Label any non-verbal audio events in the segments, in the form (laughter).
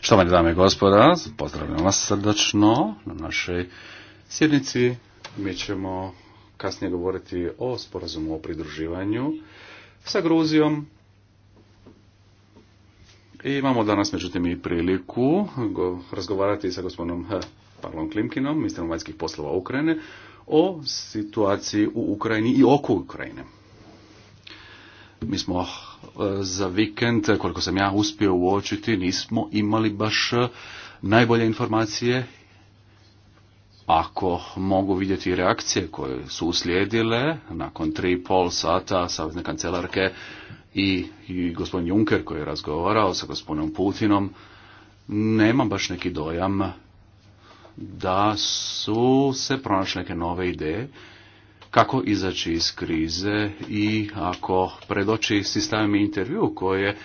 Štovane dame i gospoda, pozdravljam vas srdačno na našoj sjednici. Mi ćemo kasnije govoriti o sporazumu o pridruživanju sa Gruzijom. I imamo danas, međutim, i priliku razgovarati sa gospodinom Pavlom Klimkinom, ministrom vanjskih poslova Ukrajine, o situaciji u Ukrajini i oko Ukrajine. Mi smo eh, za vikend, koliko sam ja uspio uočiti, nismo imali baš eh, najbolje informacije. Ako mogu vidjeti reakcije koje su uslijedile nakon tri i pol sata savezne kancelarke i, i gospodin Juncker koji je razgovarao sa gospodinom Putinom, nemam baš neki dojam da su se pronašle neke nove ideje kako izaći iz krize i ako predoči si stavim intervju koje je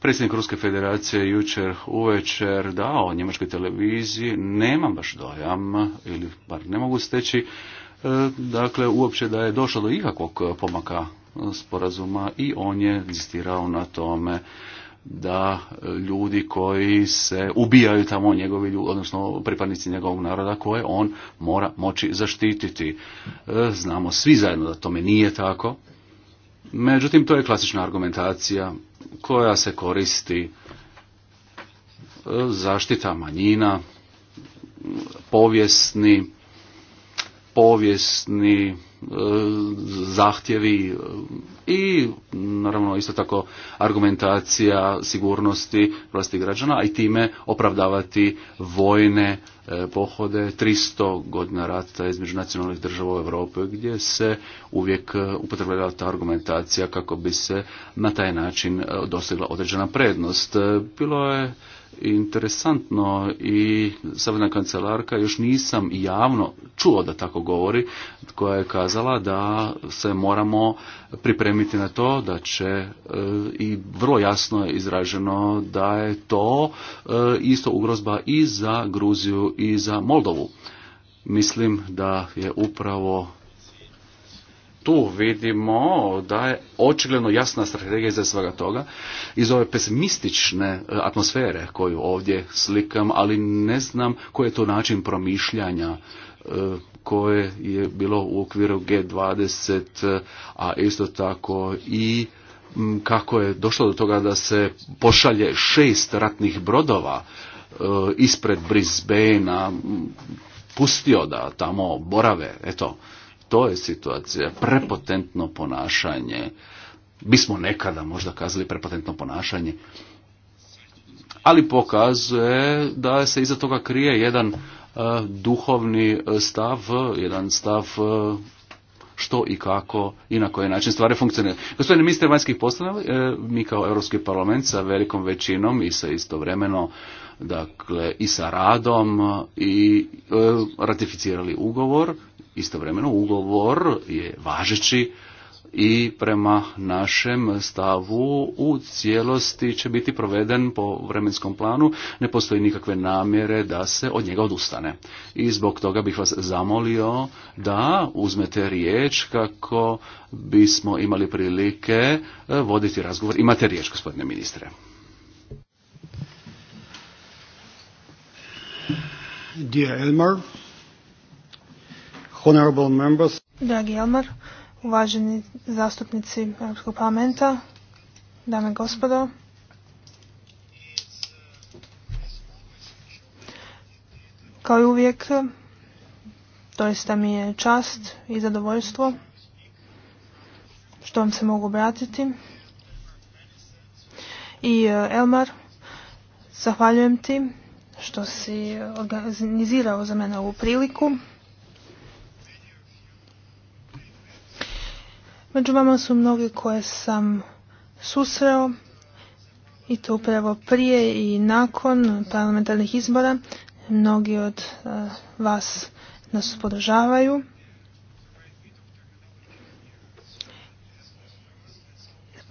predsjednik Ruske federacije jučer uvečer dao njemačkoj televiziji, nemam baš dojam, ili bar ne mogu steći, e, dakle uopće da je došlo do ikakvog pomaka sporazuma i on je insistirao na tome da e, ljudi koji se ubijaju tamo njegovi ljudi, odnosno pripadnici njegovog naroda koje on mora moći zaštititi. E, znamo svi zajedno da tome nije tako. Međutim, to je klasična argumentacija koja se koristi e, zaštita manjina, povijesni, povijesni E, zahtjevi e, i naravno isto tako argumentacija sigurnosti vlasti građana, i time opravdavati vojne e, pohode 300 godina rata između nacionalnih država u Europi gdje se uvijek upotrebljava ta argumentacija kako bi se na taj način dosegla određena prednost. Bilo je interesantno i savrna kancelarka još nisam javno čuo da tako govori koja je kazala da se moramo pripremiti na to da će e, i vrlo jasno je izraženo da je to e, isto ugrozba i za Gruziju i za Moldovu. Mislim da je upravo tu vidimo da je očigledno jasna strategija za svega toga iz ove pesimistične e, atmosfere koju ovdje slikam, ali ne znam koji je to način promišljanja e, koje je bilo u okviru G20, e, a isto tako i kako je došlo do toga da se pošalje šest ratnih brodova ispred Brisbanea, pustio da tamo borave, eto to je situacija, prepotentno ponašanje, bismo nekada možda kazali prepotentno ponašanje, ali pokazuje da se iza toga krije jedan e, duhovni stav, jedan stav e, što i kako i na koji način stvari funkcioniraju. Gospodine ministre vanjskih poslova, e, mi kao Europski parlament sa velikom većinom i sa istovremeno dakle i sa radom i ratificirali ugovor Istovremeno ugovor je važeći i prema našem stavu u cijelosti će biti proveden po vremenskom planu. Ne postoji nikakve namjere da se od njega odustane. I zbog toga bih vas zamolio da uzmete riječ kako bismo imali prilike e, voditi razgovor. Imate riječ, gospodine ministre. Dragi Elmar, uvaženi zastupnici Europskog parlamenta, dame i gospodo, kao i uvijek, doista mi je čast i zadovoljstvo što vam se mogu obratiti. I e, Elmar, zahvaljujem ti što si organizirao za mene ovu priliku. Među vama su mnogi koje sam susreo i to upravo prije i nakon parlamentarnih izbora. Mnogi od eh, vas nas podržavaju.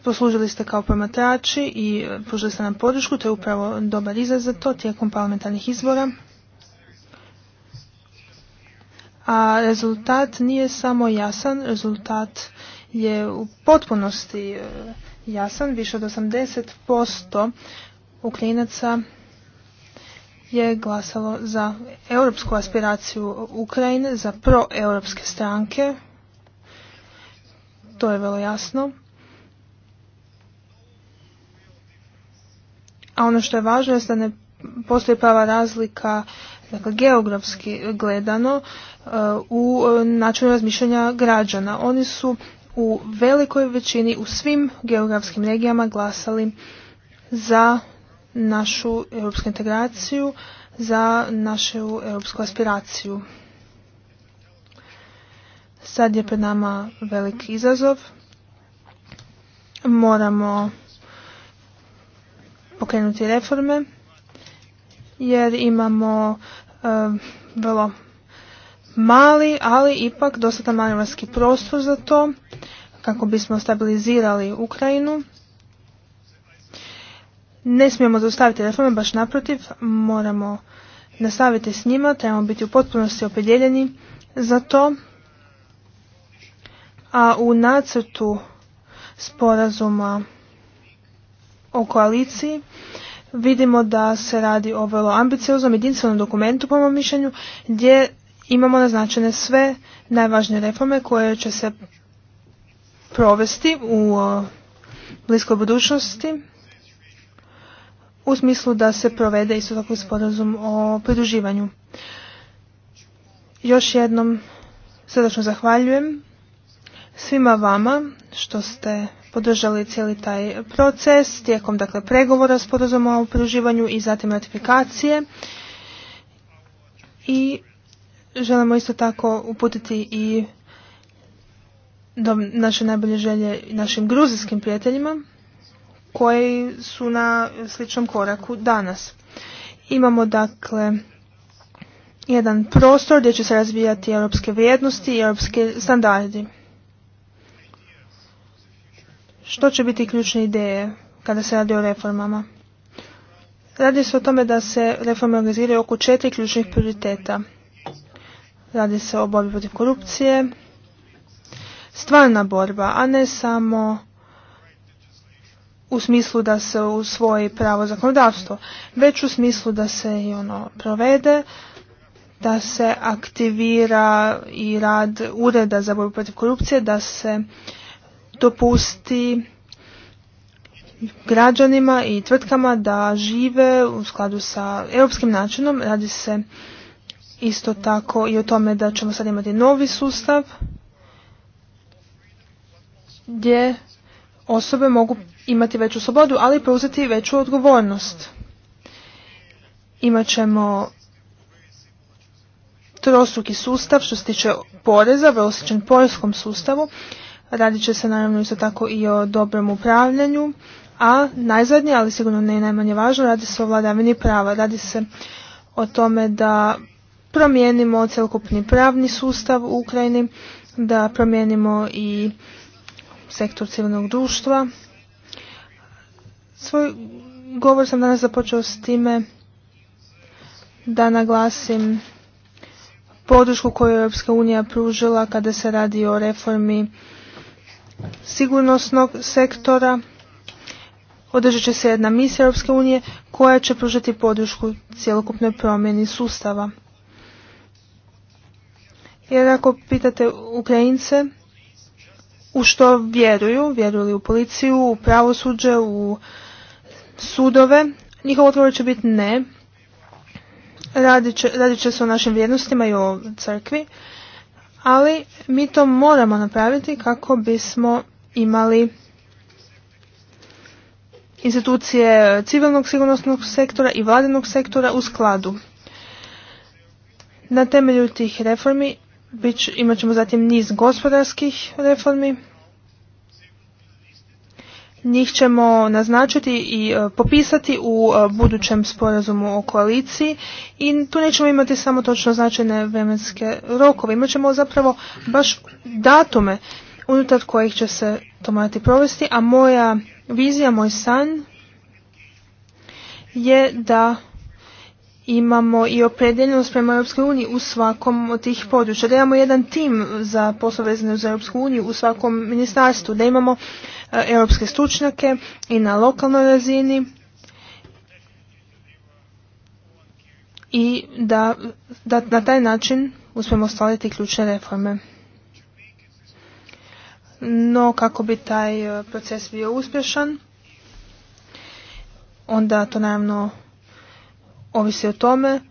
Poslužili ste kao promatrači i eh, pružili ste nam podršku, to je upravo dobar izraz za to tijekom parlamentarnih izbora. A rezultat nije samo jasan, rezultat je u potpunosti e, jasan. Više od 80% Ukrajinaca je glasalo za europsku aspiraciju Ukrajine, za proeuropske stranke. To je vrlo jasno. A ono što je važno je da ne postoji prava razlika dakle, geografski gledano e, u e, načinu razmišljanja građana. Oni su u velikoj većini u svim geografskim regijama glasali za našu europsku integraciju, za našu europsku aspiraciju. Sad je pred nama velik izazov. Moramo pokrenuti reforme jer imamo eh, vrlo mali, ali ipak dostatan manevarski prostor za to kako bismo stabilizirali Ukrajinu. Ne smijemo zaustaviti reforme, baš naprotiv, moramo nastaviti s njima, trebamo biti u potpunosti opredjeljeni za to. A u nacrtu sporazuma o koaliciji vidimo da se radi o vrlo ambicioznom jedinstvenom dokumentu po mom mišljenju gdje imamo naznačene sve najvažnije reforme koje će se provesti u uh, bliskoj budućnosti u smislu da se provede isto tako sporazum o pridruživanju. Još jednom srdačno zahvaljujem svima vama što ste podržali cijeli taj proces tijekom dakle pregovora sporazuma o pridruživanju i zatim ratifikacije i Želimo isto tako uputiti i do naše najbolje želje našim gruzijskim prijateljima koji su na sličnom koraku danas. Imamo dakle jedan prostor gdje će se razvijati europske vrijednosti i europske standardi. Što će biti ključne ideje kada se radi o reformama? Radi se o tome da se reforme organiziraju oko četiri ključnih prioriteta – Radi se o borbi protiv korupcije. Stvarna borba, a ne samo u smislu da se usvoji pravo zakonodavstvo, već u smislu da se i ono provede, da se aktivira i rad ureda za borbu protiv korupcije, da se dopusti građanima i tvrtkama da žive u skladu sa europskim načinom. Radi se isto tako i o tome da ćemo sad imati novi sustav gdje osobe mogu imati veću slobodu, ali i preuzeti veću odgovornost. Imaćemo trostruki sustav što se tiče poreza, vrlo sličan porezkom sustavu. Radit će se naravno isto tako i o dobrom upravljanju, a najzadnje, ali sigurno ne najmanje važno, radi se o vladavini prava. Radi se o tome da promijenimo cjelokupni pravni sustav u Ukrajini, da promijenimo i sektor civilnog društva. Svoj govor sam danas započeo s time da naglasim podršku koju je Europska unija pružila kada se radi o reformi sigurnosnog sektora. Održat će se jedna misija Europske unije koja će pružati podršku cjelokupnoj promjeni sustava. Jer ako pitate Ukrajince u što vjeruju, vjeruju li u policiju, u pravosuđe, u sudove, njihovo odgovor će biti ne. Radit će, radit će se o našim vrijednostima i o crkvi, ali mi to moramo napraviti kako bismo imali institucije civilnog sigurnosnog sektora i vladinog sektora u skladu. Na temelju tih reformi Bić, imat ćemo zatim niz gospodarskih reformi. Njih ćemo naznačiti i e, popisati u e, budućem sporazumu o koaliciji i tu nećemo imati samo točno značajne vremenske rokove. Imat ćemo zapravo baš datume unutar kojih će se to provesti, a moja vizija, moj san je da imamo i opredeljenost prema Europskoj uniji u svakom od tih područja, da imamo jedan tim za poslove vezane za Europsku uniju u svakom ministarstvu, da imamo eh, europske stručnjake i na lokalnoj razini i da, da na taj način uspijemo ostvariti ključne reforme. No kako bi taj eh, proces bio uspješan, onda to naravno ovisi o tome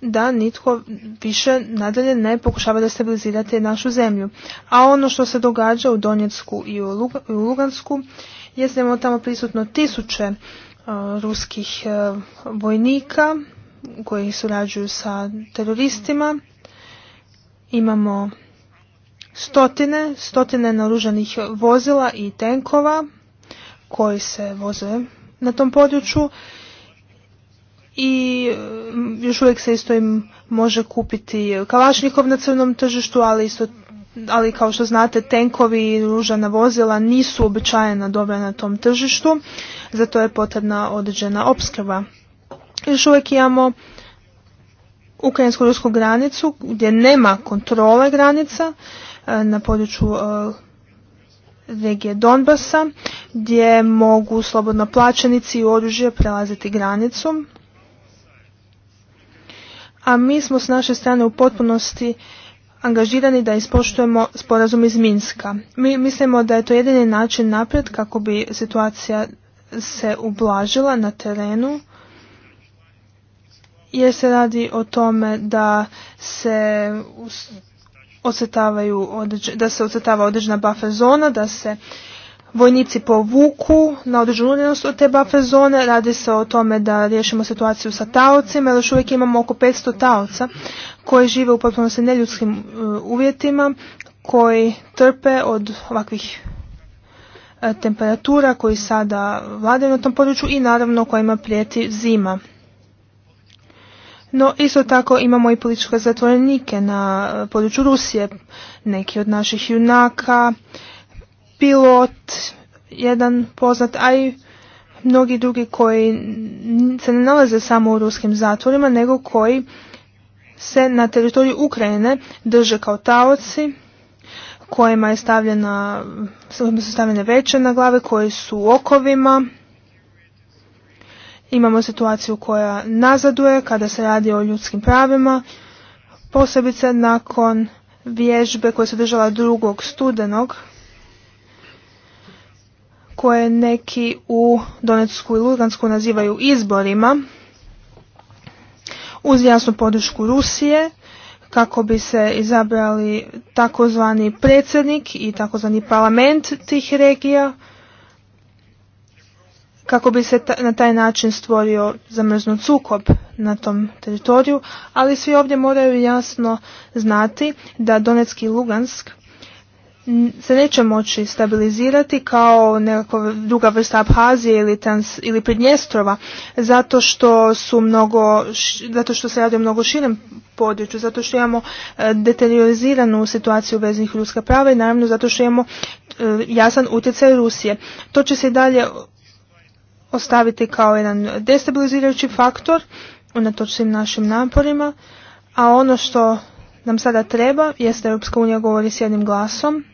da nitko više nadalje ne pokušava destabilizirati našu zemlju. A ono što se događa u Donjecku i u Lugansku je imamo tamo prisutno tisuće e, ruskih e, vojnika koji surađuju sa teroristima. Imamo stotine, stotine naružanih vozila i tenkova koji se voze na tom području i mm, još uvijek se isto im može kupiti kalašnikov na crnom tržištu, ali isto ali kao što znate tenkovi i ružana vozila nisu običajena dobra na tom tržištu, zato je potrebna određena opskrba. Još uvijek imamo ukrajinsko-rusku granicu gdje nema kontrole granica e, na području e, regije Donbasa gdje mogu slobodno plaćenici i oružje prelaziti granicu a mi smo s naše strane u potpunosti angažirani da ispoštujemo sporazum iz Minska. Mi mislimo da je to jedini način naprijed kako bi situacija se ublažila na terenu jer se radi o tome da se ocetavaju da se ocetava određena buffer zona, da se vojnici povuku na određenu od te buffer zone. Radi se o tome da riješimo situaciju sa taocima, jer još uvijek imamo oko 500 taoca koji žive u potpunosti neljudskim e, uvjetima, koji trpe od ovakvih e, temperatura koji sada vladaju na tom području i naravno kojima prijeti zima. No isto tako imamo i političke zatvorenike na e, području Rusije, neki od naših junaka, pilot, jedan poznat, a i mnogi drugi koji se ne nalaze samo u ruskim zatvorima, nego koji se na teritoriju Ukrajine drže kao taoci, kojima je stavljena, su stavljene veće na glave, koji su u okovima. Imamo situaciju koja nazaduje kada se radi o ljudskim pravima, posebice nakon vježbe koja se držala 2. studenog koje neki u Donetsku i Lugansku nazivaju izborima uz jasnu podršku Rusije kako bi se izabrali takozvani predsjednik i takozvani parlament tih regija kako bi se na taj način stvorio zamrznut sukob na tom teritoriju, ali svi ovdje moraju jasno znati da Donetski i Lugansk se neće moći stabilizirati kao nekakva druga vrsta Abhazije ili, Trans, ili Pridnjestrova zato što su mnogo zato što se radi o mnogo širem području, zato što imamo e, deterioriziranu situaciju veznih ljudska prava i naravno zato što imamo e, jasan utjecaj Rusije. To će se i dalje ostaviti kao jedan destabilizirajući faktor unatoč svim našim naporima, a ono što nam sada treba jeste da Europska unija govori s jednim glasom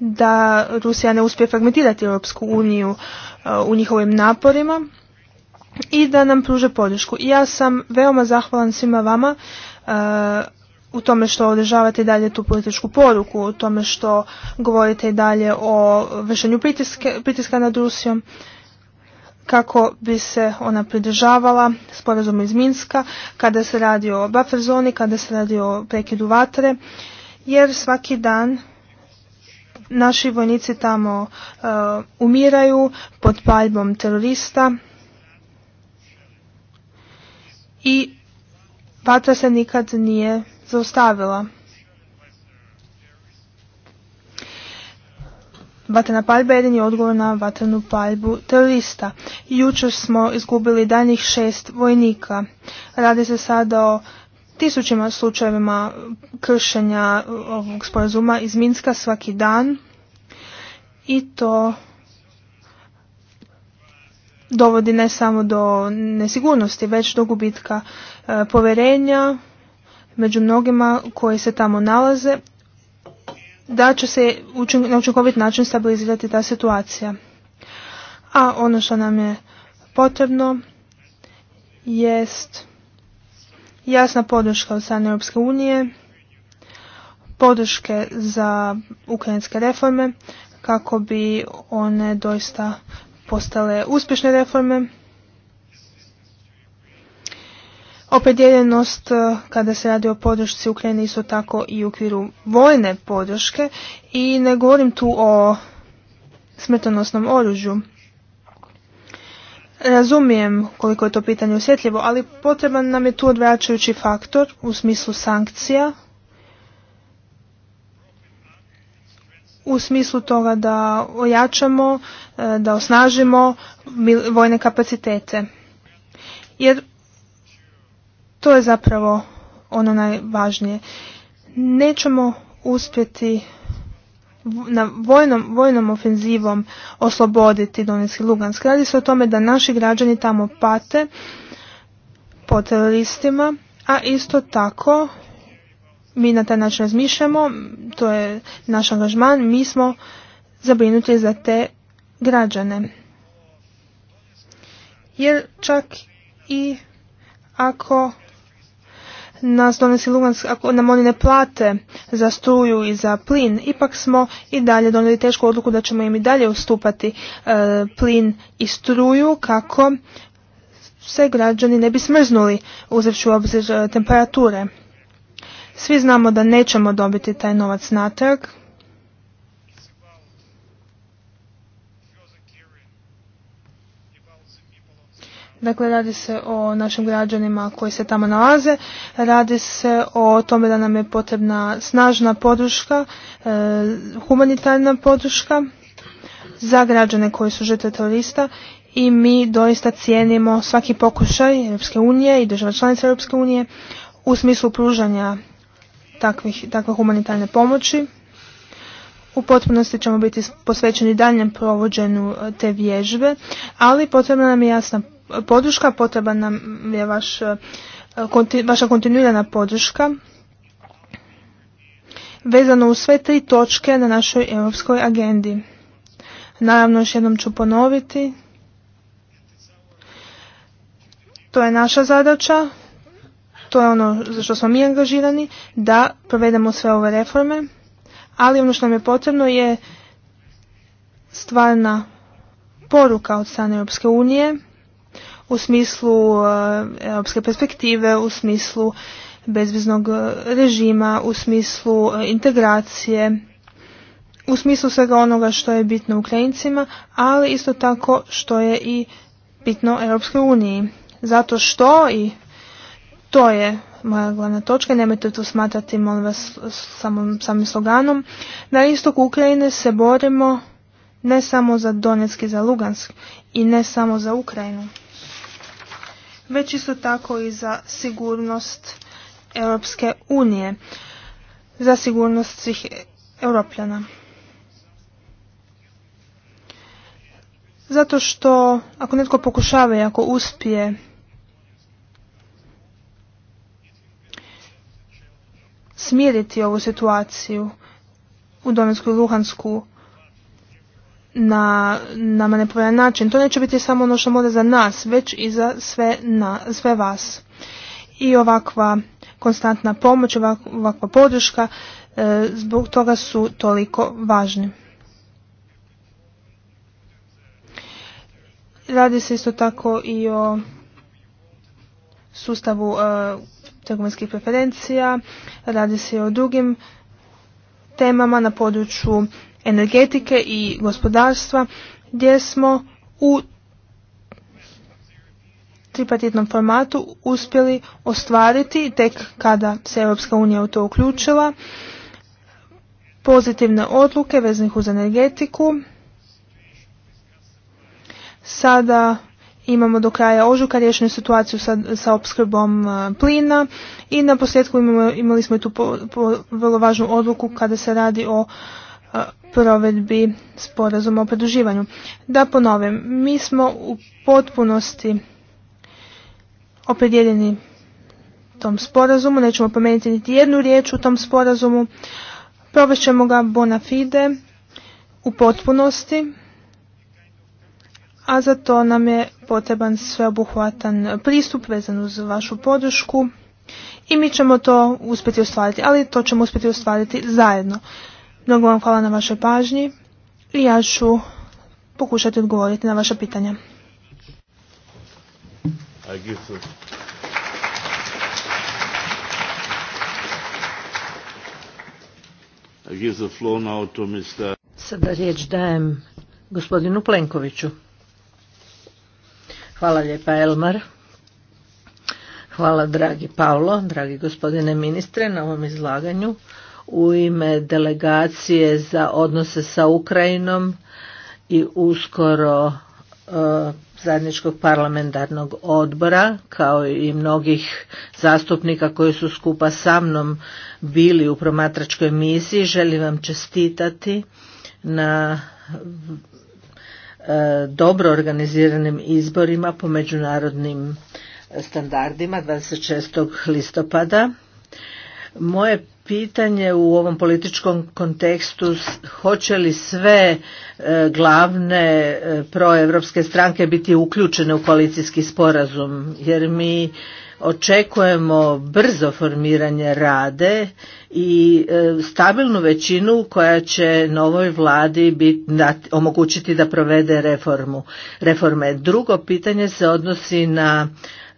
da Rusija ne uspije fragmentirati Europsku uniju uh, u njihovim naporima i da nam pruže podršku. ja sam veoma zahvalan svima vama uh, u tome što održavate i dalje tu političku poruku, u tome što govorite i dalje o vršenju pritiska nad Rusijom kako bi se ona pridržavala sporazuma iz Minska, kada se radi o buffer zoni, kada se radi o prekidu vatre, jer svaki dan naši vojnici tamo uh, umiraju pod paljbom terorista i vatra se nikad nije zaustavila. Vatrena paljba je jedini odgovor na vatrenu paljbu terorista. Jučer smo izgubili daljnjih šest vojnika. Radi se sada o tisućima slučajevima kršenja ovog sporazuma iz Minska svaki dan i to dovodi ne samo do nesigurnosti, već do gubitka e, poverenja među mnogima koji se tamo nalaze, da će se na učinkovit način stabilizirati ta situacija. A ono što nam je potrebno jest jasna podrška od strane Europske unije, podrške za ukrajinske reforme kako bi one doista postale uspješne reforme. Opredjeljenost eh, kada se radi o podršci Ukrajine isto tako i u okviru vojne podrške i ne govorim tu o smrtonosnom oružju. Razumijem koliko je to pitanje osjetljivo, ali potreban nam je tu odvraćajući faktor u smislu sankcija, u smislu toga da ojačamo, e, da osnažimo vojne kapacitete. Jer to je zapravo ono najvažnije. Nećemo uspjeti na vojnom, vojnom ofenzivom osloboditi Donetski Lugansk. Radi se o tome da naši građani tamo pate po teroristima, a isto tako mi na taj način razmišljamo, to je naš angažman, mi smo zabrinuti za te građane. Jer čak i ako nas donosi Lugansk ako nam oni ne plate za struju i za plin, ipak smo i dalje donijeli tešku odluku da ćemo im i dalje ustupati e, plin i struju kako se građani ne bi smrznuli uzevši u obzir e, temperature. Svi znamo da nećemo dobiti taj novac natrag, Dakle, radi se o našim građanima koji se tamo nalaze, radi se o tome da nam je potrebna snažna podrška, e, humanitarna podrška za građane koji su žrtve terorista i mi doista cijenimo svaki pokušaj Europske unije i država članica Europske unije u smislu pružanja takvih, takve humanitarne pomoći. U potpunosti ćemo biti posvećeni daljem provođenju te vježbe, ali potrebna nam je jasna podrška, potreba nam je vaš, e, vaša kontinuirana podrška vezano u sve tri točke na našoj europskoj agendi. Naravno, još jednom ću ponoviti. To je naša zadaća, to je ono za što smo mi angažirani, da provedemo sve ove reforme, ali ono što nam je potrebno je stvarna poruka od strane Europske unije u smislu eh, europske perspektive, u smislu bezviznog eh, režima, u smislu eh, integracije, u smislu svega onoga što je bitno Ukrajincima, ali isto tako što je i bitno Europskoj uniji. Zato što i to je moja glavna točka, nemojte to smatrati molim vas samim sloganom. Na istok Ukrajine se borimo ne samo za Donetsk i za Lugansk i ne samo za Ukrajinu već isto tako i za sigurnost Europske unije, za sigurnost svih europljana. Zato što ako netko pokušava i ako uspije smiriti ovu situaciju u Donetsku i Luhansku na nama način. To neće biti samo ono što mora za nas, već i za sve, na, sve vas. I ovakva konstantna pomoć, ovakva podrška, e, zbog toga su toliko važni. Radi se isto tako i o sustavu e, trgovinskih preferencija, radi se i o drugim temama na području energetike i gospodarstva gdje smo u tripartitnom formatu uspjeli ostvariti tek kada se Europska unija u to uključila pozitivne odluke veznih uz energetiku. Sada imamo do kraja ožuka rješenju situaciju sa, sa opskrbom e, plina i na posljedku imali smo i tu vrlo važnu odluku kada se radi o provedbi sporazuma o pridruživanju. Da ponovim, mi smo u potpunosti opredjeljeni tom sporazumu, nećemo pomenuti niti jednu riječ u tom sporazumu, ćemo ga bona fide u potpunosti, a za to nam je potreban sveobuhvatan pristup vezan uz vašu podršku i mi ćemo to uspjeti ostvariti, ali to ćemo uspjeti ostvariti zajedno. Mnogo vam hvala na vašoj pažnji i ja ću pokušati odgovoriti na vaša pitanja. Sada riječ dajem gospodinu Plenkoviću. Hvala lijepa Elmar. Hvala dragi Paolo, dragi gospodine ministre na ovom izlaganju u ime delegacije za odnose sa Ukrajinom i uskoro e, zajedničkog parlamentarnog odbora kao i mnogih zastupnika koji su skupa sa mnom bili u promatračkoj misiji želim vam čestitati na e, dobro organiziranim izborima po međunarodnim standardima 26. listopada moje pitanje u ovom političkom kontekstu hoće li sve e, glavne e, proevropske stranke biti uključene u koalicijski sporazum jer mi očekujemo brzo formiranje rade i e, stabilnu većinu koja će novoj vladi bit, omogućiti da provede reformu. Reforme. Drugo pitanje se odnosi na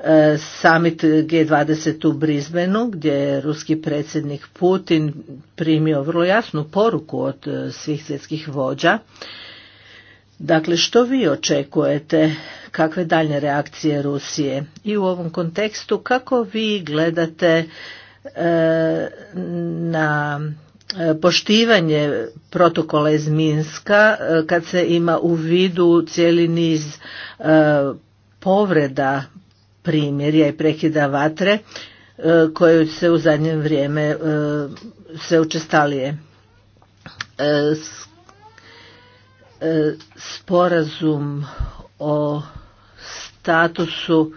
E, summit G20 u Brizbenu gdje je ruski predsjednik Putin primio vrlo jasnu poruku od e, svih svjetskih vođa. Dakle, što vi očekujete, kakve daljne reakcije Rusije i u ovom kontekstu kako vi gledate e, na poštivanje protokola iz Minska kad se ima u vidu cijeli niz povreda primjerja i prekida vatre e, koje se u zadnje vrijeme e, sve učestalije. E, sporazum o statusu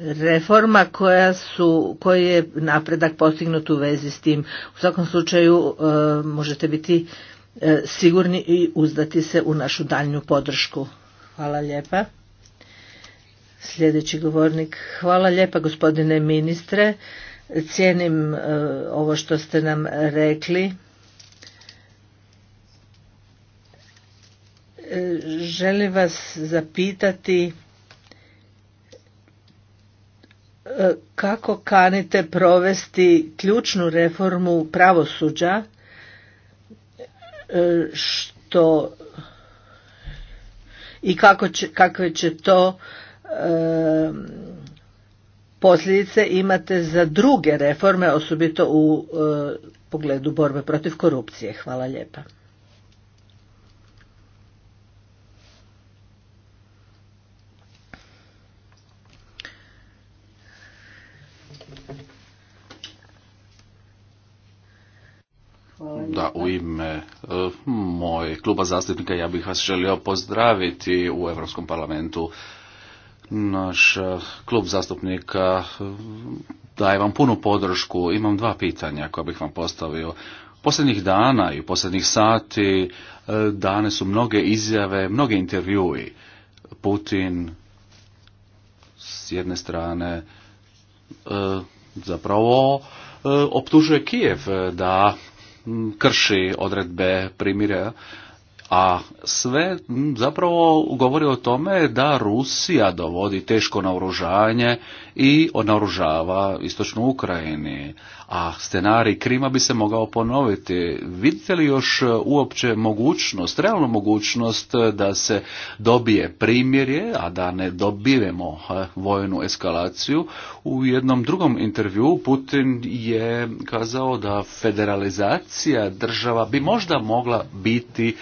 reforma koja su, koji je napredak postignut u vezi s tim. U svakom slučaju možete biti E, sigurni i uzdati se u našu daljnju podršku. Hvala lijepa. Sljedeći govornik. Hvala lijepa gospodine ministre. Cijenim e, ovo što ste nam rekli. E, želim vas zapitati kako kanite provesti ključnu reformu pravosuđa E, što i kako će, kakve će to e, posljedice imate za druge reforme, osobito u e, pogledu borbe protiv korupcije. Hvala lijepa. moj kluba zastupnika, ja bih vas želio pozdraviti u Europskom parlamentu. Naš eh, klub zastupnika eh, daje vam punu podršku. Imam dva pitanja koja bih vam postavio. Posljednjih dana i posljednjih sati eh, dane su mnoge izjave, mnoge intervjui. Putin s jedne strane zapravo optužuje Kijev da krši odredbe primirja, a sve zapravo govori o tome da Rusija dovodi teško naoružanje i onaoružava istočnu Ukrajini a scenarij Krima bi se mogao ponoviti. Vidite li još e, uopće mogućnost, realnu mogućnost e, da se dobije primjerje, a da ne dobivemo e, vojnu eskalaciju? U jednom drugom intervju Putin je kazao da federalizacija država bi možda mogla biti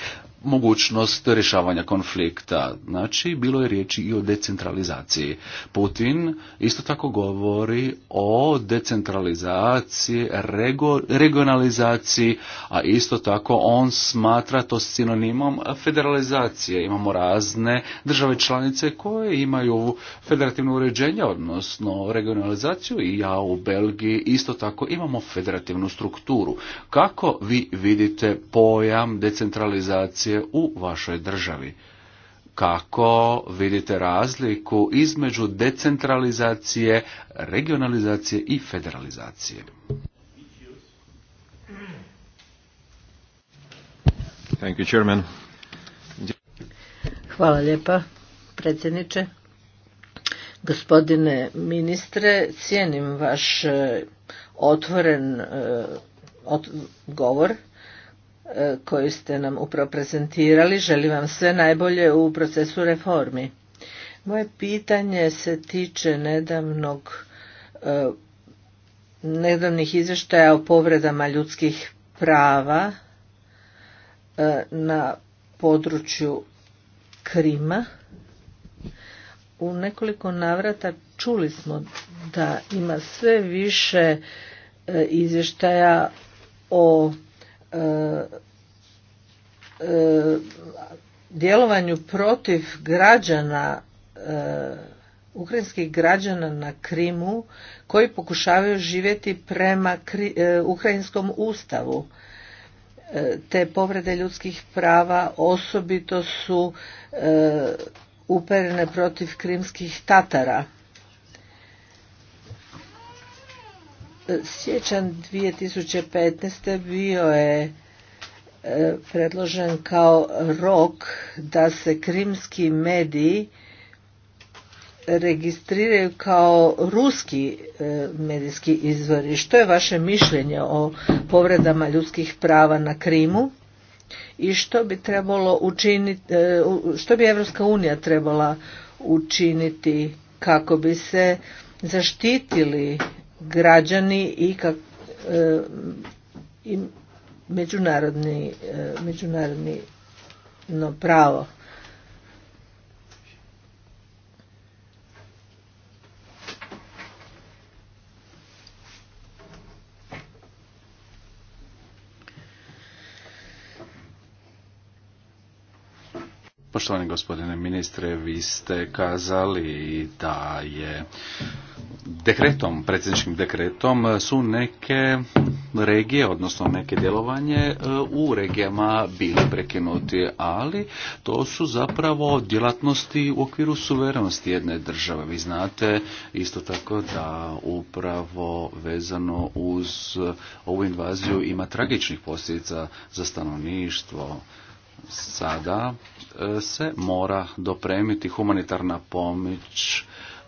mogućnost rješavanja konflikta. Znači, bilo je riječi i o decentralizaciji. Putin isto tako govori o decentralizaciji regionalizaciji, a isto tako on smatra to sinonimom federalizacije. Imamo razne države članice koje imaju federativno uređenje, odnosno regionalizaciju i ja u Belgiji isto tako imamo federativnu strukturu. Kako vi vidite pojam decentralizacije u vašoj državi? kako vidite razliku između decentralizacije, regionalizacije i federalizacije. Thank you, chairman. Hvala lijepa, predsjedniče. Gospodine ministre, cijenim vaš eh, otvoren eh, govor E, koju ste nam upravo prezentirali. Želim vam sve najbolje u procesu reformi. Moje pitanje se tiče nedavnog e, nedavnih izvještaja o povredama ljudskih prava e, na području Krima. U nekoliko navrata čuli smo da ima sve više izvještaja o E, e, djelovanju protiv građana e, ukrajinskih građana na Krimu koji pokušavaju živjeti prema ukrajinskom ustavu. Te povrede ljudskih prava osobito su uperene protiv krimskih tatara. sjećan 2015. bio je e, predložen kao rok da se krimski mediji registriraju kao ruski e, medijski izvori. Što je vaše mišljenje o povredama ljudskih prava na Krimu i što bi trebalo učiniti, e, što bi Evropska unija trebala učiniti kako bi se zaštitili građani i kak, e, međunarodni, e, pravo. Poštovani gospodine ministre, vi ste kazali da je dekretom, predsjedničkim dekretom e, su neke regije, odnosno neke djelovanje e, u regijama bili prekinuti, ali to su zapravo djelatnosti u okviru suverenosti jedne države. Vi znate isto tako da upravo vezano uz ovu invaziju ima tragičnih posljedica za stanovništvo. Sada e, se mora dopremiti humanitarna pomoć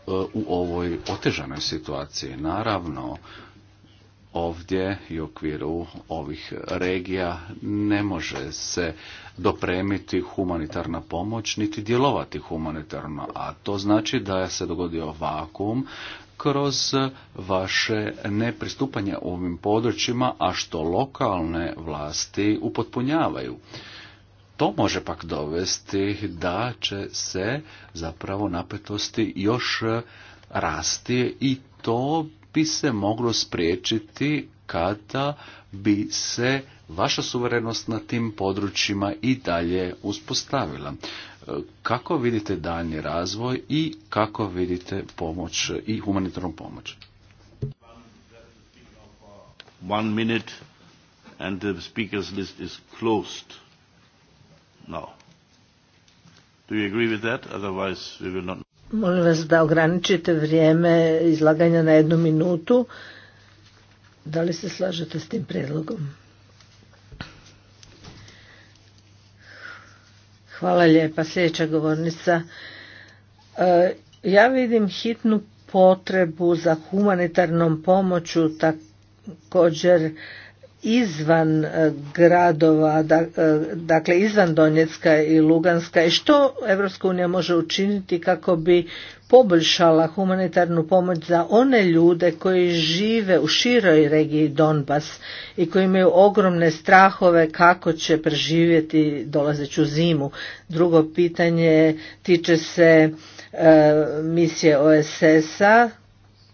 E, u ovoj otežanoj situaciji. Naravno, ovdje i u okviru ovih regija ne može se dopremiti humanitarna pomoć niti djelovati humanitarno, a to znači da se dogodio vakum kroz vaše nepristupanje ovim područjima, a što lokalne vlasti upotpunjavaju to može pak dovesti da će se zapravo napetosti još e, rasti i to bi se moglo spriječiti kada bi se vaša suverenost na tim područjima i dalje uspostavila. E, kako vidite daljnji razvoj i kako vidite pomoć i humanitarnu pomoć? and the now. Do you agree with that? Otherwise we will not... Molim vas da ograničite vrijeme izlaganja na jednu minutu. Da li se slažete s tim predlogom? Hvala lijepa. Sljedeća govornica. E, ja vidim hitnu potrebu za humanitarnom pomoću također izvan e, gradova, e, dakle izvan Donjecka i Luganska i što Europska unija može učiniti kako bi poboljšala humanitarnu pomoć za one ljude koji žive u široj regiji Donbas i koji imaju ogromne strahove kako će preživjeti dolazeću zimu. Drugo pitanje tiče se e, misije OSS-a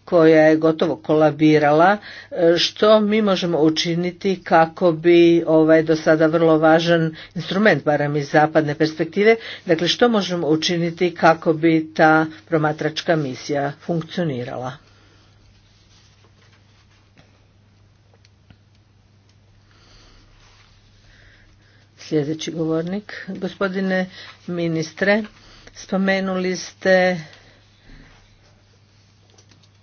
koja je gotovo kolabirala, e, što mi možemo učiniti kako bi ovaj do sada vrlo važan instrument, barem iz zapadne perspektive, dakle što možemo učiniti kako bi ta promatračka misija funkcionirala. Sljedeći govornik, gospodine ministre, spomenuli ste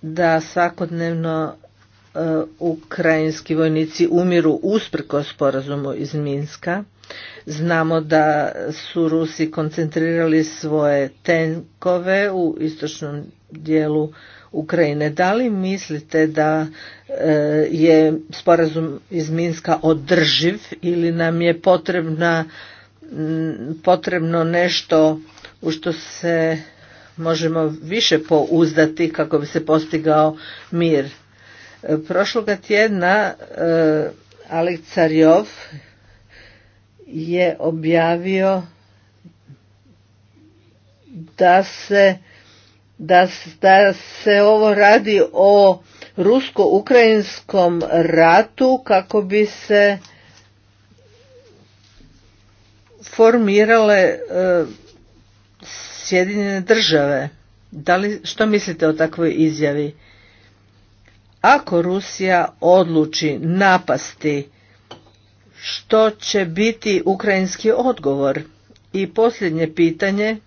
da svakodnevno e, ukrajinski vojnici umiru usprko sporazumu iz Minska. Znamo da su Rusi koncentrirali svoje tenkove u istočnom dijelu Ukrajine. Da li mislite da e, je sporazum iz Minska održiv ili nam je potrebna, potrebno nešto u što se možemo više pouzdati kako bi se postigao mir. E, prošloga tjedna e, Alek Carjov je objavio da se, da, da se ovo radi o rusko-ukrajinskom ratu kako bi se formirale e, Sjedinjene države. Da li, što mislite o takvoj izjavi? Ako Rusija odluči napasti, što će biti ukrajinski odgovor? I posljednje pitanje,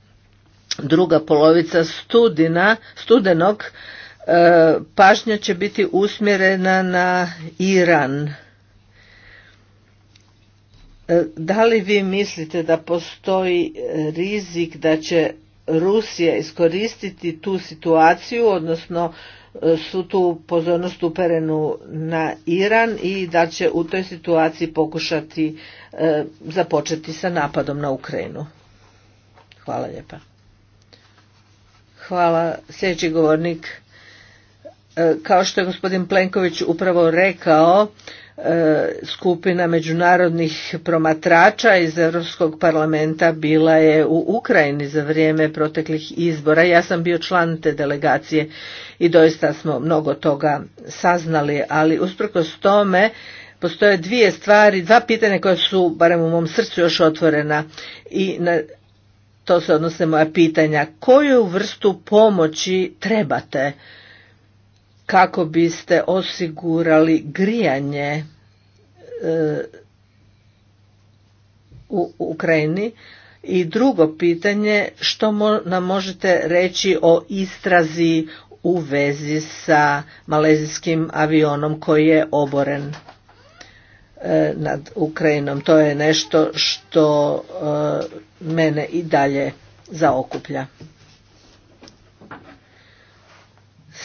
druga polovica studina, studenog, e, pažnja će biti usmjerena na Iran. E, da li vi mislite da postoji rizik da će Rusije iskoristiti tu situaciju, odnosno e, su tu pozornost uperenu na Iran i da će u toj situaciji pokušati e, započeti sa napadom na Ukrajinu. Hvala lijepa. Hvala. Sljedeći govornik, e, kao što je gospodin Plenković upravo rekao, E, skupina međunarodnih promatrača iz Europskog parlamenta bila je u Ukrajini za vrijeme proteklih izbora. Ja sam bio član te delegacije i doista smo mnogo toga saznali, ali usprkos tome postoje dvije stvari, dva pitanja koja su barem u mom srcu još otvorena i na to se odnose moja pitanja. Koju vrstu pomoći trebate? kako biste osigurali grijanje e, u Ukrajini i drugo pitanje što nam možete reći o istrazi u vezi sa malezijskim avionom koji je oboren e, nad Ukrajinom to je nešto što e, mene i dalje zaokuplja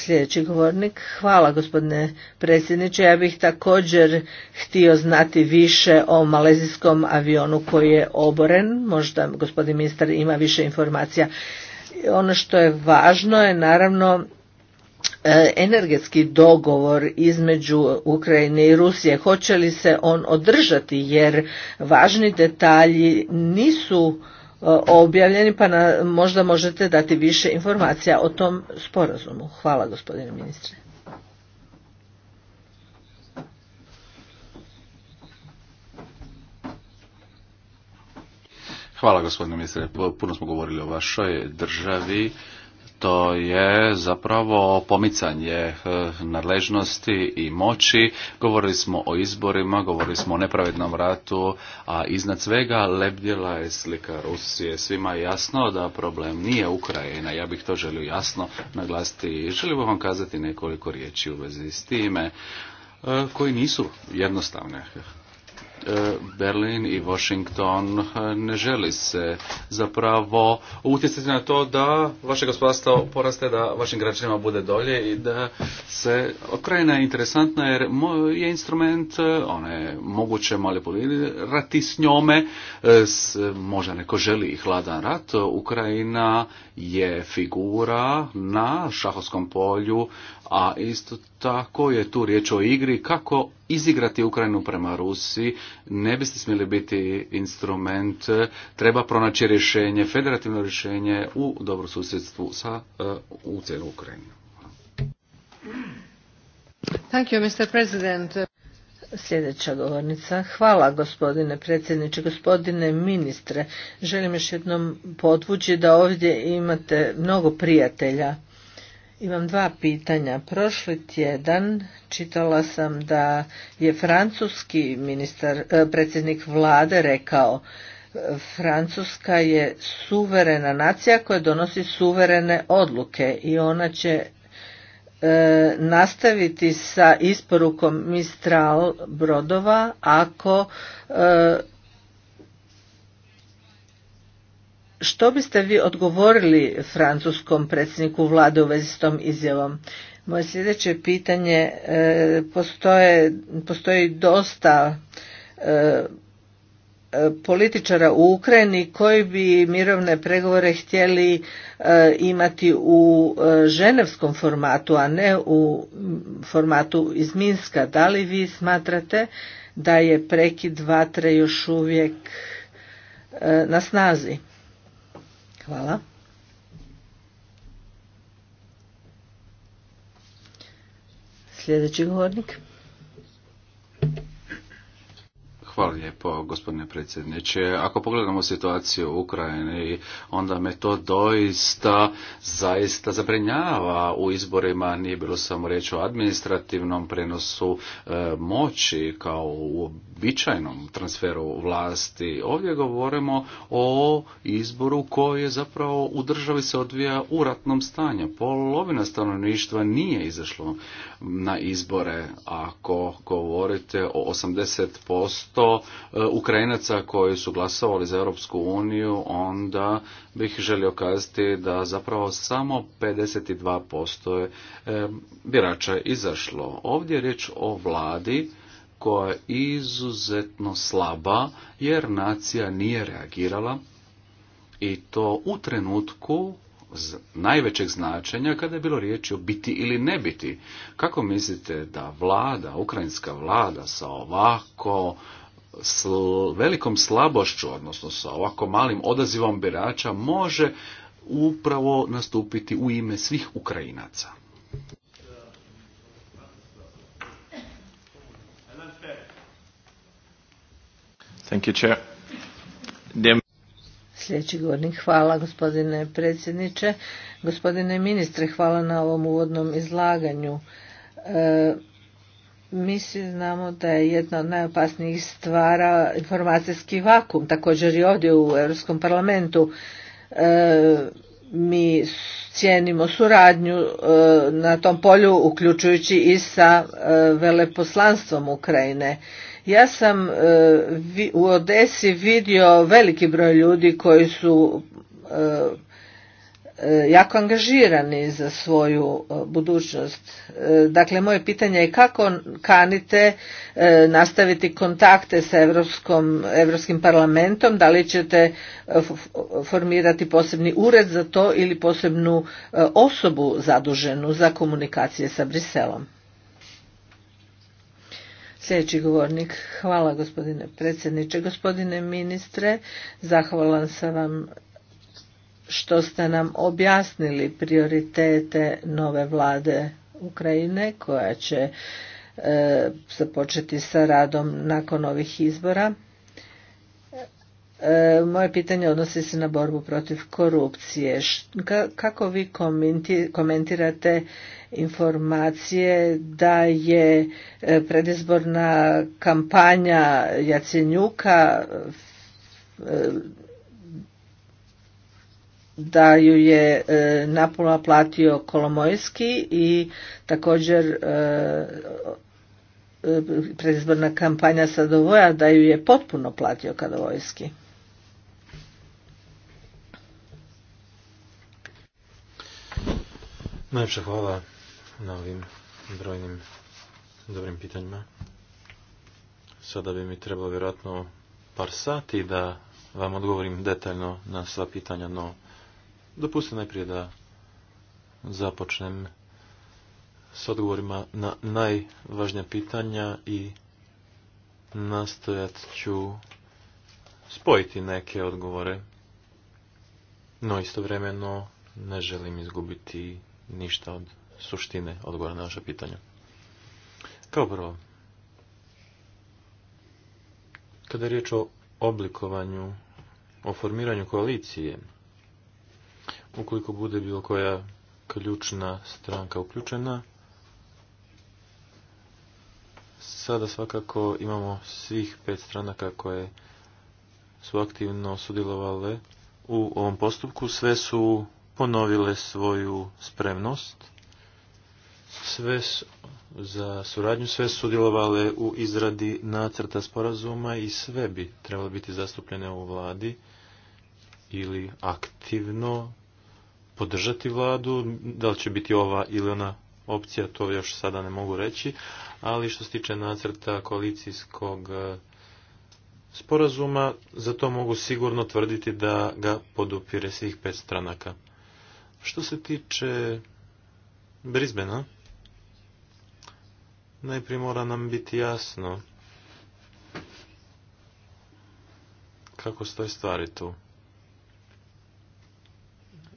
Sljedeći govornik. Hvala gospodine predsjedniče. Ja bih također htio znati više o malezijskom avionu koji je oboren. Možda gospodin ministar ima više informacija. Ono što je važno je naravno e, energetski dogovor između Ukrajine i Rusije. Hoće li se on održati jer važni detalji nisu E, objavljeni, pa na, možda možete dati više informacija o tom sporazumu. Hvala gospodine ministre. Hvala gospodine ministre, puno smo govorili o vašoj državi to je zapravo pomicanje eh, nadležnosti i moći. Govorili smo o izborima, govorili smo o nepravednom ratu, a iznad svega lebdjela je slika Rusije. Svima je jasno da problem nije Ukrajina, ja bih to želio jasno naglasiti i bih vam kazati nekoliko riječi u vezi s time eh, koji nisu jednostavne. E, Berlin i Washington e, ne želi se zapravo utjecati na to da vaše gospodarstvo poraste, da vašim građanima bude dolje i da se Ukrajina je interesantna jer je instrument, e, ona je moguće manipulirati s njome, možda neko želi i hladan rat. Ukrajina je figura na šahovskom polju a isto tako je tu riječ o igri kako izigrati Ukrajinu prema Rusiji, ne biste smjeli biti instrument, treba pronaći rješenje, federativno rješenje u dobro susjedstvu sa, e, u cijelu Ukrajinu. Thank you, Mr. President. Sljedeća govornica. Hvala gospodine predsjedniče, gospodine ministre. Želim još jednom podvući da ovdje imate mnogo prijatelja imam dva pitanja. Prošli tjedan čitala sam da je francuski ministar, e, predsjednik vlade rekao Francuska je suverena nacija koja donosi suverene odluke i ona će e, nastaviti sa isporukom Mistral brodova ako e, Što biste vi odgovorili francuskom predsjedniku vlade u vezi s tom izjavom? Moje sljedeće pitanje, e, postoji dosta e, e, političara u Ukrajini koji bi mirovne pregovore htjeli imati u ženevskom formatu, a ne u formatu iz Minska. Da li vi smatrate da je prekid vatre još uvijek na snazi? Hvala. Sljedeći govornik. Hvala lijepo, gospodine predsjedniče. Ako pogledamo situaciju u Ukrajini, onda me to doista zaista zabrinjava. U izborima nije bilo samo reč o administrativnom prenosu e, moći kao u običajnom transferu vlasti. Ovdje govorimo o izboru koji je zapravo u državi se odvija u ratnom stanju. Polovina stanovništva nije izašlo na izbore. Ako govorite o 80% 500 e, Ukrajinaca koji su glasovali za Europsku uniju, onda bih želio kazati da zapravo samo 52% e, birača je izašlo. Ovdje je riječ o vladi koja je izuzetno slaba jer nacija nije reagirala i to u trenutku najvećeg značenja kada je bilo riječ o biti ili ne biti. Kako mislite da vlada, ukrajinska vlada sa ovako s velikom slabošću, odnosno sa ovako malim odazivom birača, može upravo nastupiti u ime svih Ukrajinaca. Sljedeći govornik, hvala gospodine predsjedniče. Gospodine ministre, hvala na ovom uvodnom izlaganju. E, svi znamo da je jedna od najopasnijih stvara informacijski vakum, također i ovdje u Europskom parlamentu. E, mi cijenimo suradnju e, na tom polju, uključujući i sa e, veleposlanstvom Ukrajine. Ja sam u Odesi vidio veliki broj ljudi koji su E, jako angažirani za svoju e, budućnost. E, dakle, moje pitanje je kako kanite nastaviti kontakte sa Evropskom, Evropskim parlamentom, da li ćete formirati posebni ured za to ili posebnu osobu zaduženu za komunikacije sa Briselom? Sljedeći govornik, hvala gospodine predsjedniče, gospodine ministre, zahvalan sam vam što ste nam objasnili prioritete nove vlade Ukrajine koja će e, započeti sa radom nakon ovih izbora. E, moje pitanje odnosi se na borbu protiv korupcije. Kako vi komentirate informacije da je e, predizborna kampanja Jacenjuka da ju je e, napola platio Kolomojski i također e, e, predizborna kampanja Sadovoja da ju je potpuno platio Kadovojski. Najpša hvala na ovim brojnim dobrim pitanjima. Sada bi mi trebalo vjerojatno par sati da vam odgovorim detaljno na sva pitanja, no Dopustite najprije da započnem s odgovorima na najvažnija pitanja i nastojat ću spojiti neke odgovore, no istovremeno ne želim izgubiti ništa od suštine odgovora na vaše pitanja. Kao prvo, kada je riječ o oblikovanju, o formiranju koalicije, Ukoliko bude bilo koja ključna stranka uključena, sada svakako imamo svih pet stranaka koje su aktivno sudjelovale u ovom postupku. Sve su ponovile svoju spremnost sve za suradnju, sve su sudjelovale u izradi nacrta sporazuma i sve bi trebalo biti zastupljene u vladi ili aktivno podržati vladu, da li će biti ova ili ona opcija, to još sada ne mogu reći, ali što se tiče nacrta koalicijskog e, sporazuma, za to mogu sigurno tvrditi da ga podupire svih pet stranaka. Što se tiče Brisbena, najprije mora nam biti jasno kako stoje stvari tu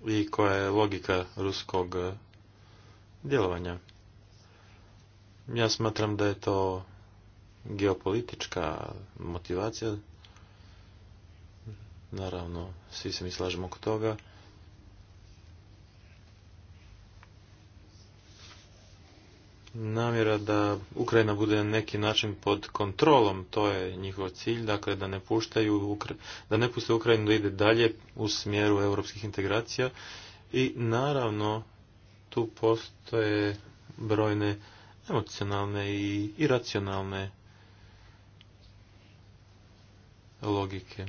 i koja je logika ruskog eh, djelovanja. Ja smatram da je to geopolitička motivacija. Naravno, svi se mi slažemo oko toga. namjera da Ukrajina bude na neki način pod kontrolom, to je njihov cilj, dakle da ne puštaju da ne puste Ukrajinu da ide dalje u smjeru europskih integracija i naravno tu postoje brojne emocionalne i iracionalne logike.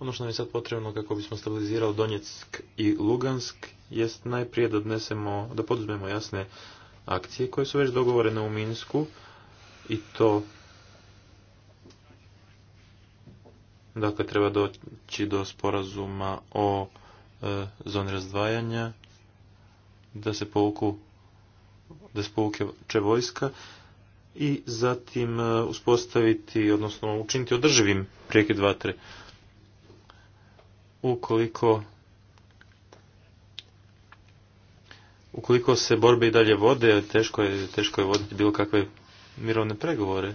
Ono što nam je sad potrebno kako bismo stabilizirali Donjeck i Lugansk jest najprije da odnesemo, da poduzmemo jasne akcije koje su već dogovorene u Minsku i to dakle treba doći do sporazuma o e, zoni razdvajanja da se povuku da se će vojska i zatim e, uspostaviti odnosno učiniti održivim prekid vatre ukoliko ukoliko se borbe i dalje vode, teško je, teško je voditi bilo kakve mirovne pregovore.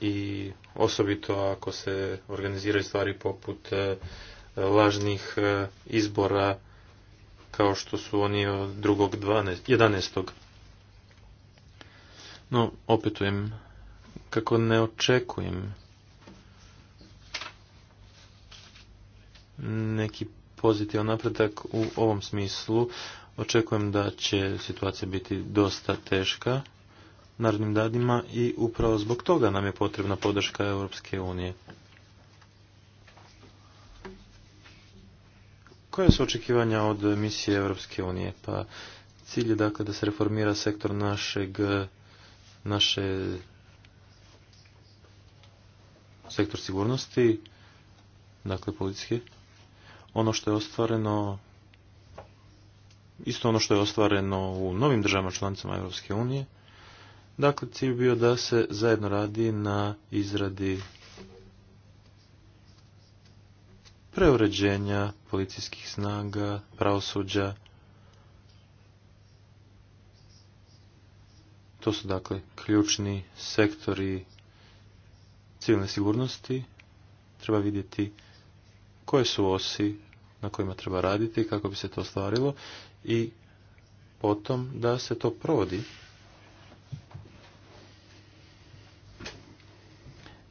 I osobito ako se organiziraju stvari poput e, lažnih e, izbora kao što su oni od drugog, 11. No, opetujem kako ne očekujem neki pozitivan napredak u ovom smislu. Očekujem da će situacija biti dosta teška narodnim dadima i upravo zbog toga nam je potrebna podrška Europske unije. Koja su očekivanja od misije Europske unije? Pa cilj je dakle da se reformira sektor našeg naše sektor sigurnosti, dakle policijski. Ono što je ostvareno isto ono što je ostvareno u novim državama članicama Europske unije. Dakle, cilj bio da se zajedno radi na izradi preuređenja policijskih snaga, pravosuđa. To su dakle ključni sektori civilne sigurnosti. Treba vidjeti koje su osi na kojima treba raditi kako bi se to ostvarilo i potom da se to provodi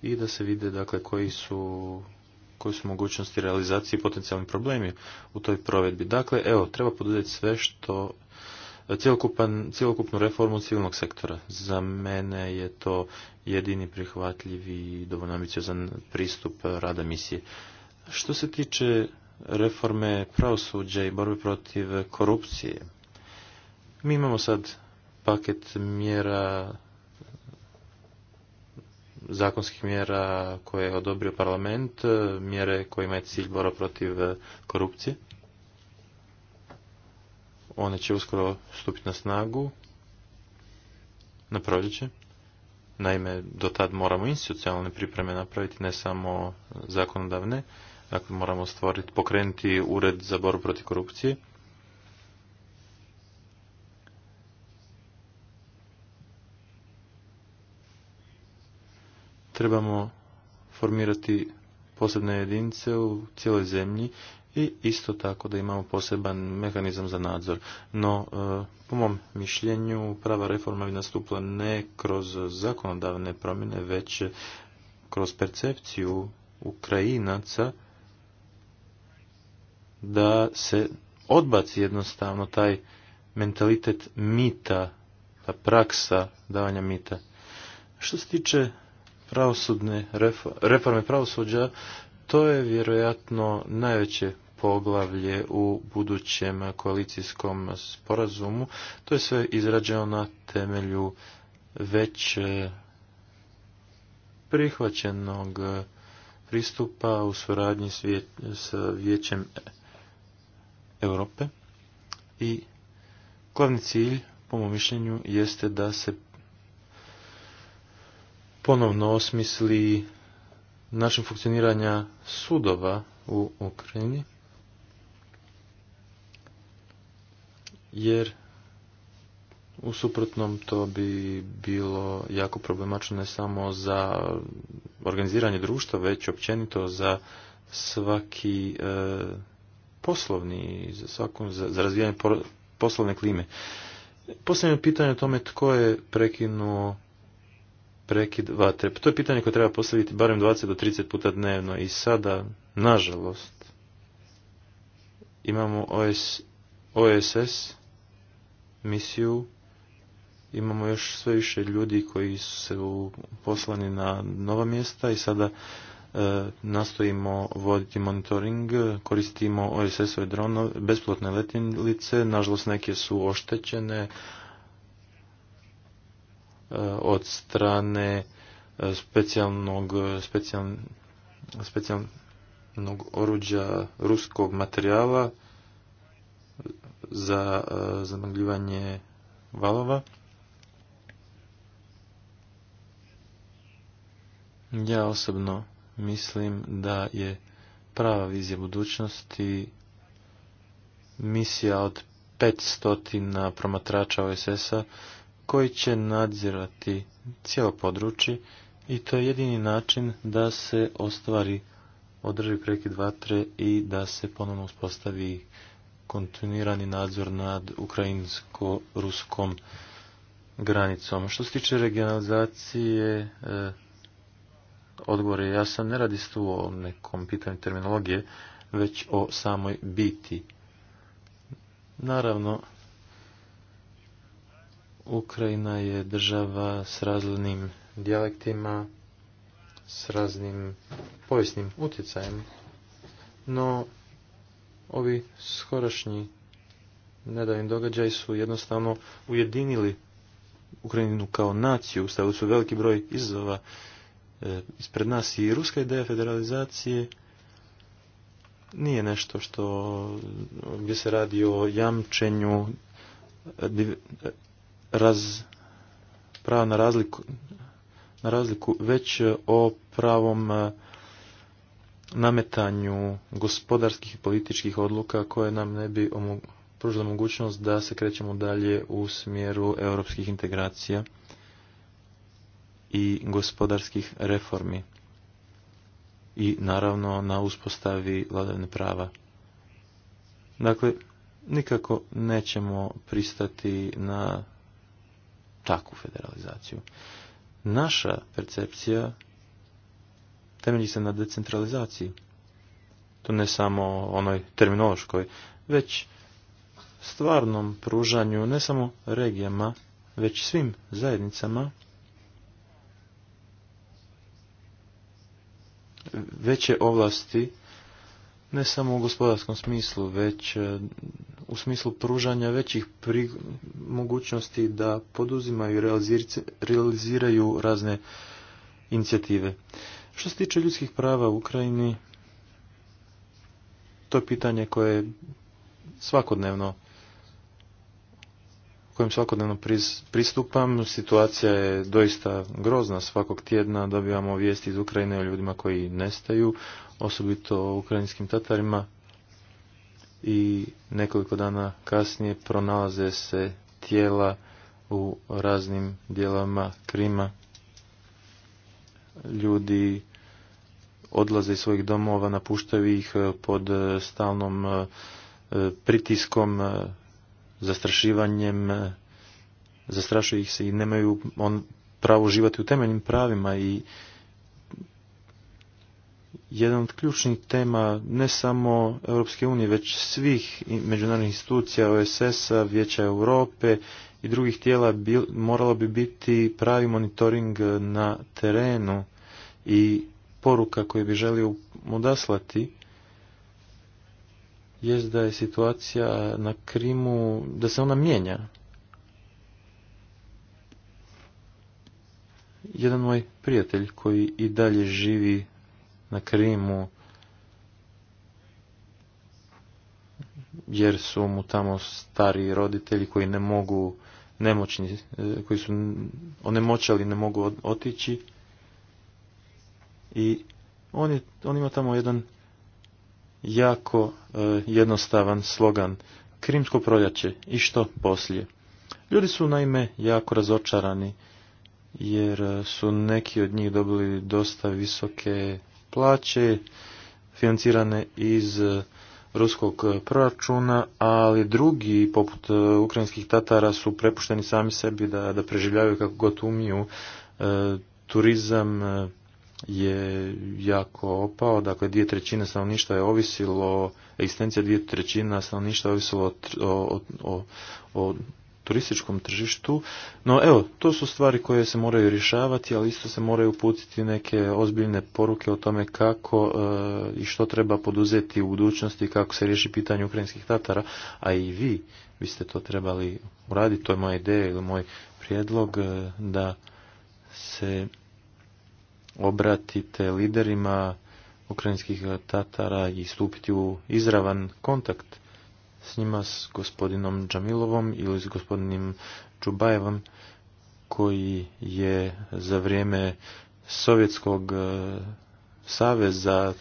i da se vide dakle koji su koje su mogućnosti realizacije i potencijalni problemi u toj provedbi. Dakle, evo, treba poduzeti sve što cjelokupnu cijelokupnu reformu civilnog sektora. Za mene je to jedini prihvatljivi i dovoljno ambiciozan pristup rada misije. Što se tiče reforme pravosuđa i borbe protiv korupcije. Mi imamo sad paket mjera zakonskih mjera koje je odobrio parlament, mjere kojima je cilj borba protiv korupcije. One će uskoro stupiti na snagu na proljeće. Naime, do tad moramo institucionalne pripreme napraviti, ne samo zakonodavne. Dakle, moramo stvoriti, pokrenuti ured za borbu protiv korupcije. Trebamo formirati posebne jedinice u cijeloj zemlji i isto tako da imamo poseban mehanizam za nadzor. No, e, po mom mišljenju, prava reforma bi nastupila ne kroz zakonodavne promjene, već kroz percepciju Ukrajinaca da se odbaci jednostavno taj mentalitet mita, ta praksa davanja mita. Što se tiče pravosudne reforme pravosuđa, to je vjerojatno najveće poglavlje u budućem koalicijskom sporazumu. To je sve izrađeno na temelju već prihvaćenog pristupa u suradnji s vijećem Europe i glavni cilj, po mom mišljenju, jeste da se ponovno osmisli način funkcioniranja sudova u Ukrajini, jer u suprotnom to bi bilo jako problemačno ne samo za organiziranje društva, već općenito za svaki e, poslovni, za, svakom, za, razvijanje poslovne klime. Posljedno pitanje o tome tko je prekinuo prekid vatre. Pa to je pitanje koje treba postaviti barem 20 do 30 puta dnevno i sada, nažalost, imamo OS, OSS misiju, imamo još sve više ljudi koji su se poslani na nova mjesta i sada E, nastojimo voditi monitoring, koristimo OSS-ove dronove, besplatne letilice nažalost neke su oštećene e, od strane e, specijalnog, specijalnog, specijalnog oruđa ruskog materijala za zamagljivanje valova. Ja osobno mislim da je prava vizija budućnosti misija od 500 promatrača OSS-a koji će nadzirati cijelo područje i to je jedini način da se ostvari održi prekid vatre i da se ponovno uspostavi kontinuirani nadzor nad ukrajinsko-ruskom granicom. Što se tiče regionalizacije e, odgovor je jasan, ne radi se tu o nekom pitanju terminologije, već o samoj biti. Naravno, Ukrajina je država s raznim dijalektima, s raznim povijesnim utjecajem, no ovi skorašnji nedavni događaj su jednostavno ujedinili Ukrajinu kao naciju, stavili su veliki broj izazova ispred nas i ruska ideja federalizacije nije nešto što gdje se radi o jamčenju raz, prava na razliku, na razliku već o pravom e, nametanju gospodarskih i političkih odluka koje nam ne bi pružile mogućnost da se krećemo dalje u smjeru europskih integracija i gospodarskih reformi i naravno na uspostavi vladavne prava. Dakle, nikako nećemo pristati na takvu federalizaciju. Naša percepcija temelji se na decentralizaciji. To ne samo onoj terminološkoj, već stvarnom pružanju ne samo regijama, već svim zajednicama veće ovlasti ne samo u gospodarskom smislu, već e, u smislu pružanja većih mogućnosti da poduzimaju i realiziraju razne inicijative. Što se tiče ljudskih prava u Ukrajini, to je pitanje koje svakodnevno kojim svakodnevno pristupam. Situacija je doista grozna. Svakog tjedna dobivamo vijesti iz Ukrajine o ljudima koji nestaju, osobito o ukrajinskim tatarima. I nekoliko dana kasnije pronalaze se tijela u raznim dijelama Krima. Ljudi odlaze iz svojih domova, napuštaju ih pod stalnom eh, pritiskom eh, zastrašivanjem, e, zastrašuje ih se i nemaju on pravo uživati u temeljnim pravima i jedan od ključnih tema ne samo Europske unije, već svih međunarodnih institucija, OSS-a, Vijeća Europe i drugih tijela moralo bi biti pravi monitoring e, na terenu i poruka koju bi želio odaslati jest da je situacija na Krimu, da se ona mijenja. Jedan moj prijatelj koji i dalje živi na Krimu, jer su mu tamo stari roditelji koji ne mogu nemoćni, koji su onemoćali, ne mogu otići. I on, on ima tamo jedan jako e, jednostavan slogan Krimsko proljače i što poslije. Ljudi su naime jako razočarani jer e, su neki od njih dobili dosta visoke plaće financirane iz e, ruskog proračuna, ali drugi, poput ukrajinskih tatara, su prepušteni sami sebi da, da preživljavaju kako god umiju. turizam, je jako opao, dakle dvije trećine stanovništva je ovisilo, egzistencija dvije trećina stanovništva je ovisilo o, turističkom tržištu. No evo, to su stvari koje se moraju rješavati, ali isto se moraju uputiti neke ozbiljne poruke o tome kako e, i što treba poduzeti u budućnosti, kako se riješi pitanje ukrajinskih tatara, a i vi biste to trebali uraditi, to je moja ideja ili moj prijedlog e, da se obratite liderima ukrajinskih Tatara i stupiti u izravan kontakt s njima, s gospodinom Džamilovom ili s gospodinim Čubajevom, koji je za vrijeme Sovjetskog e, saveza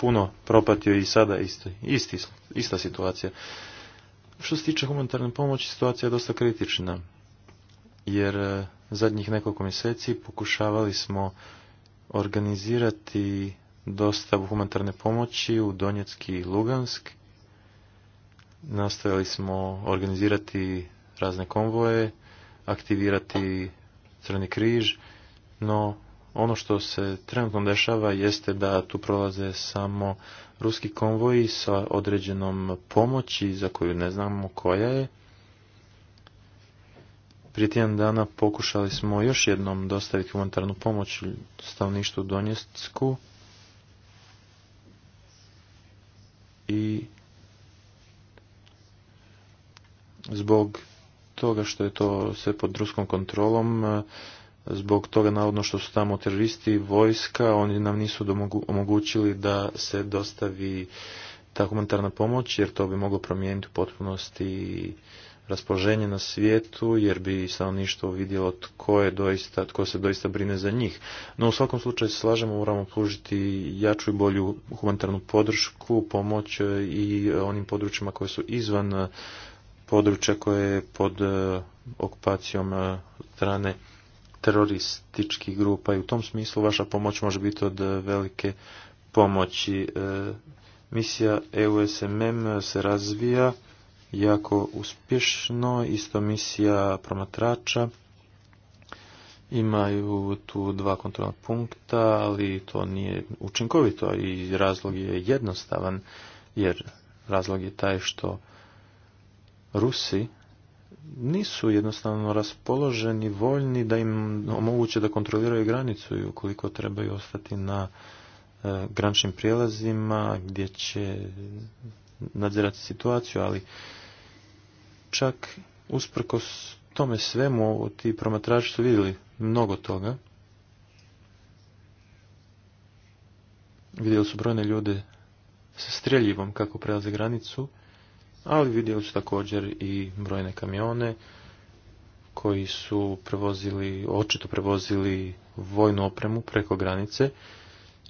puno propatio i sada isti, isti, ista situacija. Što se tiče humanitarne pomoći, situacija je dosta kritična, jer e, zadnjih nekoliko mjeseci pokušavali smo organizirati dostavu humanitarne pomoći u Donjetski i Lugansk. Nastojali smo organizirati razne konvoje, aktivirati Crni križ, no ono što se trenutno dešava jeste da tu prolaze samo ruski konvoji sa određenom pomoći za koju ne znamo koja je. Prije tjedan dana pokušali smo još jednom dostaviti humanitarnu pomoć stavništu u Donjecku i zbog toga što je to sve pod ruskom kontrolom, zbog toga navodno što su tamo teroristi i vojska, oni nam nisu omogućili da se dostavi ta humanitarna pomoć, jer to bi moglo promijeniti u potpunosti raspoloženje na svijetu jer bi stanovništvo vidjelo tko je doista, tko se doista brine za njih. No u svakom slučaju se slažemo, moramo pružiti jaču i bolju humanitarnu podršku, pomoć e, i onim područjima koje su izvan e, područja koje je pod e, okupacijom strane terorističkih grupa i u tom smislu vaša pomoć može biti od velike pomoći. Misija EUSMM se razvija jako uspješno, isto misija promatrača. Imaju tu dva kontrolna punkta, ali to nije učinkovito i razlog je jednostavan, jer razlog je taj što Rusi nisu jednostavno raspoloženi, voljni da im omoguće da kontroliraju granicu i ukoliko trebaju ostati na grančnim e, graničnim prijelazima gdje će nadzirati situaciju, ali čak usprkos tome svemu ti promatrači su vidjeli mnogo toga. Vidjeli su brojne ljude sa streljivom kako prelaze granicu, ali vidjeli su također i brojne kamione koji su prevozili, očito prevozili vojnu opremu preko granice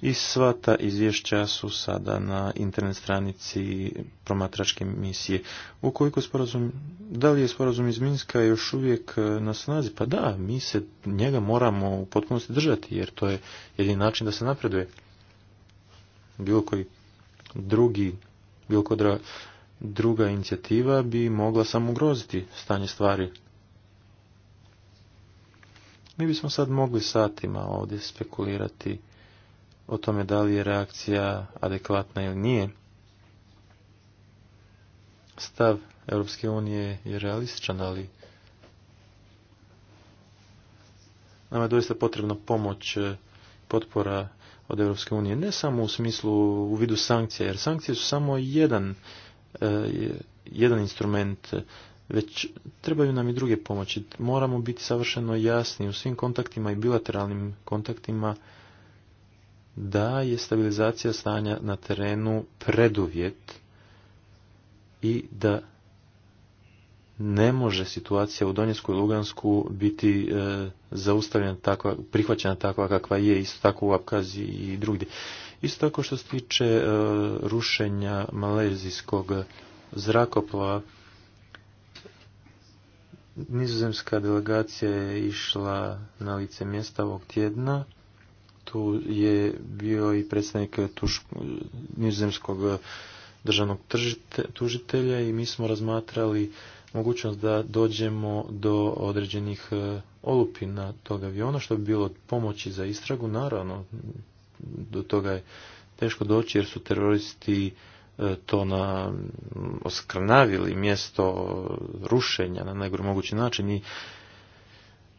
i sva ta izvješća su sada na internet stranici promatračke misije. Ukoliko sporazum, da li je sporazum iz Minska još uvijek e, na snazi? Pa da, mi se njega moramo u potpunosti držati, jer to je jedini način da se napreduje. Bilo koji drugi, bilo koja druga inicijativa bi mogla samo ugroziti stanje stvari. Mi bismo sad mogli satima ovdje spekulirati o tome da li je reakcija adekvatna ili nije. Stav Europske unije je realističan, ali nama je doista potrebna pomoć, e, potpora od Europske unije, ne samo u smislu u vidu sankcija, jer sankcije su samo jedan, e, jedan instrument, već trebaju nam i druge pomoći. Moramo biti savršeno jasni u svim kontaktima i bilateralnim kontaktima da je stabilizacija stanja na terenu preduvjet i da ne može situacija u Donjesku i Lugansku biti e, zaustavljena takva, prihvaćena takva kakva je, isto tako u apkazi i drugdje. Isto tako što se tiče e, rušenja malezijskog zrakoplova, nizozemska delegacija je išla na lice mjesta ovog tjedna tu je bio i predstavnik nizozemskog državnog tužitelja i mi smo razmatrali mogućnost da dođemo do određenih e, olupina tog aviona, što bi bilo pomoći za istragu. Naravno, do toga je teško doći jer su teroristi e, to na oskrnavili mjesto rušenja na najgori mogući način i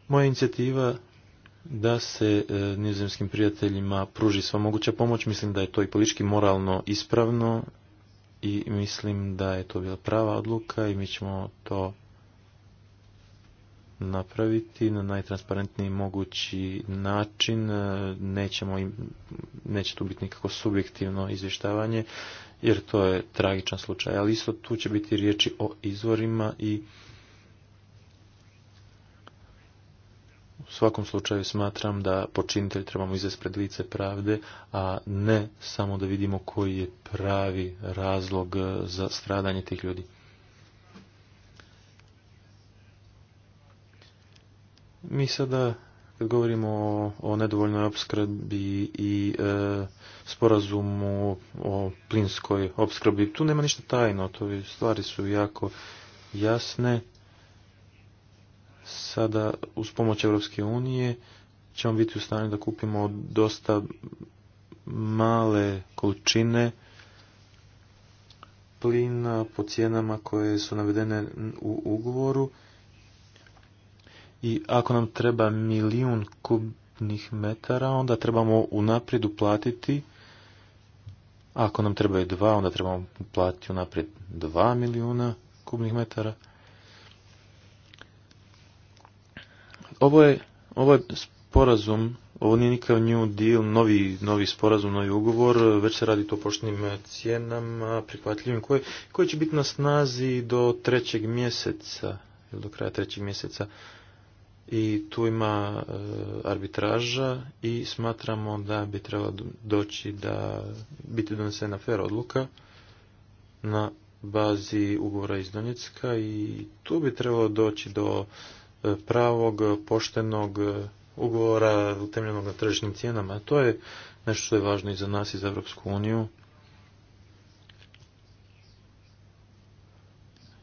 moja inicijativa da se e, nizozemskim prijateljima pruži sva moguća pomoć. Mislim da je to i politički moralno ispravno i mislim da je to bila prava odluka i mi ćemo to napraviti na najtransparentniji mogući način. E, nećemo im, neće tu biti nikako subjektivno izvještavanje jer to je tragičan slučaj. Ali isto tu će biti riječi o izvorima i svakom slučaju smatram da počinitelj trebamo izvesti pred lice pravde, a ne samo da vidimo koji je pravi razlog eh, za stradanje tih ljudi. Mi sada kad govorimo o, nedovoljnoj opskrbi i eh, sporazumu o plinskoj opskrbi, tu nema ništa tajno, to stvari su jako jasne sada uz pomoć Europske unije ćemo biti u stanju da kupimo dosta male količine plina po cijenama koje su navedene u ugovoru i ako nam treba milijun kubnih metara onda trebamo unaprijed uplatiti ako nam treba dva onda trebamo platiti unaprijed dva milijuna kubnih metara Ovo je, ovo sporazum, ovo nije nikakav new deal, novi, novi sporazum, novi ugovor, već se radi to o poštenim cijenama, prihvatljivim, koje koje će biti na snazi do trećeg mjeseca, ili do kraja trećeg mjeseca. I tu ima e, arbitraža i smatramo da bi trebalo doći da biti donesena fer odluka na bazi ugovora iz Donjecka i tu bi trebalo doći do pravog, poštenog e, ugovora utemljenog na tržišnim cijenama. To je nešto što je važno i za nas i za Europsku uniju.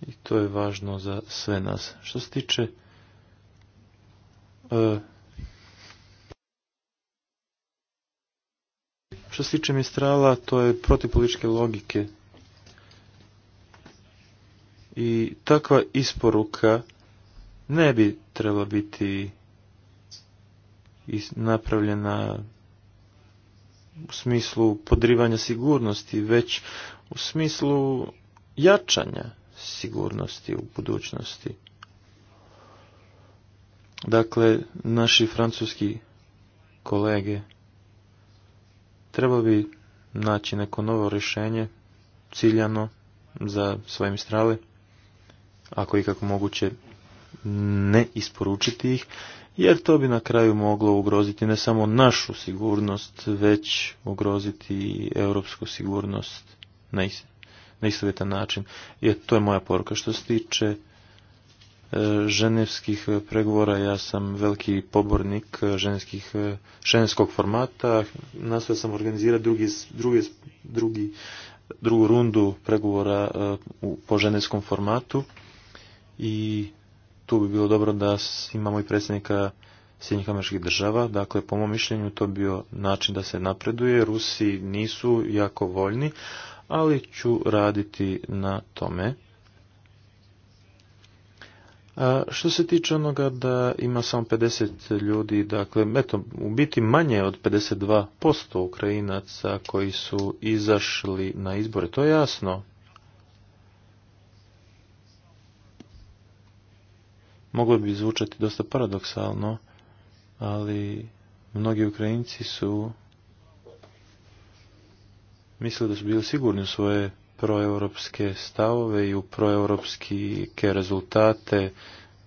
I to je važno za sve nas. Što se tiče e, što se tiče Mistrala, to je protiv političke logike. I takva isporuka ne bi trebala biti napravljena u smislu podrivanja sigurnosti, već u smislu jačanja sigurnosti u budućnosti. Dakle, naši francuski kolege treba bi naći neko novo rješenje, ciljano za svoje mistrale, ako ikako moguće ne isporučiti ih, jer to bi na kraju moglo ugroziti ne samo našu sigurnost, već ugroziti i europsku sigurnost na istovjetan način. Jer to je moja poruka. Što se tiče e, ženevskih pregovora, ja sam veliki pobornik e, ženevskih, e, ženevskog formata. Nastoja sam organizirati drugi, drugi, drugi, drugu rundu pregovora po ženevskom formatu i tu bi bilo dobro da imamo i predsjednika Sjednjih američkih država. Dakle, po mom mišljenju to bio način da se napreduje. Rusi nisu jako voljni, ali ću raditi na tome. A što se tiče onoga da ima samo 50 ljudi, dakle, eto, u biti manje od 52% Ukrajinaca koji su izašli na izbore, to je jasno. Moglo bi zvučati dosta paradoksalno, ali mnogi Ukrajinci su mislili da su bili sigurni u svoje proeuropske stavove i u proeuropske rezultate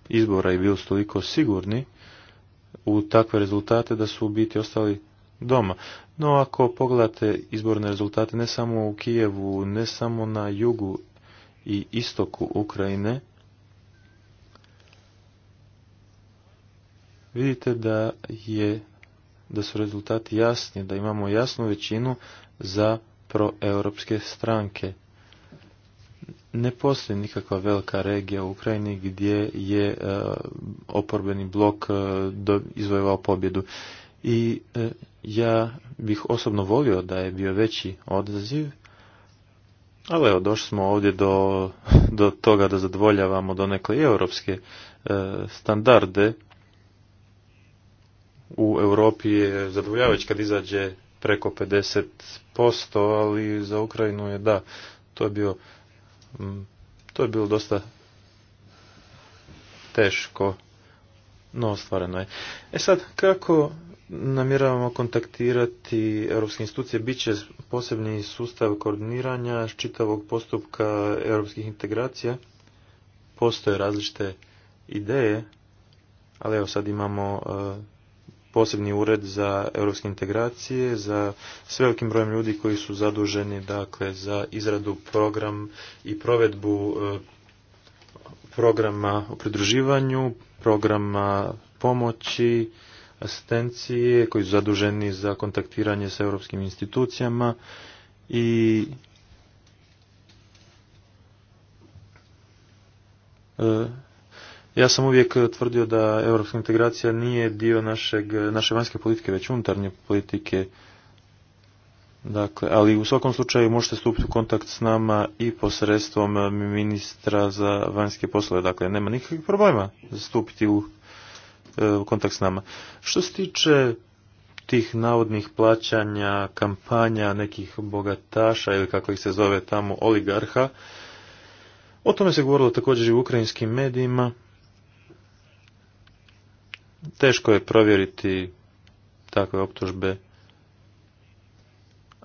izbora i bili su toliko sigurni u takve rezultate da su u biti ostali doma. No ako pogledate izborne rezultate ne samo u Kijevu, ne samo na jugu i istoku Ukrajine, vidite da je da su rezultati jasni, da imamo jasnu većinu za proeuropske stranke. Ne postoji nikakva velika regija u Ukrajini gdje je e, oporbeni blok e, izvojevao pobjedu. I e, ja bih osobno volio da je bio veći odaziv, ali evo, došli smo ovdje do, do toga da zadovoljavamo donekle europske standarde u Europi je zadovoljavajući kad izađe preko 50%, ali za Ukrajinu je da, to je bio mm, to je bilo dosta teško, no ostvareno je. E sad, kako namjeravamo kontaktirati europske institucije, bit će posebni sustav koordiniranja čitavog postupka europskih integracija. Postoje različite ideje, ali evo sad imamo e, posebni ured za europske integracije, za s velikim brojem ljudi koji su zaduženi dakle, za izradu program i provedbu e, programa o pridruživanju, programa pomoći, asistencije, koji su zaduženi za kontaktiranje sa europskim institucijama i e, ja sam uvijek eh, tvrdio da europska integracija nije dio našeg, eh, naše vanjske politike, već unutarnje politike. Dakle, ali u svakom slučaju možete stupiti u kontakt s nama i posredstvom eh, ministra za vanjske poslove. Dakle, nema nikakvih problema stupiti u, u kontakt s nama. Što se tiče tih navodnih plaćanja, kampanja nekih bogataša ili kako ih se zove tamo oligarha, o tome se govorilo također i u ukrajinskim medijima. Teško je provjeriti takve optužbe,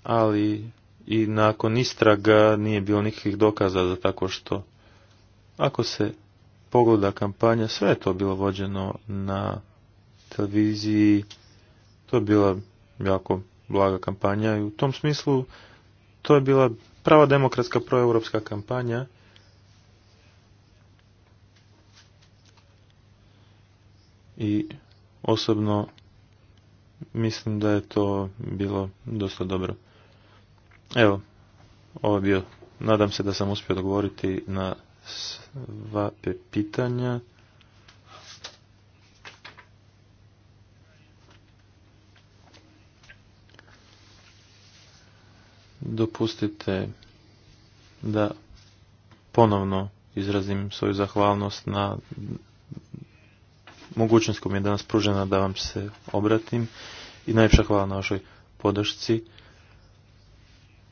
ali i nakon istraga nije bilo nikakvih dokaza za tako što. Ako se pogleda kampanja, sve je to bilo vođeno na televiziji, to je bila jako blaga kampanja i u tom smislu to je bila prava demokratska proeuropska kampanja i osobno mislim da je to bilo dosta dobro. Evo, ovo je bio. Nadam se da sam uspio odgovoriti na sva pitanja. Dopustite da ponovno izrazim svoju zahvalnost na mogućnost koja mi je danas pružena da vam se obratim i najljepša hvala na vašoj podršci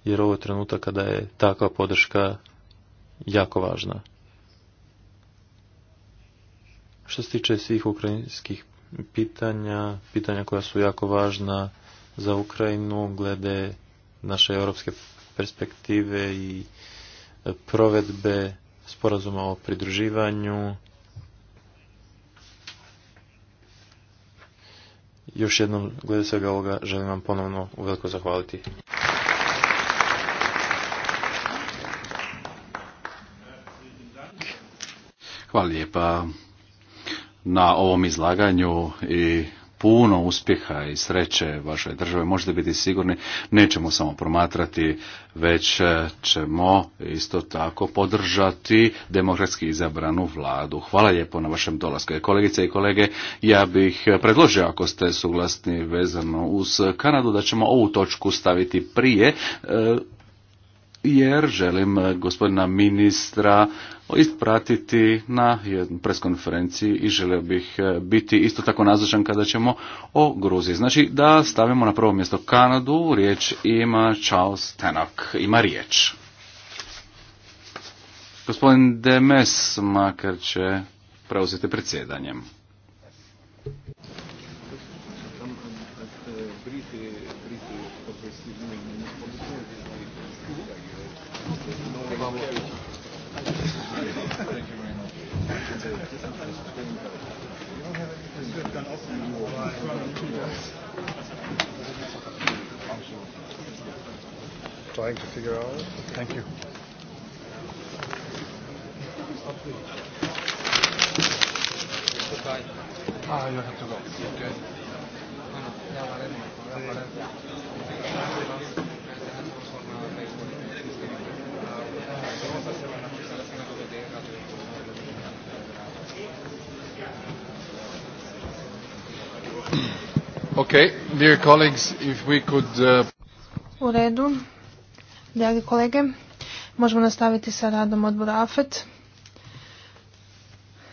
jer ovo je trenutak kada je takva podrška jako važna. Što se tiče svih ukrajinskih pitanja, pitanja koja su jako važna za Ukrajinu, glede naše europske perspektive i provedbe sporazuma o pridruživanju, još jednom glede svega ovoga želim vam ponovno uveliko zahvaliti. Hvala lijepa na ovom izlaganju i puno uspjeha i sreće vaše države. Možete biti sigurni, nećemo samo promatrati, već e, ćemo isto tako podržati demokratski izabranu vladu. Hvala lijepo na vašem dolasku. E, kolegice i kolege, ja bih predložio, ako ste suglasni vezano uz Kanadu, da ćemo ovu točku staviti prije e, jer želim eh, gospodina ministra ispratiti na jednu preskonferenciji i želio bih eh, biti isto tako nazočan kada ćemo o Gruziji. Znači da stavimo na prvo mjesto Kanadu, riječ ima Charles Tenok. ima riječ. Gospodin Demes makar će preuzeti predsjedanjem. Trying to figure out. Thank you. Ah, you have to go. Okay. dear uh, U redu, dragi kolege, možemo nastaviti sa radom odbora AFET.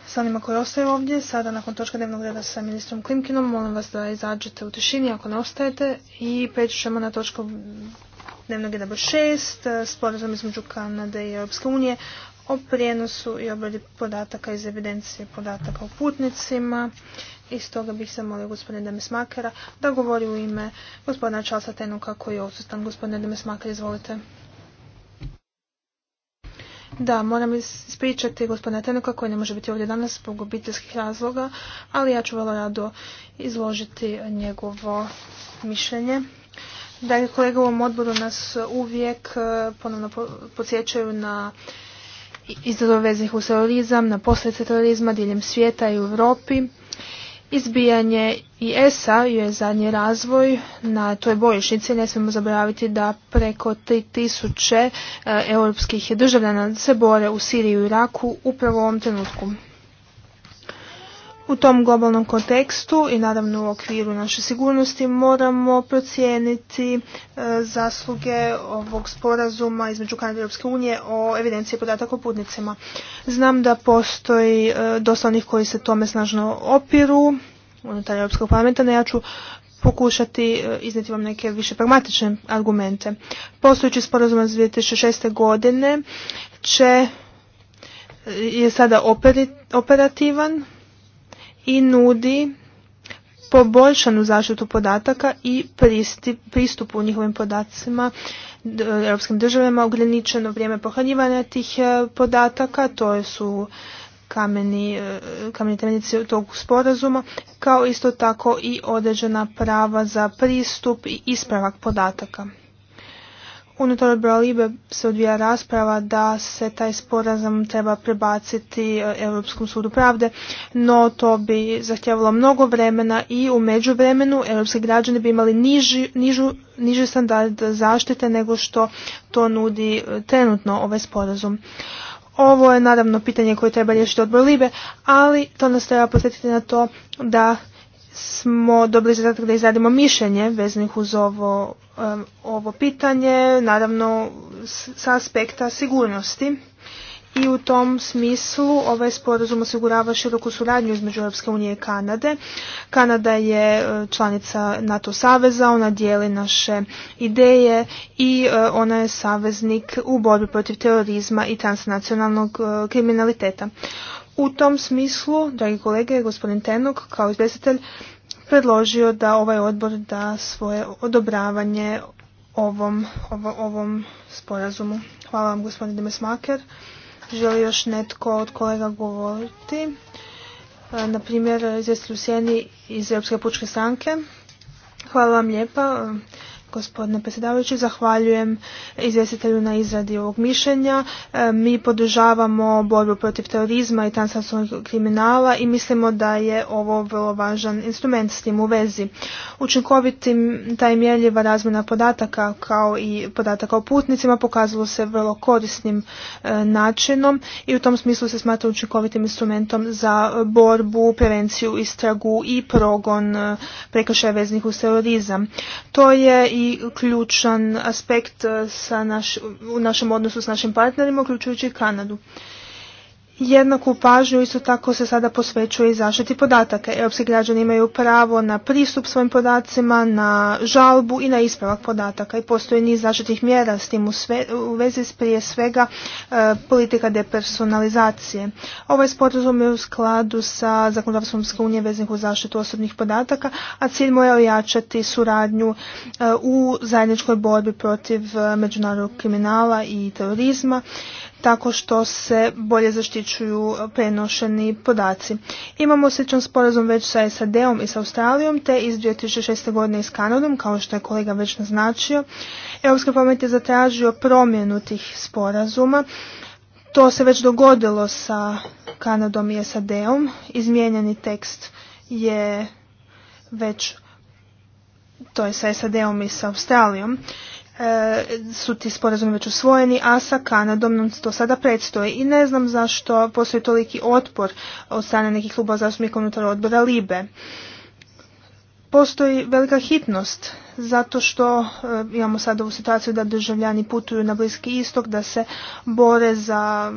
Sa onima koji ostaju ovdje, sada nakon točka dnevnog reda sa ministrom Klimkinom, molim vas da izađete u tišini ako ne ostajete i preći ćemo na točku dnevnog reda 6, eh, sporazum između Kanade i Europske unije o prijenosu i obradi podataka iz evidencije podataka o putnicima i stoga bih se molio gospodine Demesmakera da govori u ime gospodina Čalsa Tenuka koji je odsustan. Gospodine Demesmaker, izvolite. Da, moram ispričati gospodina Tenuka koji ne može biti ovdje danas zbog obiteljskih razloga, ali ja ću vrlo rado izložiti njegovo mišljenje. je kolega u ovom odboru nas uvijek e, ponovno podsjećaju na izazove u uz terorizam, na posljedice terorizma diljem svijeta i u Europi. Izbijanje IS-a je zadnji razvoj na toj bojišnici. Ne smijemo zaboraviti da preko 3000 e, europskih državljana se bore u Siriji i Iraku upravo u ovom trenutku. U tom globalnom kontekstu i naravno u okviru naše sigurnosti moramo procijeniti e, zasluge ovog sporazuma između Kanada i Europske unije o evidenciji podataka o putnicima. Znam da postoji e, dosta onih koji se tome snažno opiru unutar Europskog parlamenta, ne ja ću pokušati e, iznijeti vam neke više pragmatične argumente. Postojeći sporazum iz 2006. godine će je sada operativan i nudi poboljšanu zaštitu podataka i pristup u njihovim podacima europskim državama ograničeno vrijeme pohranjivanja tih e, podataka, to su kameni, e, kameni temeljici tog sporazuma, kao isto tako i određena prava za pristup i ispravak podataka. Unutar odbora Libe se odvija rasprava da se taj sporazum treba prebaciti e, Europskom sudu pravde, no to bi zahtjevalo mnogo vremena i u međuvremenu europski građani bi imali niži, nižu, standard zaštite nego što to nudi e, trenutno ovaj sporazum. Ovo je naravno pitanje koje treba riješiti odbor Libe, ali to nas treba posjetiti na to da smo dobili zadatak da izradimo mišljenje veznih uz ovo Um, ovo pitanje, naravno sa aspekta sigurnosti. I u tom smislu ovaj sporazum osigurava široku suradnju između Europske unije i Kanade. Kanada je e, članica NATO saveza, ona dijeli naše ideje i e, ona je saveznik u borbi protiv terorizma i transnacionalnog e, kriminaliteta. U tom smislu, dragi kolege, gospodin Tenok kao izvjestitelj predložio da ovaj odbor da svoje odobravanje ovom, ovom sporazumu. Hvala vam gospodine smaker Želi još netko od kolega govoriti? E, na primjer, izvjestitelj Sjeni iz Europske pučke stranke. Hvala vam lijepa. Gospodine predsjedavajući, zahvaljujem izvjestitelju na izradi ovog mišljenja. E, mi podržavamo borbu protiv terorizma i transnacionalnog kriminala i mislimo da je ovo vrlo važan instrument s tim u vezi. Učinkovitim taj mjerljiva razmjena podataka kao i podataka o putnicima pokazalo se vrlo korisnim e, načinom i u tom smislu se smatra učinkovitim instrumentom za borbu, prevenciju, istragu i progon e, prekršaja veznih uz terorizam. To je i ključan aspekt eh, u našem odnosu s našim partnerima, uključujući Kanadu. Jednaku pažnju isto tako se sada posvećuje i zaštiti podataka. Europski građani imaju pravo na pristup svojim podacima, na žalbu i na ispravak podataka i postoji niz zaštitnih mjera s tim u, vezi s prije svega e, politika depersonalizacije. Ovaj sporazum je u skladu sa zakonodavstvom unije veznih u zaštitu osobnih podataka, a cilj mu je ojačati suradnju e, u zajedničkoj borbi protiv e, međunarodnog kriminala i terorizma tako što se bolje zaštićuju prenošeni podaci. Imamo sličan sporazum već sa SAD-om i sa Australijom, te iz 2006. godine i s Kanadom, kao što je kolega već naznačio. Europski parlament je zatražio promjenu tih sporazuma. To se već dogodilo sa Kanadom i SAD-om. Izmijenjeni tekst je već to je sa SAD-om i sa Australijom. E, su ti sporazumi već usvojeni, a sa Kanadom nam to sada predstoji. I ne znam zašto postoji toliki otpor od strane nekih kluba zastupnika unutar odbora Libe. Postoji velika hitnost zato što e, imamo sada ovu situaciju da državljani putuju na Bliski istok, da se bore za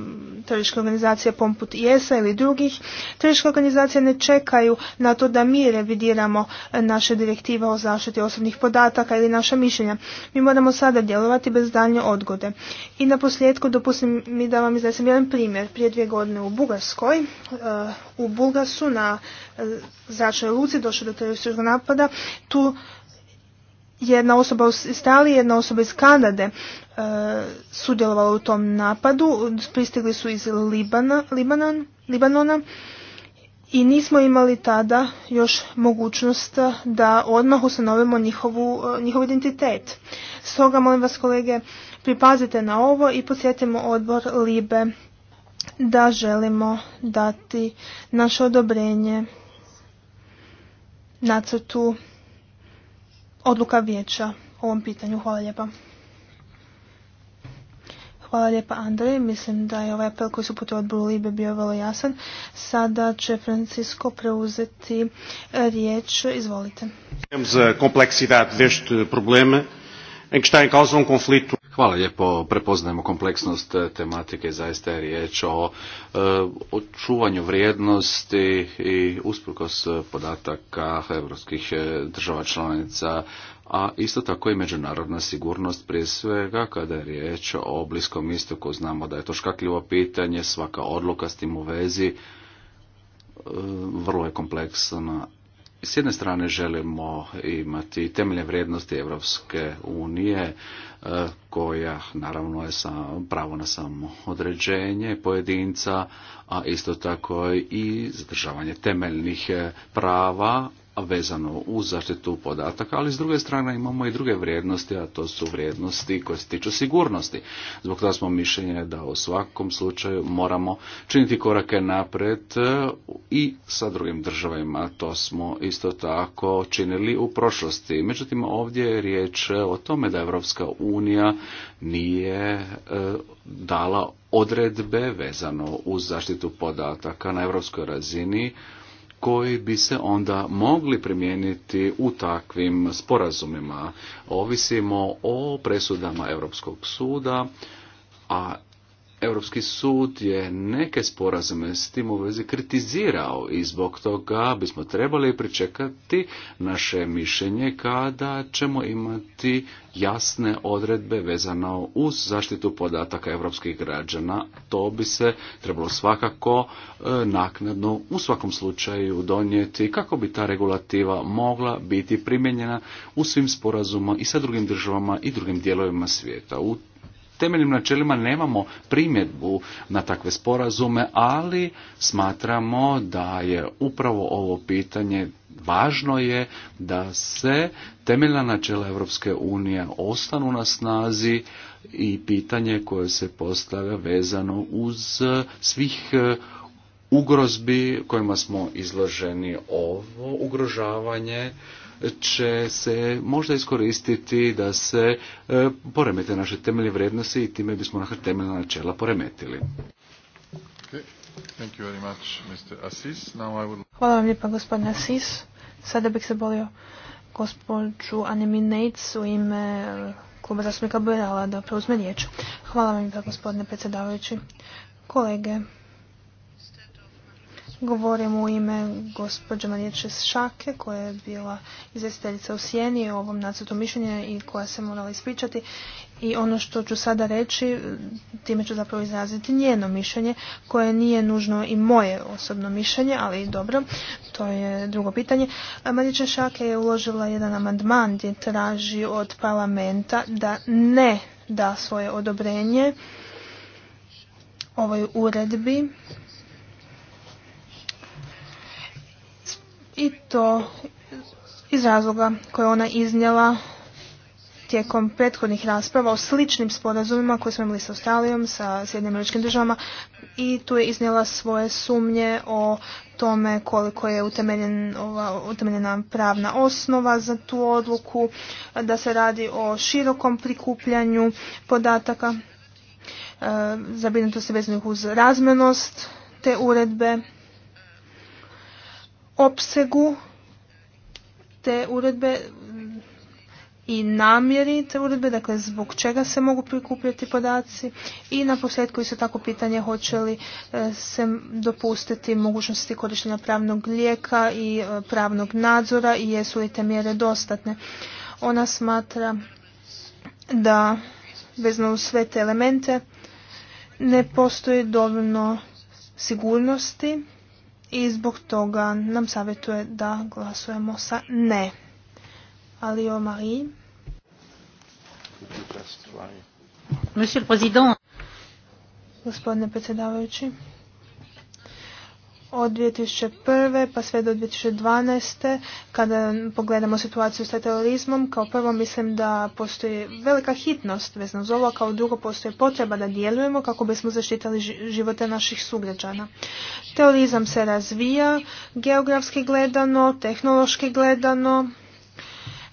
teroriške organizacije poput is ili drugih. Teroriške organizacije ne čekaju na to da mi revidiramo e, naše direktive o zaštiti osobnih podataka ili naša mišljenja. Mi moramo sada djelovati bez daljnje odgode. I na posljedku dopustim mi da vam iznesem jedan primjer. Prije dvije godine u Bugarskoj, e, u bugasu na zračnoj luci došlo do terorističkog napada. Tu jedna osoba iz Italije, jedna osoba iz Kanade e, sudjelovala u tom napadu. Pristigli su iz Libana, Libanon, Libanona i nismo imali tada još mogućnost da odmah ustanovimo njihovu, e, njihov identitet. Stoga molim vas kolege, pripazite na ovo i posjetimo odbor Libe da želimo dati naše odobrenje nacrtu odluka vijeća o ovom pitanju. Hvala lijepa. Hvala lijepa Andrej. Mislim da je ovaj apel koji su putovali odboru Libe bio vrlo jasan. Sada će Francisco preuzeti e, riječ. Izvolite. Temos a complexidade deste problema em que está em causa um conflito Hvala lijepo. Prepoznajemo kompleksnost e, tematike. Zaista je riječ o e, očuvanju vrijednosti i usprkos podataka europskih e, država članica, a isto tako i međunarodna sigurnost prije svega kada je riječ o Bliskom istoku. Znamo da je to škakljivo pitanje, svaka odluka s tim u vezi vrlo je kompleksna s jedne strane želimo imati temeljne vrijednosti Europske unije e, koja naravno je pravo na samo određenje pojedinca, a isto tako i zadržavanje temeljnih e, prava vezano uz zaštitu podataka, ali s druge strane imamo i druge vrijednosti, a to su vrijednosti koje se tiču sigurnosti. Zbog toga smo mišljenje da u svakom slučaju moramo činiti korake napred e, i sa drugim državama. To smo isto tako činili u prošlosti. Međutim, ovdje je riječ o tome da Evropska unija nije e, dala odredbe vezano uz zaštitu podataka na europskoj razini koji bi se onda mogli primijeniti u takvim sporazumima. Ovisimo o presudama Europskog suda, a Europski sud je neke sporazume s tim u vezi kritizirao i zbog toga bismo trebali pričekati naše mišljenje kada ćemo imati jasne odredbe vezano uz zaštitu podataka europskih građana. To bi se trebalo svakako e, naknadno u svakom slučaju donijeti kako bi ta regulativa mogla biti primjenjena u svim sporazuma i sa drugim državama i drugim dijelovima svijeta. U temeljnim načelima nemamo primjedbu na takve sporazume, ali smatramo da je upravo ovo pitanje važno je da se temeljna načela Europske unije ostanu na snazi i pitanje koje se postavlja vezano uz svih e, ugrozbi kojima smo izloženi ovo ugrožavanje će se možda iskoristiti da se e, poremete naše temelje vrijednosti i time bismo naše temeljna načela poremetili. Thank you Hvala vam lijepa gospodine Assis. Sada bih se bolio gospođu Anemine u ime e, kluba zastupnika Bojala da preuzme riječ. Hvala vam lijepa gospodine predsjedavajući. Kolege, Govorim u ime gospođe Mariječe Šake koja je bila izvjestiteljica u Sjeni o ovom nacrtu mišljenja i koja se morala ispričati. I ono što ću sada reći, time ću zapravo izraziti njeno mišljenje koje nije nužno i moje osobno mišljenje, ali dobro, to je drugo pitanje. Mariječe Šake je uložila jedan amandman gdje traži od parlamenta da ne da svoje odobrenje ovoj uredbi i to iz razloga koje ona iznjela tijekom prethodnih rasprava o sličnim sporazumima koje smo imali sa Australijom, sa Sjedinim američkim državama i tu je iznijela svoje sumnje o tome koliko je utemeljen, ova, utemeljena pravna osnova za tu odluku, da se radi o širokom prikupljanju podataka, e, zabrinutosti vezanih uz razmjernost te uredbe opsegu te uredbe i namjeri te uredbe, dakle zbog čega se mogu prikupljati podaci i na posljedku isto tako pitanje hoće li e, se dopustiti mogućnosti korištenja pravnog lijeka i e, pravnog nadzora i jesu li te mjere dostatne. Ona smatra da vezno uz sve te elemente ne postoji dovoljno sigurnosti i zbog toga nam savjetuje da glasujemo sa ne. Ali o Marie. Monsieur le Président. Gospodine predsjedavajući od 2001. pa sve do 2012. kada pogledamo situaciju sa terorizmom, kao prvo mislim da postoji velika hitnost vezno uz ovo, kao drugo postoji potreba da djelujemo kako bismo zaštitili živote naših sugrađana. Terorizam se razvija geografski gledano, tehnološki gledano,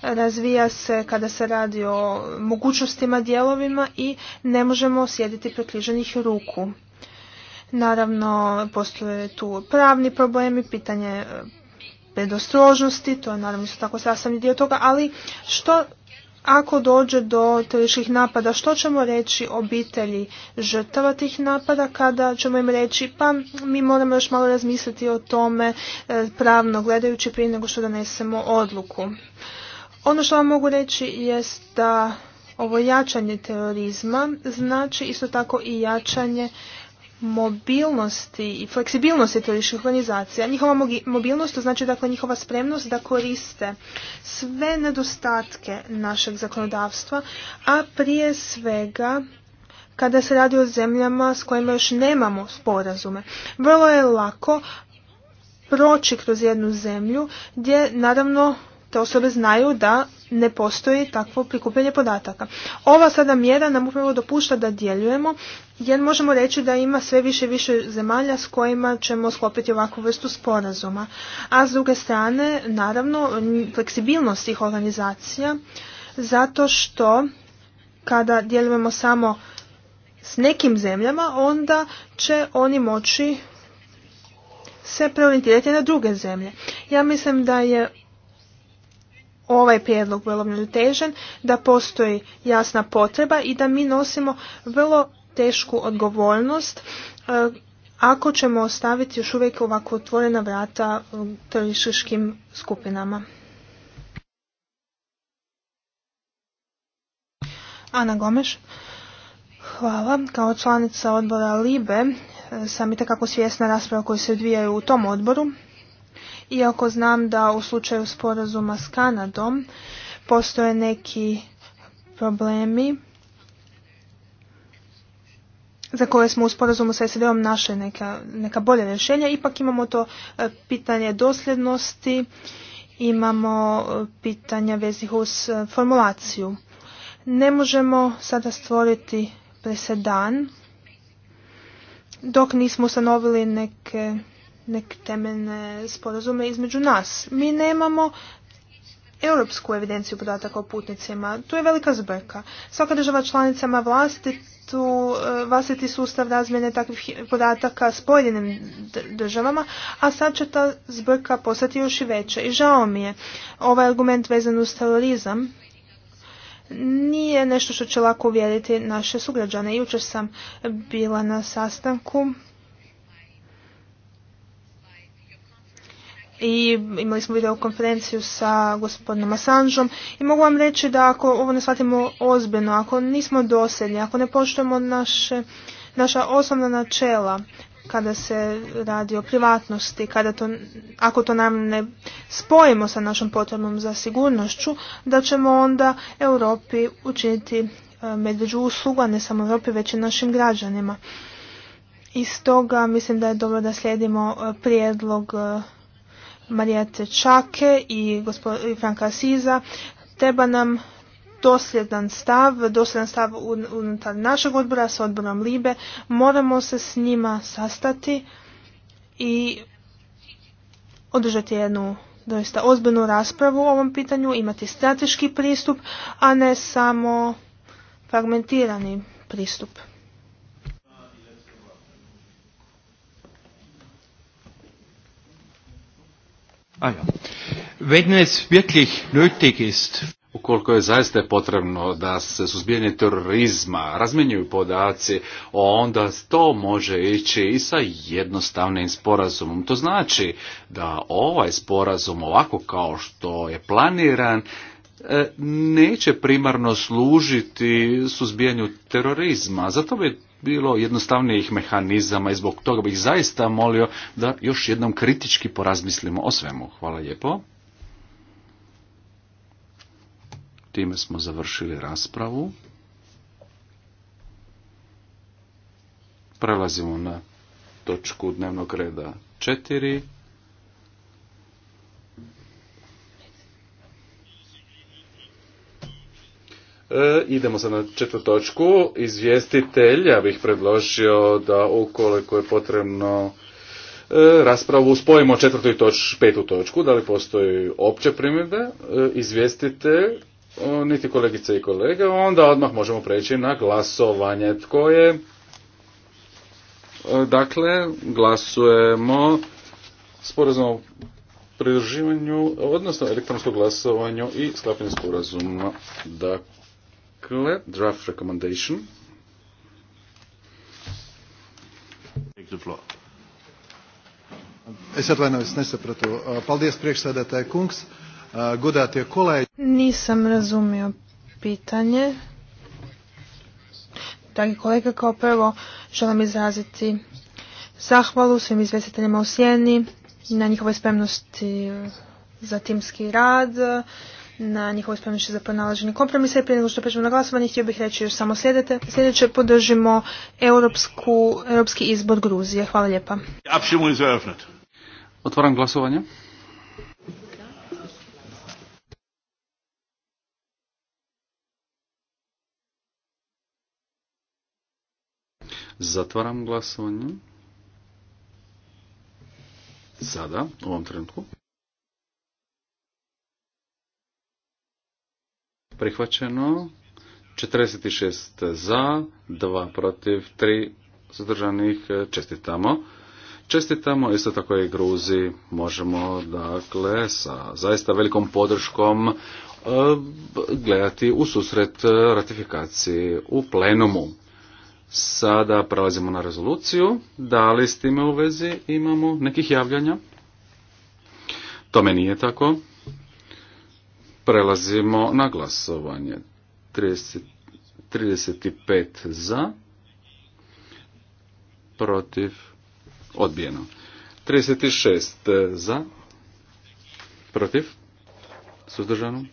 razvija se kada se radi o mogućnostima, dijelovima i ne možemo sjediti prekriženih ruku. Naravno, postoje tu pravni problemi, pitanje e, predostrožnosti, to je naravno isto tako sastavni dio toga, ali što ako dođe do teških napada, što ćemo reći obitelji žrtava tih napada kada ćemo im reći pa mi moramo još malo razmisliti o tome e, pravno gledajući prije nego što donesemo odluku. Ono što vam mogu reći jest da ovo jačanje terorizma znači isto tako i jačanje mobilnosti i fleksibilnosti tržišnih organizacija. Njihova mobilnost to znači dakle njihova spremnost da koriste sve nedostatke našeg zakonodavstva, a prije svega kada se radi o zemljama s kojima još nemamo sporazume. Vrlo je lako proći kroz jednu zemlju gdje naravno te osobe znaju da ne postoji takvo prikupljanje podataka. Ova sada mjera nam upravo dopušta da djelujemo jer možemo reći da ima sve više i više zemalja s kojima ćemo sklopiti ovakvu vrstu sporazuma. A s druge strane, naravno, fleksibilnost tih organizacija zato što kada djelujemo samo s nekim zemljama, onda će oni moći se preorientirati na druge zemlje. Ja mislim da je ovaj prijedlog vrlo težen, da postoji jasna potreba i da mi nosimo vrlo tešku odgovornost e, ako ćemo ostaviti još uvijek ovako otvorena vrata e, turističkim skupinama. Ana Gomeš, hvala. Kao članica odbora LIBE e, sam i takako svjesna rasprava koje se odvijaju u tom odboru iako znam da u slučaju sporazuma s Kanadom postoje neki problemi za koje smo u sporazumu sa sed om našli neka, neka bolja rješenja. Ipak imamo to e, pitanje dosljednosti, imamo e, pitanja vezih uz e, formulaciju. Ne možemo sada stvoriti presedan dok nismo ustanovili neke neke temeljne sporazume između nas. Mi nemamo europsku evidenciju podataka o putnicima. Tu je velika zbrka. Svaka država članicama vlasti tu eh, vlastiti sustav razmjene takvih podataka s pojedinim državama, a sad će ta zbrka postati još i veća. I žao mi je, ovaj argument vezan uz terorizam nije nešto što će lako uvjeriti naše sugrađane. Jučer sam bila na sastanku i imali smo video konferenciju sa gospodinom Assangeom i mogu vam reći da ako ovo ne shvatimo ozbiljno, ako nismo dosljedni, ako ne poštujemo naše, naša osnovna načela kada se radi o privatnosti, kada to, ako to nam ne spojimo sa našom potrebom za sigurnošću, da ćemo onda Europi učiniti e, medveđu uslugu, a ne samo Europi, već i našim građanima. I stoga mislim da je dobro da slijedimo e, prijedlog e, Marijete Čake i Franka Siza, Treba nam dosljedan stav, dosljedan stav unutar našeg odbora sa odborom Libe. Moramo se s njima sastati i održati jednu doista ozbiljnu raspravu u ovom pitanju, imati strateški pristup, a ne samo fragmentirani pristup. Ah, ja. Ukoliko je zaista potrebno da se suzbijanje terorizma razmjenjuju podaci, onda to može ići i sa jednostavnim sporazumom. To znači da ovaj sporazum ovako kao što je planiran e, neće primarno služiti suzbijanju terorizma. Zato bi bilo jednostavnijih mehanizama i zbog toga bih zaista molio da još jednom kritički porazmislimo o svemu. Hvala lijepo. Time smo završili raspravu. Prelazimo na točku dnevnog reda 4. E, idemo sad na četvrtu točku. Izvjestitelj, ja bih predložio da ukoliko je potrebno e, raspravu spojimo četvrtu i toč, petu točku, da li postoji opće primjedbe, e, izvjestitelj, niti kolegice i kolege, onda odmah možemo preći na glasovanje. Tko je? E, dakle, glasujemo sporazum o pridruživanju, odnosno elektronskom glasovanju i sklapanju sporazuma. Dakle, Dakle, draft recommendation. Take the floor. Es atvainojos, nesapratu. Paldies priekšsēdētāji kungs, godātie kolēģi. Nisam razumio pitanje. Dragi kolega, kao prvo želim izraziti zahvalu svim izvjestiteljima u Sjeni na njihovoj spremnosti za timski rad na njihovo spremnište za pronalaženje kompromisa i prije nego što pređemo na glasovanje htio bih reći još samo sljedeće. Sljedeće podržimo europsku, europski izbor Gruzije. Hvala lijepa. Otvaram glasovanje. Zatvaram glasovanje. Sada, u ovom trenutku. prihvaćeno. 46 za, 2 protiv, 3 zadržanih, e, čestitamo. Čestitamo isto tako i Gruzi, možemo dakle sa zaista velikom podrškom e, gledati u susret ratifikaciji u plenumu. Sada prelazimo na rezoluciju. Da li s time u vezi imamo nekih javljanja? Tome nije tako. Prelazimo na glasovanje. 30, 35 za, protiv, odbijeno. 36 za, protiv, suzdržano.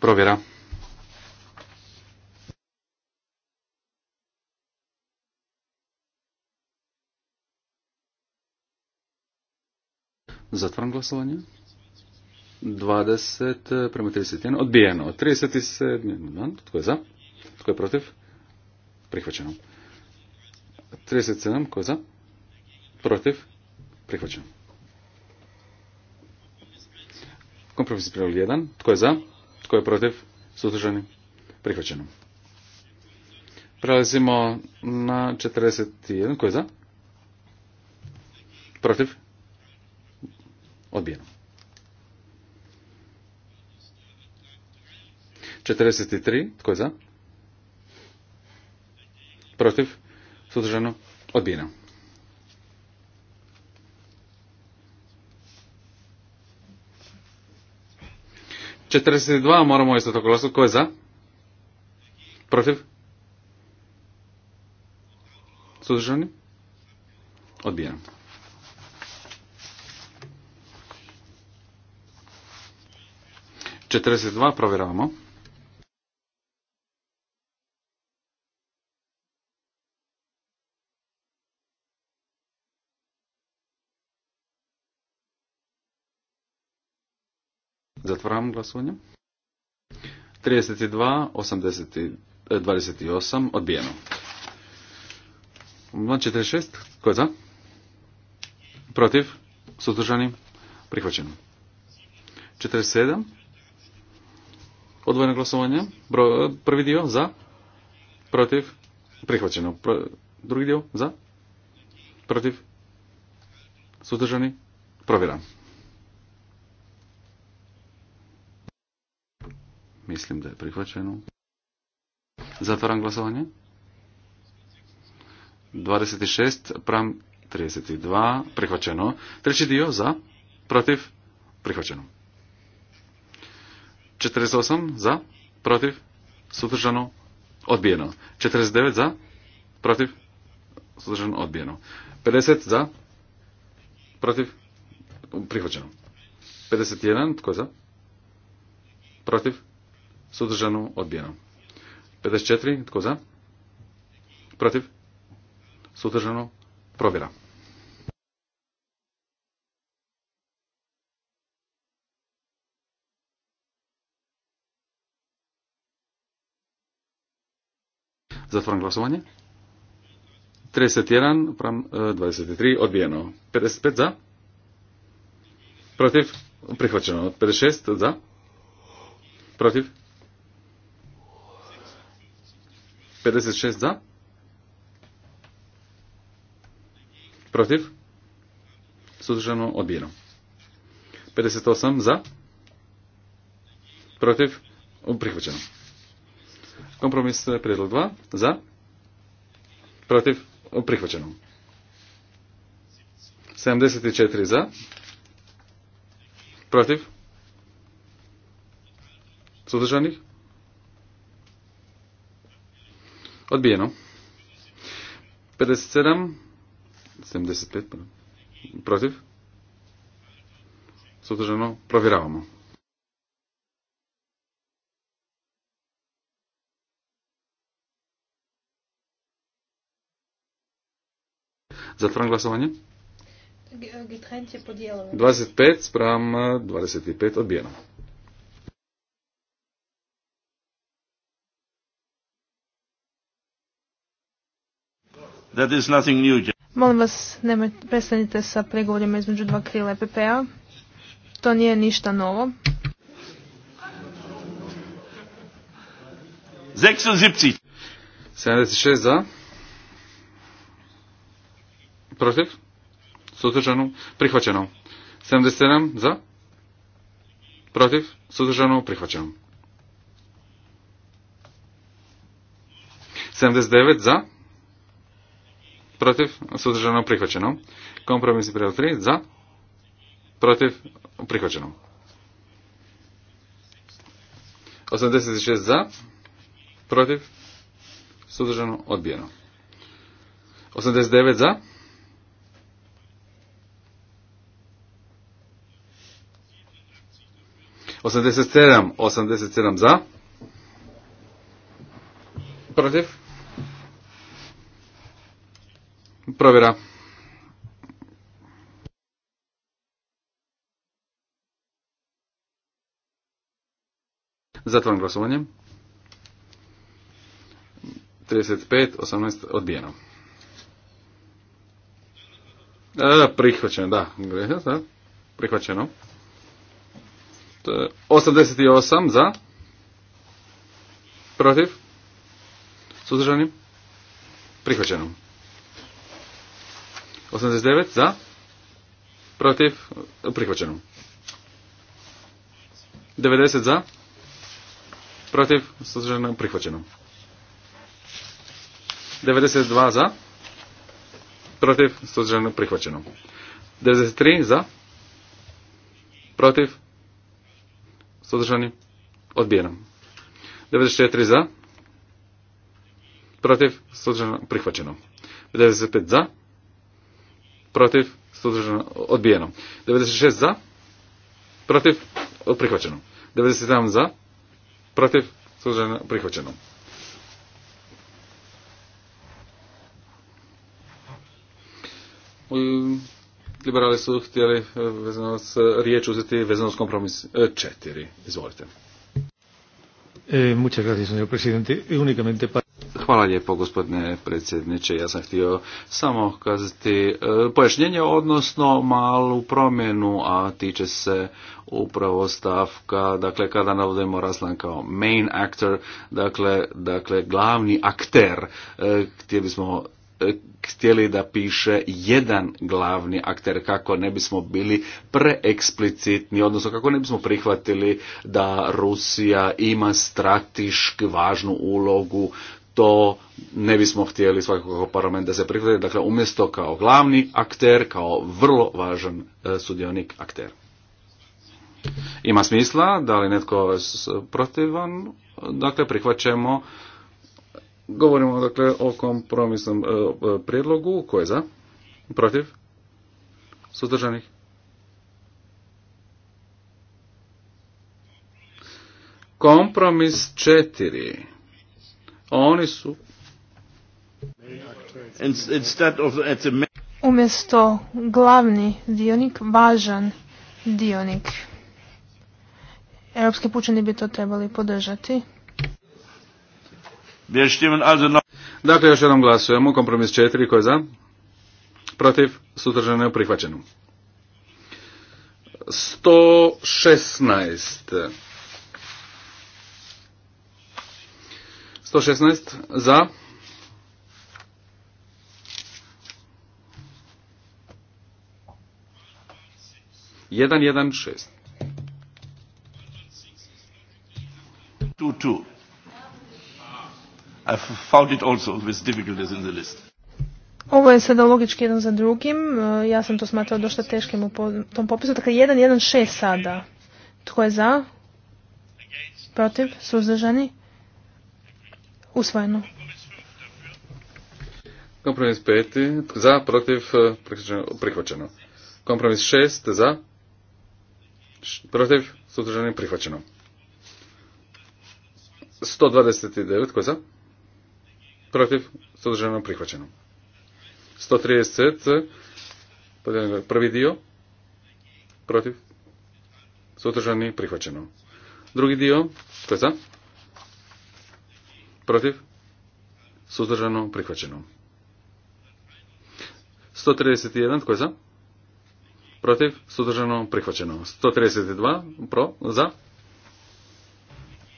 Provjera. Zatvaram glasovanje. 20 eh, prema 31. Odbijeno. 37. Tko je za? Tko je protiv? Prihvaćeno. 37. Tko je za? Protiv? Prihvaćeno. Kompromis prijel 1. Tko je za? Tko je protiv? Sutržani? Prihvaćeno. Prelazimo na 41. Tko je za? Protiv? Odbijeno. 43. Tko je za? Protiv? Sudržano? Odbijeno. Četrdeset dva moramo isto tako glasati. Tko je za? Protiv? Sudržani? Odbijeno. dva, provjeravamo. Zatvaram glasovanje. 32, 28, e, odbijeno. 46, ko je za? Protiv? Suzdržani? Prihvaćeno. 47, odvojeno glasovanje. Bro, e, prvi dio, za? Protiv? Prihvaćeno. Pro, drugi dio, za? Protiv? Suzdržani? Provjeram. Mislim da je prihvaćeno. Zatvaram glasovanje. 26 pram 32 prihvaćeno. Treći dio za, protiv, prihvaćeno. 48 za, protiv, Sutržano. odbijeno. 49 za, protiv, sudržano, odbijeno. 50 za, protiv, prihvaćeno. 51, tko za? Protiv, Suzdržano? Odbijeno. 54. Tko za? Protiv? Suzdržano? Provjera. Zatvoram glasovanje. 31 pram 23 e, odbijeno. 55 za. Protiv. Prihvaćeno. 56 za. Protiv. 56 za. Protiv. Sudržano odbijeno. 58 za. Protiv. Prihvaćeno. Kompromis eh, prijedlog 2 za. Protiv. Prihvaćeno. 74 za. Protiv. Sudržanih. Odbijeno. 57, 75, protiv. Sudržano, provjeravamo. Zatvoram glasovanje. 25 spram 25 odbijeno. That is nothing new. Molim vas, nemoj, prestanite sa pregovorima između dva krila EPP-a. To nije ništa novo. 76. 76 za. Protiv. Sutržano? Prihvaćeno. 77 za. Protiv. Sutržano? Prihvaćeno. 79 za protiv, suzdržano, prihvaćeno. Kompromis prijedlog 3 za, protiv, prihvaćeno. 86 za, protiv, Sudržano. odbijeno. 89 za, Osamdeset sedam, osamdeset sedam za, protiv, Provjera. Zatvorim glasovanje. 35, 18, odbijeno. E, prihvaćeno, da. Prihvaćeno. 88 za. Protiv. Suzdržani. Prihvaćeno. 89 za, protiv, prihvaćeno. 90 za, protiv, suzdržano, prihvaćeno. 92 za, protiv, suzdržano, prihvaćeno. 93 za, protiv, suzdržani, odbijeno. 94 za, protiv, suzdržano, prihvaćeno. 95 za, protiv, suzdržano, odbijeno. 96 za, protiv, prihvaćeno. 97 za, protiv, suzdržano, prihvaćeno. Liberali su htjeli e, vezano s riječ uzeti vezano s kompromis 4. E, Izvolite. Eh, muchas gracias, señor presidente. Únicamente para... Hvala lijepo gospodine predsjedniče. Ja sam htio samo kazati e, pojašnjenje, odnosno malu promjenu, a tiče se upravo stavka, dakle kada navodimo Raslan kao main actor, dakle, dakle glavni akter, gdje e, bismo e, htjeli da piše jedan glavni akter kako ne bismo bili preeksplicitni, odnosno kako ne bismo prihvatili da Rusija ima strateški važnu ulogu to ne bismo htjeli svakako kao parlament da se prihvati, dakle umjesto kao glavni akter, kao vrlo važan e, sudionik akter. Ima smisla, da li netko protivan, dakle prihvaćemo, govorimo dakle o kompromisnom e, prijedlogu, ko je za, protiv, suzdržanih. Kompromis četiri. Oni su umjesto glavni dionik, važan dionik. Europski pučani bi to trebali podržati. Dakle, još jednom glasujemo. Kompromis četiri, ko je za? Protiv, sutržano je prihvaćeno. 116. 116 za. Jedan, jedan, šest. Two, two. I found it also with difficulties in the list. Ovo je sada logički jedan za drugim. E, ja sam to smatrao došto teškim u tom popisu. Dakle, 1, 1, 6 sada. Tko je za? Protiv? Suzdržani? Usvojeno. Kompromis peti za, protiv, e, prihvaćeno. Kompromis šest za, protiv, sudržanje, prihvaćeno. 129 koji je za, protiv, suzdržano, prihvaćeno. 130, e, prvi dio, protiv, suzdržani, prihvaćeno. Drugi dio, koji je za, Protiv? Suzdržano? Prihvaćeno. 131. Tko je za? Protiv? Suzdržano? Prihvaćeno. 132. Pro? Za?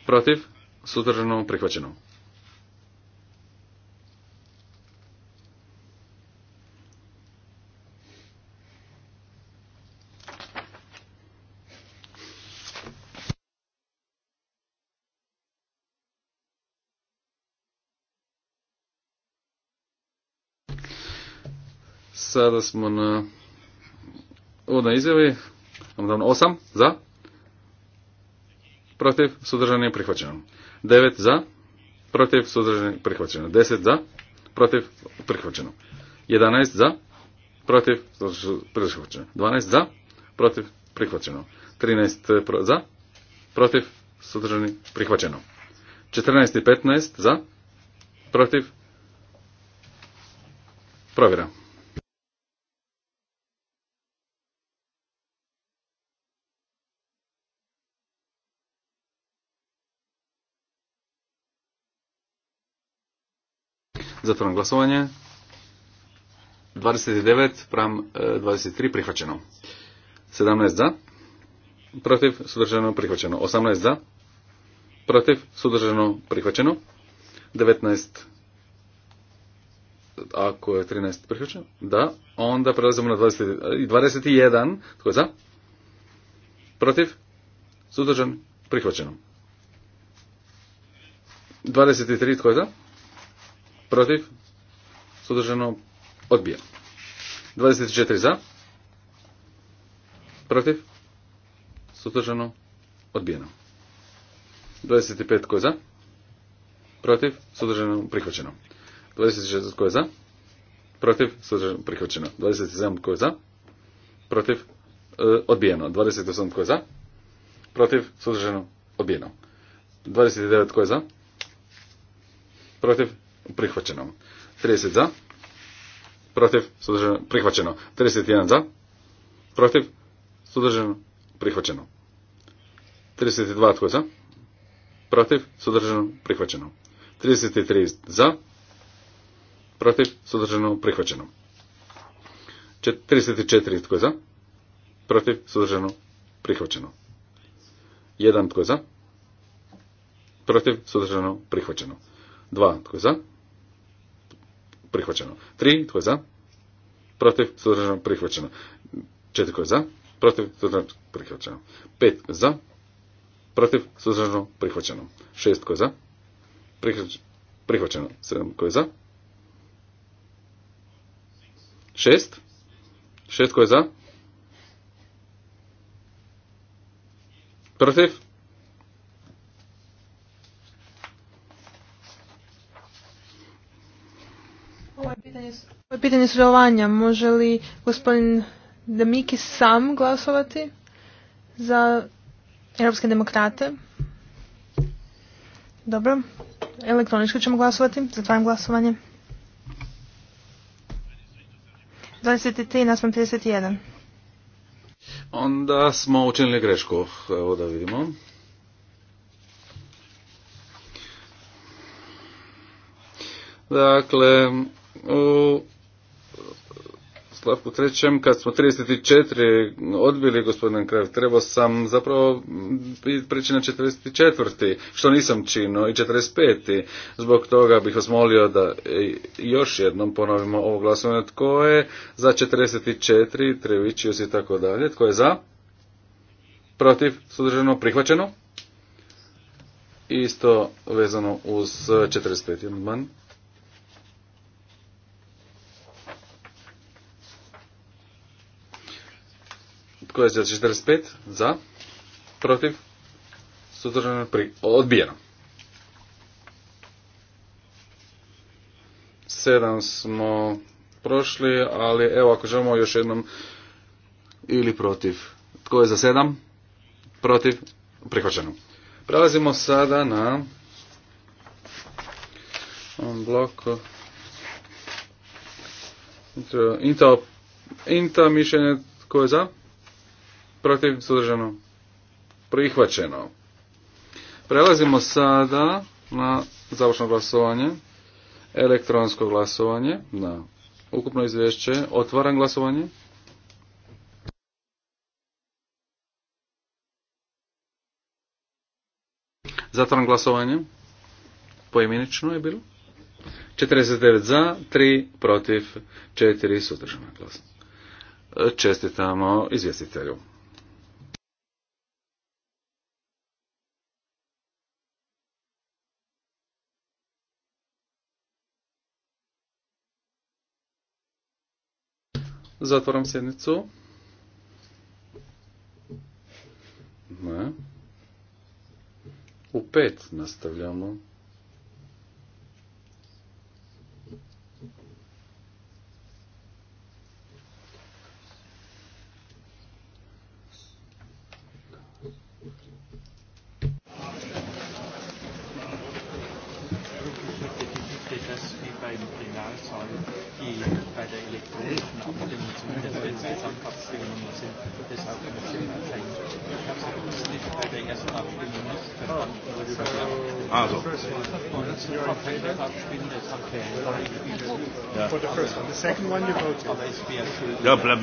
Protiv? Suzdržano? Prihvaćeno. Sada smo na uvodnoj izjavi. odavno osam za. Protiv je prihvaćeno. Devet za. Protiv je prihvaćeno. Deset za. Protiv prihvaćeno. 11 za. Protiv prihvaćeno. 12 za. Protiv prihvaćeno. 13 za. Protiv je prihvaćeno. 14 i 15 za. Protiv Provjera. Zatvoram glasovanje. 29 pram 23 e, prihvaćeno. 17 za. Protiv sudržano prihvaćeno. 18 za. Protiv sudržano prihvaćeno. 19 ako je 13 prihvaćeno, da, onda prelazimo na 20, 21, tko je za? Protiv? Sudržan? Prihvaćeno. 23, tko je za? Protiv? Sudržano odbija. 24 za. Protiv? Sudržano odbijeno. 25 tko za? Protiv? Sudržano prihvaćeno. 26 ko je za? Protiv? Sudržano prihvaćeno. 27 tko za? Protiv? odbijeno. 28 tko za? Protiv? Sudržano e, odbijeno. 29 tko za? Protiv? prihvaćeno. 30 za, protiv, sudržano, prihvaćeno. 31 za, protiv, sudržano, prihvaćeno. 32 tko za, protiv, sudržano, prihvaćeno. 33 za, protiv, sudržano, prihvaćeno. 34 tko za, protiv, sudržano, prihvaćeno. 1 tko za, protiv, sudržano, prihvaćeno. 2 tko za, prihvaćeno. Tri, tko je za? Protiv, suzdržano prihvaćeno. četiri tko je za? Protiv, suzdržano prihvaćeno. Pet za? Protiv, suzdržano, prihvaćeno. Šest tko je za? Prihvaćeno. sedam tko je za? Šest? šest tko je za? Protiv, Pitanje sudjelovanja, može li gospodin Damiki sam glasovati za europske demokrate? Dobro, elektronički ćemo glasovati, zatvaram glasovanje. 23 nasmem 31. Onda smo učinili grešku, evo da vidimo. Dakle, u trećem, kad smo 34 odbili gospodin Krev, trebao sam zapravo priči na 44. što nisam činio i 45. Zbog toga bih vas molio da e, još jednom ponovimo ovo glasovanje. Tko je za 44, četiri i tako dalje. Tko je za? Protiv? Sudržano? Prihvaćeno? Isto vezano uz 45. amandman. Tko je za 45? Za. Protiv. sudržano, pri... Odbijeno. 7 smo prošli, ali evo ako želimo još jednom ili protiv. Tko je za 7? Protiv. Prihvaćeno. Prelazimo sada na blok Intel, Inta mišljenje tko je za? protiv sudržano, prihvaćeno. Prelazimo sada na završno glasovanje, elektronsko glasovanje, na ukupno izvješće, otvaram glasovanje. Zatvaram glasovanje. Poimenično je bilo. 49 za, 3 protiv, 4 sudržana glasa. Čestitamo izvjestitelju. Zatvaram sjednicu. Ne. U pet nastavljamo. Abstimmungsliste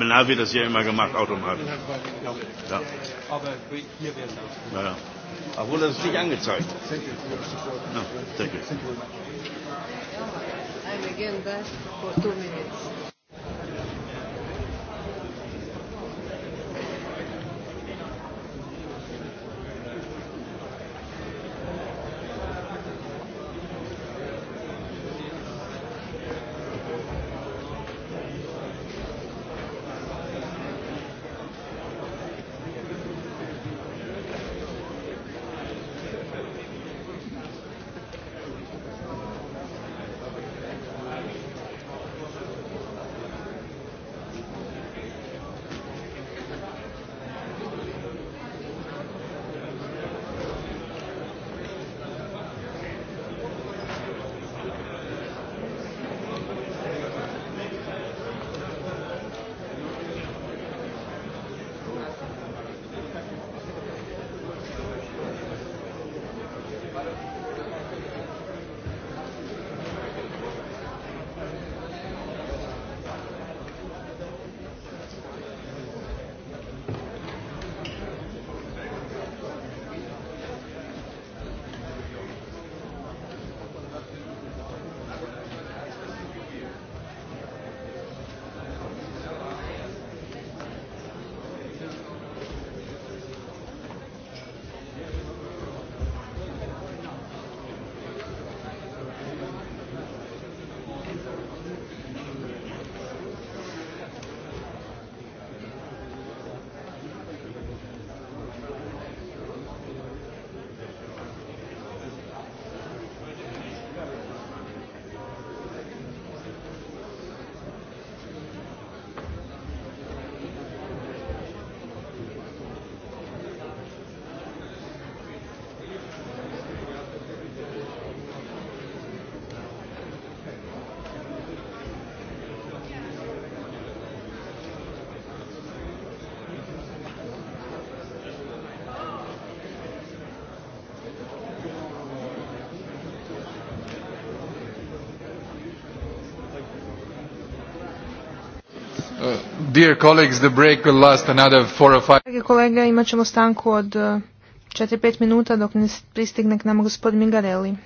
Ja, das ja immer gemacht, automatisch. Ja. Ja, Obwohl das nicht angezeigt. danke. for minutes. Dear colleagues, the break will last another four or five... Dragi kolege, imat ćemo stanku od 4-5 eh, minuta dok ne pristigne k nama gospodin Migarelli.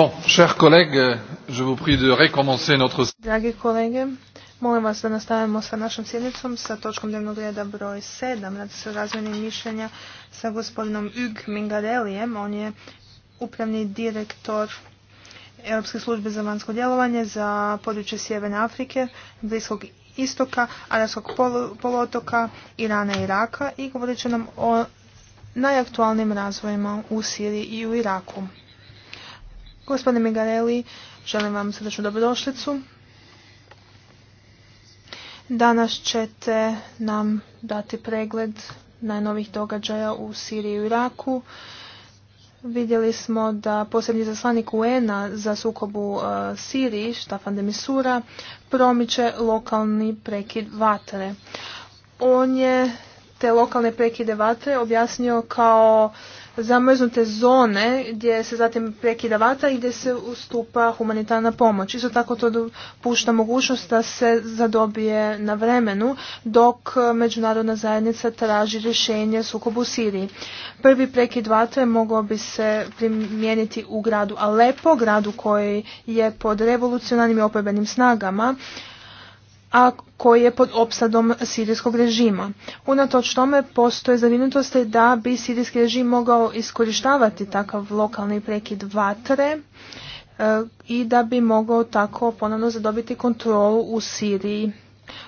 Bon, chers collègues, euh, je Dragi kolege, molim vas da nastavimo sa našom sjednicom sa točkom dnevnog reda broj sedam Radi se o mišljenja sa gospodinom Ug Mingarelijem. On je upravni direktor Europske službe za vanjsko djelovanje za područje Sjeverne Afrike, Bliskog istoka, Arabskog poluotoka, Irana i Iraka i govorit će nam o najaktualnijim razvojima u Siriji i u Iraku. Gospodine Migarelli, želim vam srdečnu dobrodošlicu. Danas ćete nam dati pregled najnovih događaja u Siriji i Iraku. Vidjeli smo da posebni zaslanik UN-a za sukobu e, Siriji, Štafan de Misura, promiče lokalni prekid vatre. On je te lokalne prekide vatre objasnio kao zamrznute zone gdje se zatim prekida vata i gdje se ustupa humanitarna pomoć. Isto tako to pušta mogućnost da se zadobije na vremenu dok međunarodna zajednica traži rješenje sukobu u Siriji. Prvi prekid vatre mogao bi se primijeniti u gradu Alepo, gradu koji je pod revolucionarnim i oporbenim snagama a koji je pod opsadom sirijskog režima. Unatoč tome postoje zavinutosti da bi sirijski režim mogao iskorištavati takav lokalni prekid vatre e, i da bi mogao tako ponovno zadobiti kontrolu u Siriji.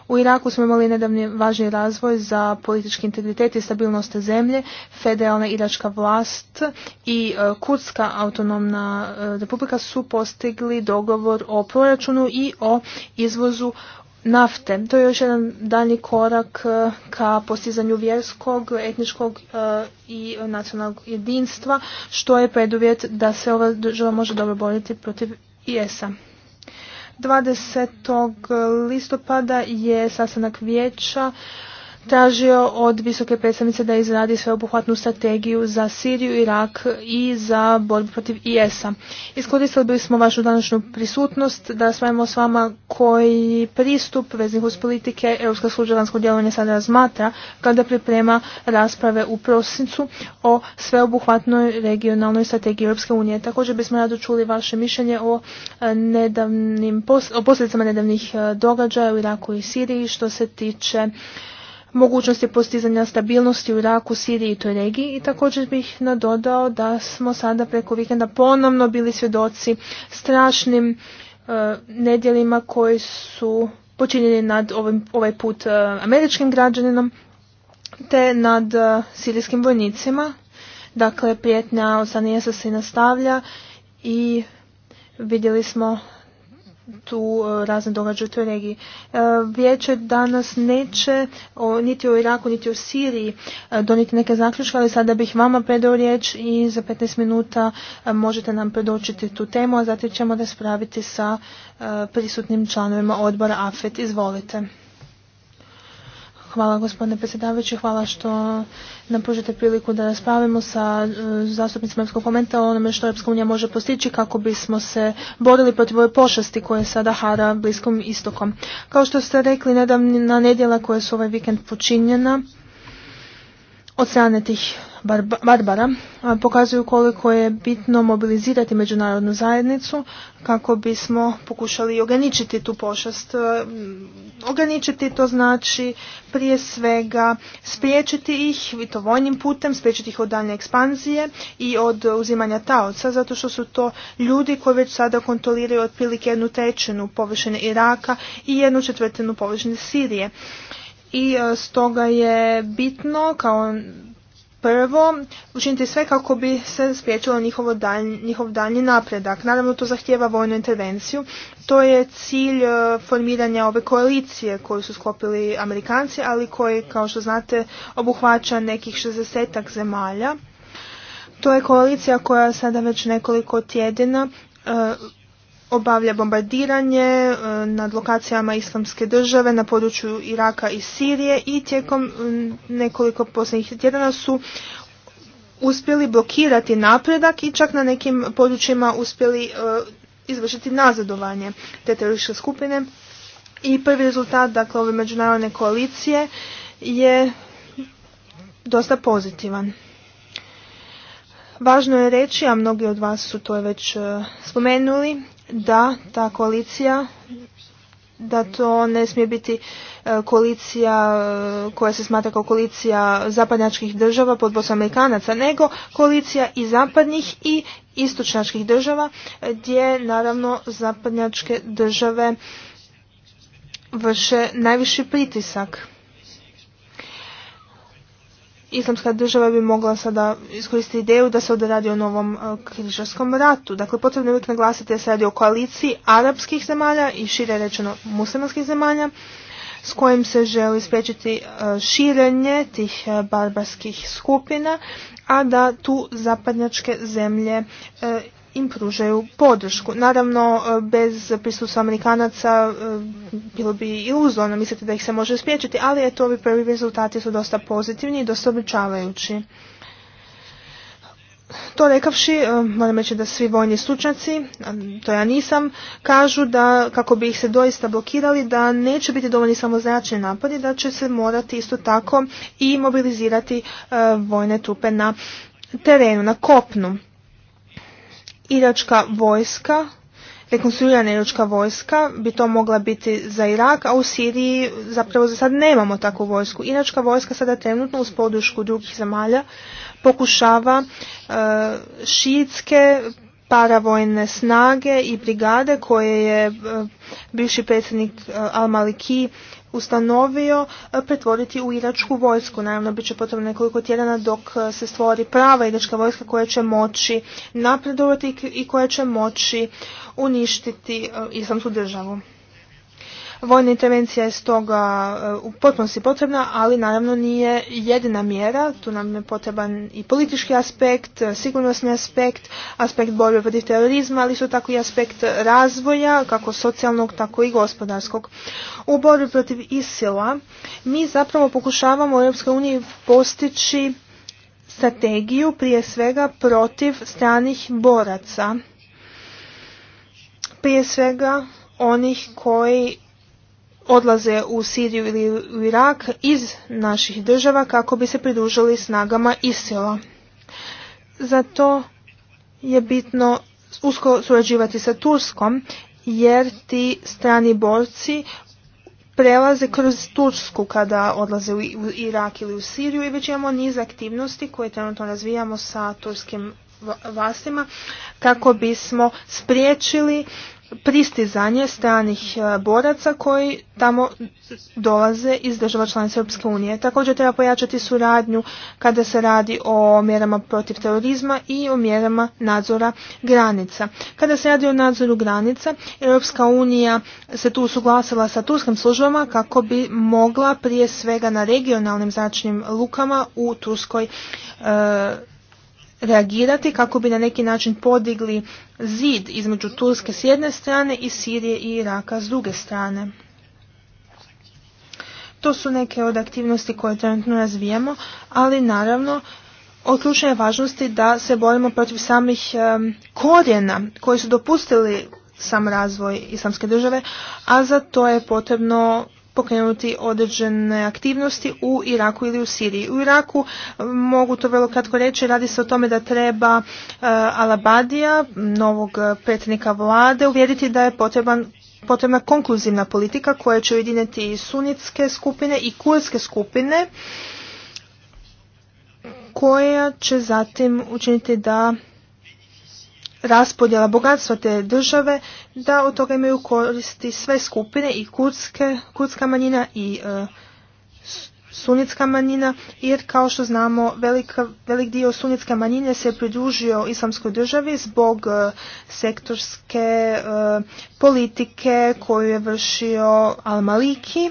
U Iraku smo imali nedavni važni razvoj za politički integritet i stabilnost zemlje, federalna iračka vlast i e, Kurdska autonomna e, republika su postigli dogovor o proračunu i o izvozu nafte. To je još jedan daljnji korak e, ka postizanju vjerskog, etničkog e, i nacionalnog jedinstva, što je preduvjet da se ova država može dobro boriti protiv IS-a. 20. listopada je sastanak vijeća tražio od visoke predstavnice da izradi sveobuhvatnu strategiju za Siriju, Irak i za borbu protiv IS-a. Iskoristili bismo vašu današnju prisutnost da svajemo s vama koji pristup veznih uz politike Europska služba vanjskog sada razmatra kada priprema rasprave u prosincu o sveobuhvatnoj regionalnoj strategiji Europske unije. Također bismo rado čuli vaše mišljenje o, e, nedavnim, o posljedicama nedavnih e, događaja u Iraku i Siriji što se tiče mogućnosti postizanja stabilnosti u Iraku, Siriji i toj regiji i također bih nadodao da smo sada preko vikenda ponovno bili svjedoci strašnim e, nedjelima koji su počinjeni nad ovim, ovaj put e, američkim građaninom te nad e, sirijskim vojnicima. Dakle, prijetnja od strane se nastavlja i vidjeli smo tu e, razne događaje u toj regiji. E, vijeće danas neće o, niti u Iraku, niti u Siriji e, doniti neke zaključke, ali sada bih vama predao riječ i za 15 minuta možete nam predočiti tu temu, a zatim ćemo raspraviti sa prisutnim članovima odbora AFET. Izvolite. Hvala gospodine predsjedavajući, hvala što nam pružite priliku da raspravimo sa e, zastupnicima Europskog komenta o onome što Europska unija može postići kako bismo se borili protiv ove pošasti koje sada hara bliskom istokom. Kao što ste rekli, nedavna nedjela koja su ovaj vikend počinjena, od strane tih barbara pokazuju koliko je bitno mobilizirati međunarodnu zajednicu kako bismo pokušali ograničiti tu pošast. E, ograničiti to znači prije svega spriječiti ih i to vojnim putem, spriječiti ih od daljnje ekspanzije i od uzimanja taoca, zato što su to ljudi koji već sada kontroliraju otprilike jednu trećinu površine Iraka i jednu četvrtinu površine Sirije i e, stoga je bitno kao prvo učiniti sve kako bi se spriječilo njihov daljnji napredak. Naravno to zahtjeva vojnu intervenciju. To je cilj e, formiranja ove koalicije koju su sklopili Amerikanci, ali koji, kao što znate, obuhvaća nekih 60 zemalja. To je koalicija koja sada već nekoliko tjedina e, obavlja bombardiranje e, nad lokacijama islamske države na području Iraka i Sirije i tijekom e, nekoliko posljednjih tjedana su uspjeli blokirati napredak i čak na nekim područjima uspjeli e, izvršiti nazadovanje te terorističke skupine. I prvi rezultat dakle, ove međunarodne koalicije je dosta pozitivan. Važno je reći, a mnogi od vas su to već spomenuli, da ta koalicija da to ne smije biti e, koalicija e, koja se smatra kao koalicija zapadnjačkih država pod bosom Amerikanaca, nego koalicija i zapadnih i istočnjačkih država gdje naravno zapadnjačke države vrše najviši pritisak islamska država bi mogla sada iskoristiti ideju da se ovdje radi o novom e, križarskom ratu. Dakle, potrebno je uvijek naglasiti da se radi o koaliciji arapskih zemalja i šire rečeno muslimanskih zemalja s kojim se želi spriječiti e, širenje tih e, barbarskih skupina, a da tu zapadnjačke zemlje im pružaju podršku. Naravno, e, bez prisustva Amerikanaca e, bilo bi iluzorno misliti da ih se može spriječiti, ali eto, ovi prvi rezultati su dosta pozitivni i dosta običavajući. To rekavši, e, moram reći da svi vojni stručnjaci, to ja nisam, kažu da kako bi ih se doista blokirali da neće biti dovoljni samo zračni napadi, da će se morati isto tako i mobilizirati vojne trupe na terenu, na kopnu iračka vojska, rekonstruirana iračka vojska bi to mogla biti za Irak, a u Siriji zapravo za sad nemamo takvu vojsku. Iračka vojska sada trenutno uz podršku drugih zemalja pokušava e, paravojne snage i brigade koje je e, bivši predsjednik e, Al-Maliki ustanovio e, pretvoriti u iračku vojsku. Naravno, bit će potrebno nekoliko tjedana dok e, se stvori prava iračka vojska koja će moći napredovati i koja će moći uništiti e, islamsku državu. Vojna intervencija je stoga e, u potpunosti potrebna, ali naravno nije jedina mjera. Tu nam je potreban i politički aspekt, e, sigurnosni aspekt, aspekt borbe protiv terorizma, ali su tako i aspekt razvoja, kako socijalnog, tako i gospodarskog. U borbi protiv isila, mi zapravo pokušavamo u EU postići strategiju prije svega protiv stranih boraca. Prije svega onih koji odlaze u Siriju ili u Irak iz naših država kako bi se pridružili snagama ISIL-a. Zato je bitno usko surađivati sa Turskom jer ti strani borci prelaze kroz Tursku kada odlaze u Irak ili u Siriju i već imamo niz aktivnosti koje trenutno razvijamo sa turskim vlastima kako bismo spriječili pristizanje stranih e, boraca koji tamo dolaze iz država članica Europske unije. Također treba pojačati suradnju kada se radi o mjerama protiv terorizma i o mjerama nadzora granica. Kada se radi o nadzoru granica, Europska unija se tu suglasila sa turskim službama kako bi mogla prije svega na regionalnim zračnim lukama u Turskoj e, reagirati kako bi na neki način podigli zid između Turske s jedne strane i Sirije i Iraka s druge strane. To su neke od aktivnosti koje trenutno razvijamo, ali naravno od je važnosti da se borimo protiv samih korijena koji su dopustili sam razvoj islamske države, a za to je potrebno pokrenuti određene aktivnosti u Iraku ili u Siriji. U Iraku mogu to vrlo kratko reći, radi se o tome da treba e, Alabadija, novog predsjednika vlade, uvjeriti da je potreban potrebna konkluzivna politika koja će ujediniti i sunitske skupine i kurske skupine koja će zatim učiniti da raspodjela bogatstva te države, da od toga imaju koristi sve skupine i kurdske, kurdska manjina i e, manjina, jer kao što znamo velik dio sunnitske manjine se pridružio islamskoj državi zbog e, sektorske e, politike koju je vršio Al-Maliki,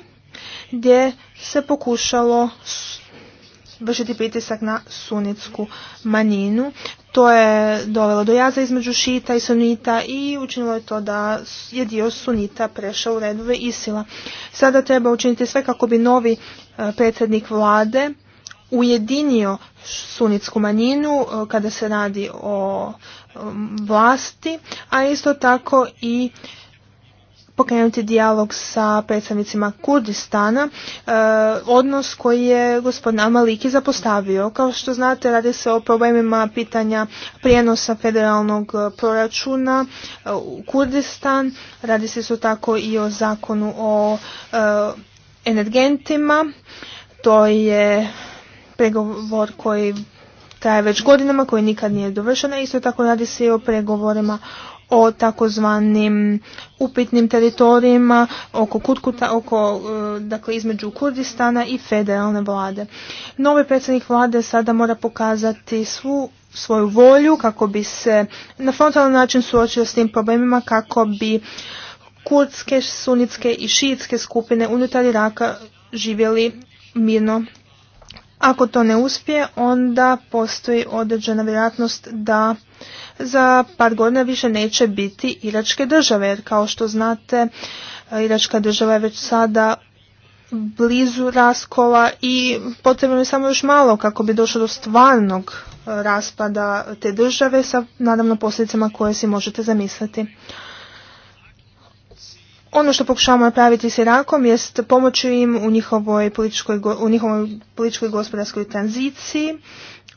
gdje se pokušalo vršiti pritisak na sunitsku manjinu. To je dovelo do jaza između šita i sunita i učinilo je to da je dio sunita prešao u redove Isila. Sada treba učiniti sve kako bi novi e, predsjednik vlade ujedinio sunitsku manjinu e, kada se radi o e, vlasti, a isto tako i pokrenuti dijalog sa predstavnicima Kurdistana, e, odnos koji je gospodin Amaliki zapostavio. Kao što znate, radi se o problemima pitanja prijenosa federalnog e, proračuna e, u Kurdistan, radi se su tako i o zakonu o energentima, to je pregovor koji traje već godinama, koji nikad nije dovršena. Isto tako radi se i o pregovorima o takozvanim upitnim teritorijima oko oko, e, dakle, između Kurdistana i federalne vlade. Novi predsjednik vlade sada mora pokazati svu svoju volju kako bi se na frontalan način suočio s tim problemima kako bi kurdske, sunitske i šiitske skupine unutar Iraka živjeli mirno. Ako to ne uspije, onda postoji određena vjerojatnost da za par godina više neće biti Iračke države, jer kao što znate, Iračka država je već sada blizu raskola i potrebno je samo još malo kako bi došlo do stvarnog e, raspada te države sa nadamno posljedicama koje si možete zamisliti. Ono što pokušavamo napraviti s Irakom jest pomoći im u njihovoj političkoj, u njihovoj političkoj gospodarskoj tranziciji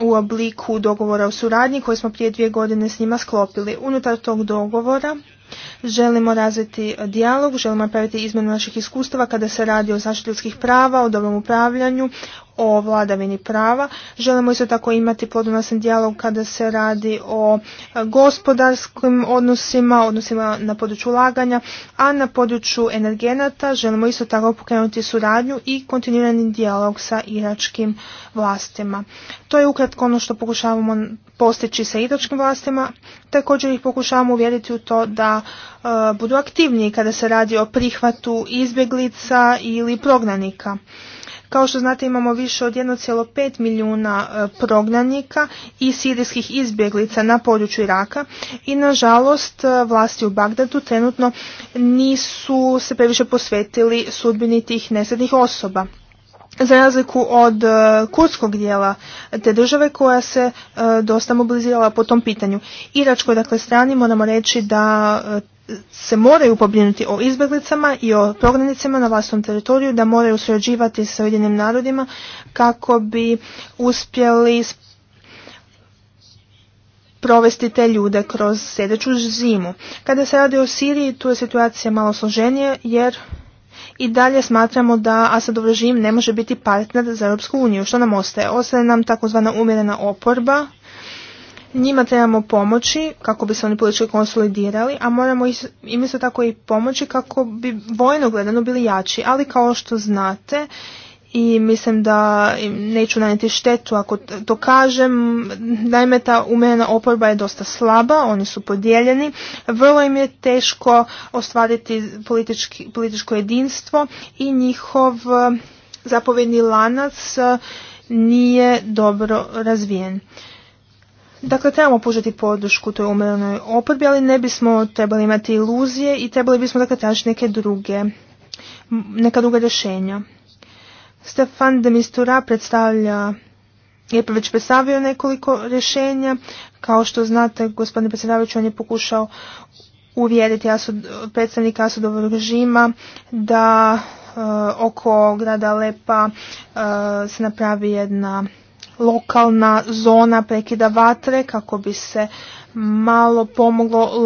u obliku dogovora o suradnji koji smo prije dvije godine s njima sklopili. Unutar tog dogovora želimo razviti dijalog, želimo napraviti izmjenu naših iskustava kada se radi o zaštiti ljudskih prava, o dobrom upravljanju, o vladavini prava. Želimo isto tako imati plodonosan dijalog kada se radi o e, gospodarskim odnosima, odnosima na području ulaganja, a na području energenata želimo isto tako pokrenuti suradnju i kontinuirani dijalog sa iračkim vlastima. To je ukratko ono što pokušavamo postići sa iračkim vlastima, također ih pokušavamo uvjeriti u to da e, budu aktivniji kada se radi o prihvatu izbjeglica ili prognanika. Kao što znate imamo više od 1,5 milijuna e, prognanika i sirijskih izbjeglica na području Iraka i nažalost e, vlasti u Bagdadu trenutno nisu se previše posvetili sudbini tih nesrednih osoba za razliku od e, kurskog dijela te države koja se e, dosta mobilizirala po tom pitanju. Iračkoj dakle strani moramo reći da e, se moraju pobrinuti o izbjeglicama i o prognanicama na vlastnom teritoriju, da moraju surađivati sa Ujedinim narodima kako bi uspjeli provesti te ljude kroz sljedeću zimu. Kada se radi o Siriji, tu je situacija malo složenija jer i dalje smatramo da Asadov režim ne može biti partner za Europsku uniju. Što nam ostaje? Ostaje nam takozvana umjerena oporba. Njima trebamo pomoći kako bi se oni politički konsolidirali, a moramo im isto tako i pomoći kako bi vojno gledano bili jači. Ali kao što znate, i mislim da neću nanijeti štetu ako to kažem. Naime, ta umjerena oporba je dosta slaba, oni su podijeljeni, vrlo im je teško ostvariti političko jedinstvo i njihov e, zapovjedni lanac e, nije dobro razvijen. Dakle, trebamo pružati podršku toj umjerenoj oporbi, ali ne bismo trebali imati iluzije i trebali bismo dakle tražiti neke druge, neka druga rješenja. Stefan de Mistura predstavlja je pa već predstavio nekoliko rješenja. Kao što znate, gospodine predsjedavajući, on je pokušao uvjeriti predstavnika Asudovog režima da eh, oko grada Lepa eh, se napravi jedna lokalna zona prekida vatre kako bi se malo pomoglo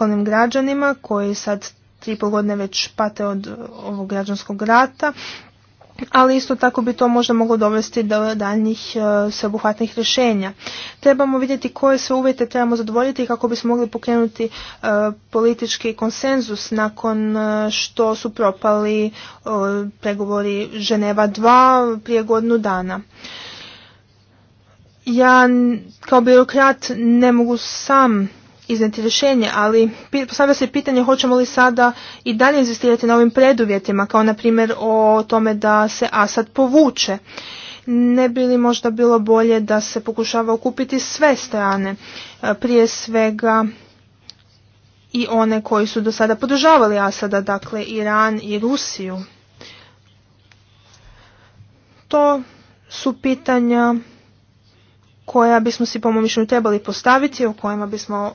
lokalnim građanima koji sad tri pol godine već pate od ovog građanskog rata, ali isto tako bi to možda moglo dovesti do daljnjih e, sveobuhvatnih rješenja. Trebamo vidjeti koje sve uvjete trebamo zadovoljiti kako bismo mogli pokrenuti e, politički konsenzus nakon e, što su propali pregovori Ženeva 2 prije godinu dana. Ja kao birokrat ne mogu sam izneti rješenje, ali postavlja se pitanje hoćemo li sada i dalje inzistirati na ovim preduvjetima, kao na primjer o tome da se Asad povuče. Ne bi li možda bilo bolje da se pokušava okupiti sve strane, e, prije svega i one koji su do sada podržavali Asada, dakle Iran i Rusiju. To su pitanja koja bismo si po mom mišljenju trebali postaviti, o kojima bismo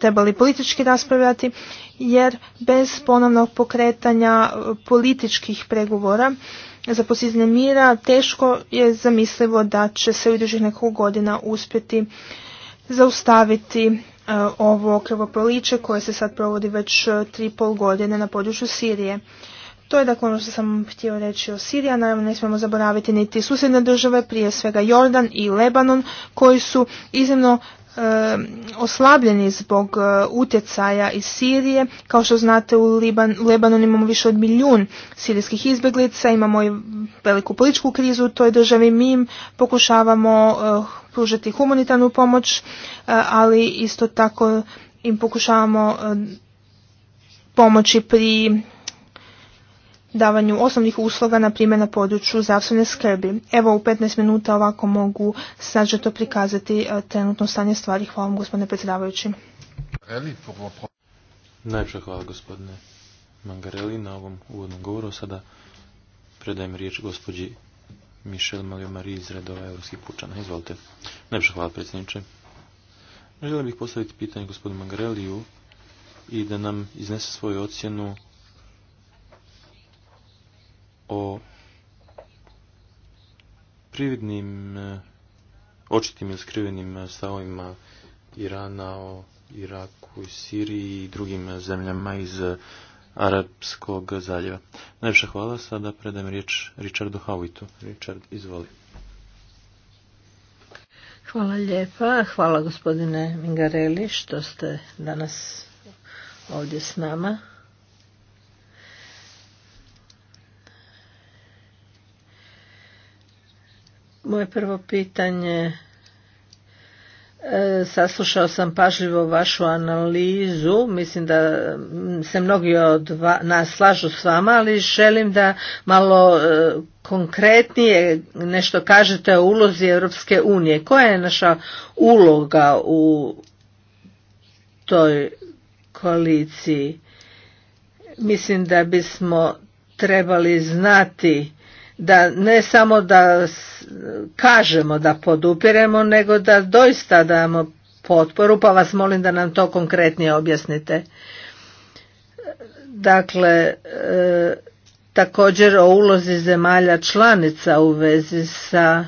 trebali politički raspravljati jer bez ponovnog pokretanja e, političkih pregovora za posljednje mira teško je zamislivo da će se u idućih nekoliko godina uspjeti zaustaviti e, ovo krvoproliče koje se sad provodi već e, tri godine na području Sirije. To je dakle ono što sam htio reći o Siriji, a naravno ne smijemo zaboraviti niti susjedne države, prije svega Jordan i Lebanon, koji su iznimno oslabljeni zbog eh, utjecaja iz Sirije. Kao što znate u Liban, imamo više od milijun sirijskih izbjeglica, imamo i veliku političku krizu u toj državi. Mi im pokušavamo eh, pružati humanitarnu pomoć, eh, ali isto tako im pokušavamo pomoći pri davanju osnovnih usluga, na primjer na području zdravstvene skrbi. Evo u 15 minuta ovako mogu sažeto prikazati e, trenutno stanje stvari. Hvala vam gospodine predsjedavajući. Najpša hvala gospodine Mangareli na ovom uvodnom govoru. Sada predajem riječ gospođi Mišel Mari iz redova Europskih pučana. Izvolite. Najpša hvala predsjedniče. Želim bih postaviti pitanje gospodinu Mangareliju i da nam iznese svoju ocjenu o prividnim, e, očitim ili skrivenim e, stavovima Irana o Iraku i Siriji i drugim e, zemljama iz Arabskog zaljeva. Najviše hvala, sada predajem riječ Richardu Hawitu. Richard, izvoli. Hvala lijepa, hvala gospodine Mingarelli što ste danas ovdje s nama. Moje prvo pitanje e, Saslušao sam pažljivo vašu analizu, mislim da se mnogi od nas slažu s vama, ali želim da malo e, konkretnije nešto kažete o ulozi Europske unije. Koja je naša uloga u toj koaliciji? Mislim da bismo trebali znati da ne samo da kažemo da podupiremo, nego da doista damo potporu, pa vas molim da nam to konkretnije objasnite. Dakle, e, također o ulozi zemalja članica u vezi sa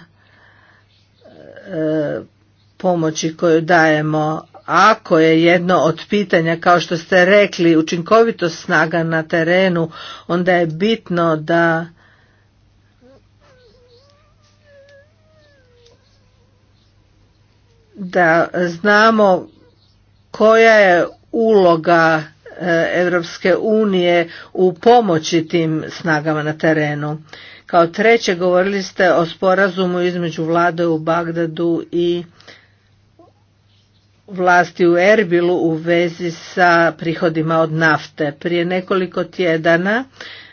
e, pomoći koju dajemo, ako je jedno od pitanja, kao što ste rekli, učinkovitost snaga na terenu, onda je bitno da da znamo koja je uloga Europske unije u pomoći tim snagama na terenu. Kao treće govorili ste o sporazumu između vlade u Bagdadu i vlasti u Erbilu u vezi sa prihodima od nafte. Prije nekoliko tjedana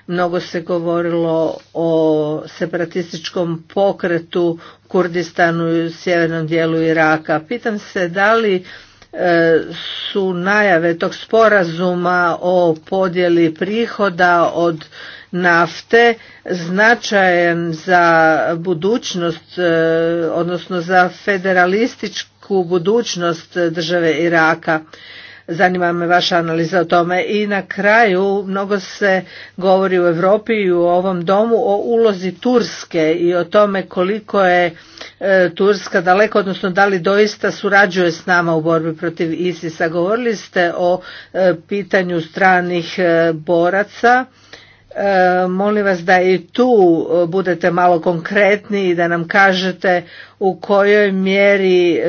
Mnogo se govorilo o separatističkom pokretu Kurdistanu i sjevernom dijelu Iraka. Pitam se da li e, su najave tog sporazuma o podjeli prihoda od nafte značajem za budućnost, e, odnosno za federalističku budućnost države Iraka. Zanima me vaša analiza o tome. I na kraju mnogo se govori u Europi i u ovom domu o ulozi Turske i o tome koliko je e, Turska daleko, odnosno da li doista surađuje s nama u borbi protiv ISIS-a. Govorili ste o e, pitanju stranih e, boraca. molim vas da i tu budete malo konkretni i da nam kažete u kojoj mjeri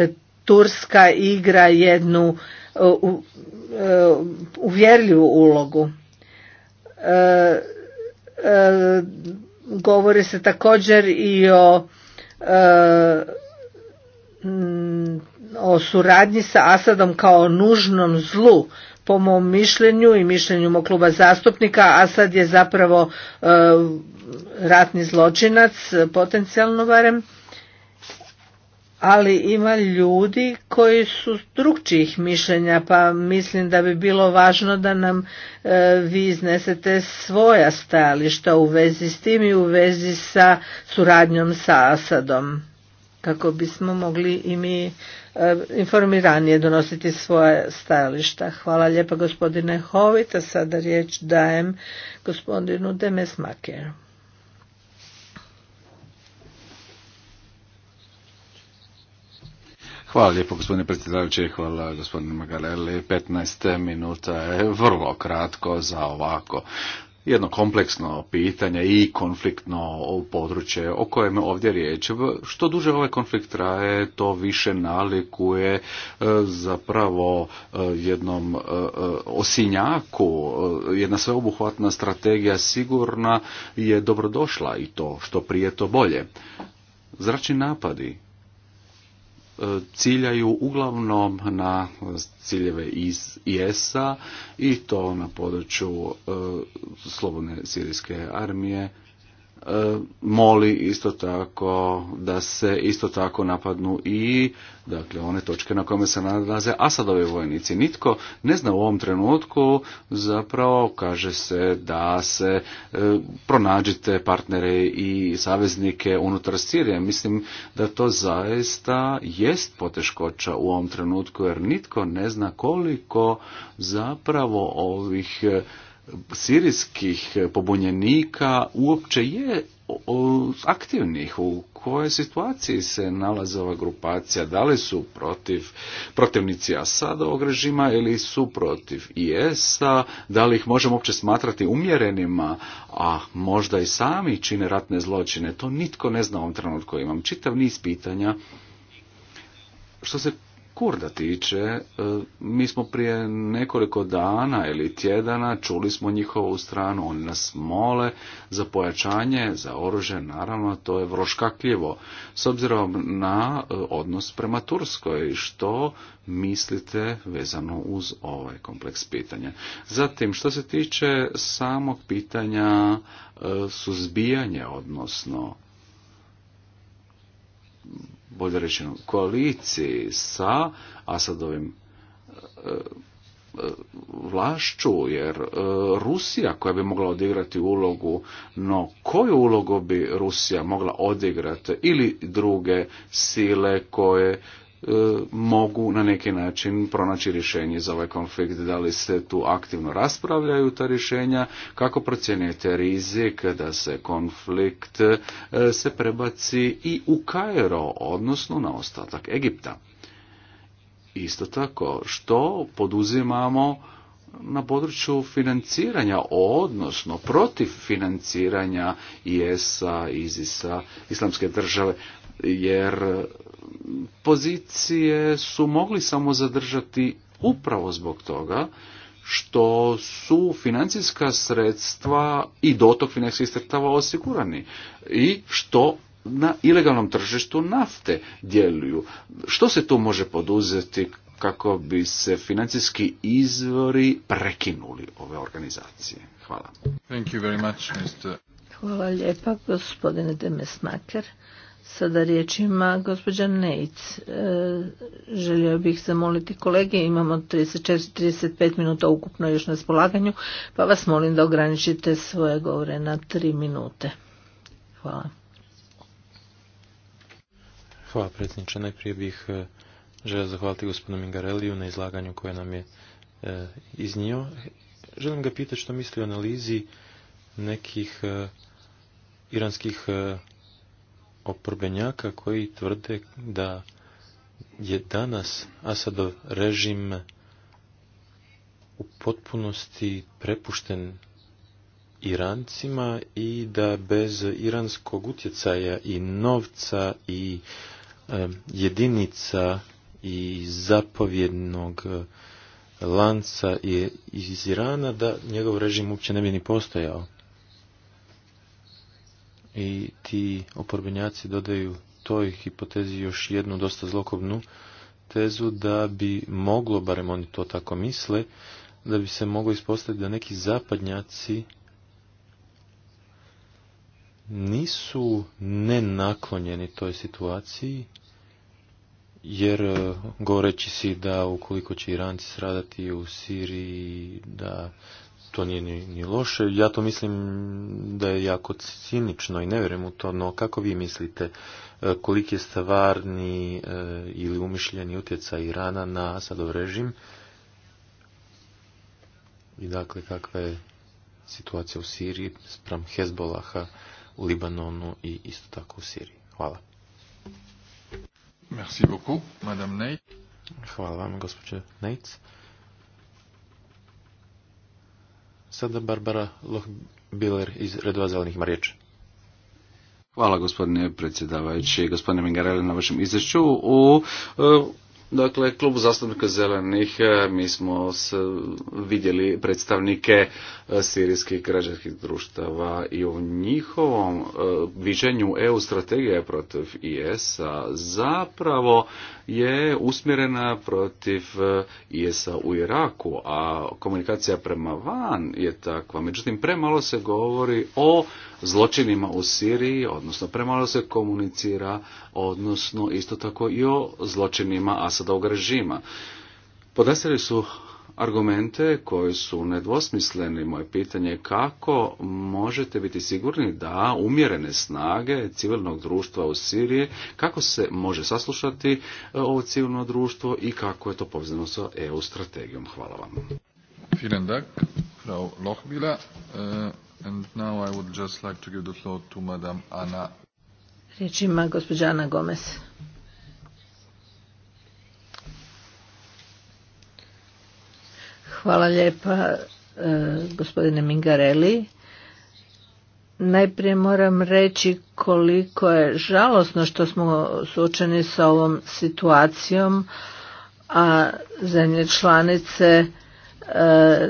Turska igra jednu E, e, uvjerljivu ulogu. E, govori se također i o o suradnji sa Asadom kao nužnom zlu po mom mišljenju i mišljenju mog kluba zastupnika Asad je zapravo ratni zločinac potencijalno barem ali ima ljudi koji su drugčijih mišljenja pa mislim da bi bilo važno da nam e, vi iznesete svoja stajališta u vezi s tim i u vezi sa suradnjom sa Asadom kako bismo mogli i mi e, informiranije donositi svoje stajališta. Hvala lijepa gospodine Hovita, sada riječ dajem gospodinu makeru Hvala lijepo gospodine predsjedavajući, hvala gospodine Magarelli. 15 minuta je vrlo kratko za ovako jedno kompleksno pitanje i konfliktno područje o kojem ovdje riječ. Što duže ovaj konflikt traje, to više nalikuje e, zapravo e, jednom e, osinjaku. Jedna sveobuhvatna strategija sigurna je dobrodošla i to što prije to bolje. Zračni napadi E, ciljaju uglavnom na ciljeve iz IS-a i to na području e, slobodne sirijske armije, moli isto tako da se isto tako napadnu i dakle one točke na kome se nalaze Asadovi vojnici. Nitko ne zna u ovom trenutku zapravo kaže se da se e, pronađite partnere i saveznike unutar Sirije. Mislim da to zaista jest poteškoća u ovom trenutku jer nitko ne zna koliko zapravo ovih sirijskih pobunjenika uopće je aktivnih, u kojoj situaciji se nalaze ova grupacija, da li su protiv protivnici Asadovog režima ili su protiv IS-a, da li ih možemo uopće smatrati umjerenima, a možda i sami čine ratne zločine, to nitko ne zna u ovom trenutku, imam čitav niz pitanja. Što se Kurda tiče, e, mi smo prije nekoliko dana ili tjedana čuli smo njihovu stranu, oni nas mole za pojačanje, za oružje, naravno to je vroškakljivo. S obzirom na e, odnos prema Turskoj, što mislite vezano uz ovaj kompleks pitanja. Zatim, što se tiče samog pitanja e, suzbijanja, odnosno bolje rečeno, koaliciji sa Asadovim e, e, vlašću, jer e, Rusija koja bi mogla odigrati ulogu, no koju ulogu bi Rusija mogla odigrati ili druge sile koje mogu na neki način pronaći rješenje za ovaj konflikt, da li se tu aktivno raspravljaju ta rješenja, kako procjenjujete rizik da se konflikt e, se prebaci i u Kairo, odnosno na ostatak Egipta. Isto tako, što poduzimamo na području financiranja, odnosno protiv financiranja IS-a, ISIS-a, islamske države, jer pozicije su mogli samo zadržati upravo zbog toga što su financijska sredstva i dotok financijskih sredstava osigurani i što na ilegalnom tržištu nafte djeluju. Što se tu može poduzeti kako bi se financijski izvori prekinuli ove organizacije? Hvala. Hvala lijepa, gospodine Demesmaker. Sada riječ ima gospođa Nejc. E, želio bih zamoliti kolege, imamo 34-35 minuta ukupno još na spolaganju, pa vas molim da ograničite svoje govore na 3 minute. Hvala. Hvala predsjedniče. Najprije bih e, želio zahvaliti gospodinu Mingareliju na izlaganju koje nam je e, iznio. Želim ga pitati što misli o analizi nekih iranskih oporbenjaka koji tvrde da je danas Asadov režim u potpunosti prepušten Irancima i da bez iranskog utjecaja i novca i e, jedinica i zapovjednog e, lanca iz Irana da njegov režim uopće ne bi ni postojao i ti oporbenjaci dodaju toj hipotezi još jednu dosta zlokobnu tezu da bi moglo, barem oni to tako misle, da bi se moglo ispostaviti da neki zapadnjaci nisu nenaklonjeni toj situaciji, jer e, govoreći si da ukoliko će Iranci sradati u Siriji, da to nije ni, loše. Ja to mislim da je jako cinično i ne vjerujem u to, no kako vi mislite e, koliki je stvarni e, ili umišljeni utjecaj Irana na Asadov režim i dakle kakva je situacija u Siriji spram Hezbolaha u Libanonu i isto tako u Siriji. Hvala. Merci beaucoup, Hvala vam, gospođo Neitz. Sada Barbara Lohbiler iz Redova zelenih ima Hvala gospodine predsjedavajući, gospodine Mingarelli na vašem izvješću U... E, Dakle, klub zastupnika zelenih, e, mi smo vidjeli predstavnike e, sirijskih građanskih društava i u njihovom e, viđenju EU strategije protiv IS-a zapravo je usmjerena protiv IS-a u Iraku, a komunikacija prema van je takva. Međutim, premalo se govori o zločinima u Siriji, odnosno premalo se komunicira odnosno isto tako i o zločinima Asadovog režima. Podastili su argumente koji su nedvosmisleni. Moje pitanje je kako možete biti sigurni da umjerene snage civilnog društva u Siriji, kako se može saslušati e, ovo civilno društvo i kako je to povezano sa EU strategijom. Hvala vam. Frau äh, and now I would just like to give the floor to Madame Anna Riječ ima gospođa Ana Gomez. Hvala lijepa e, gospodine Mingarelli. Najprije moram reći koliko je žalosno što smo suočeni sa ovom situacijom, a zemlje članice e,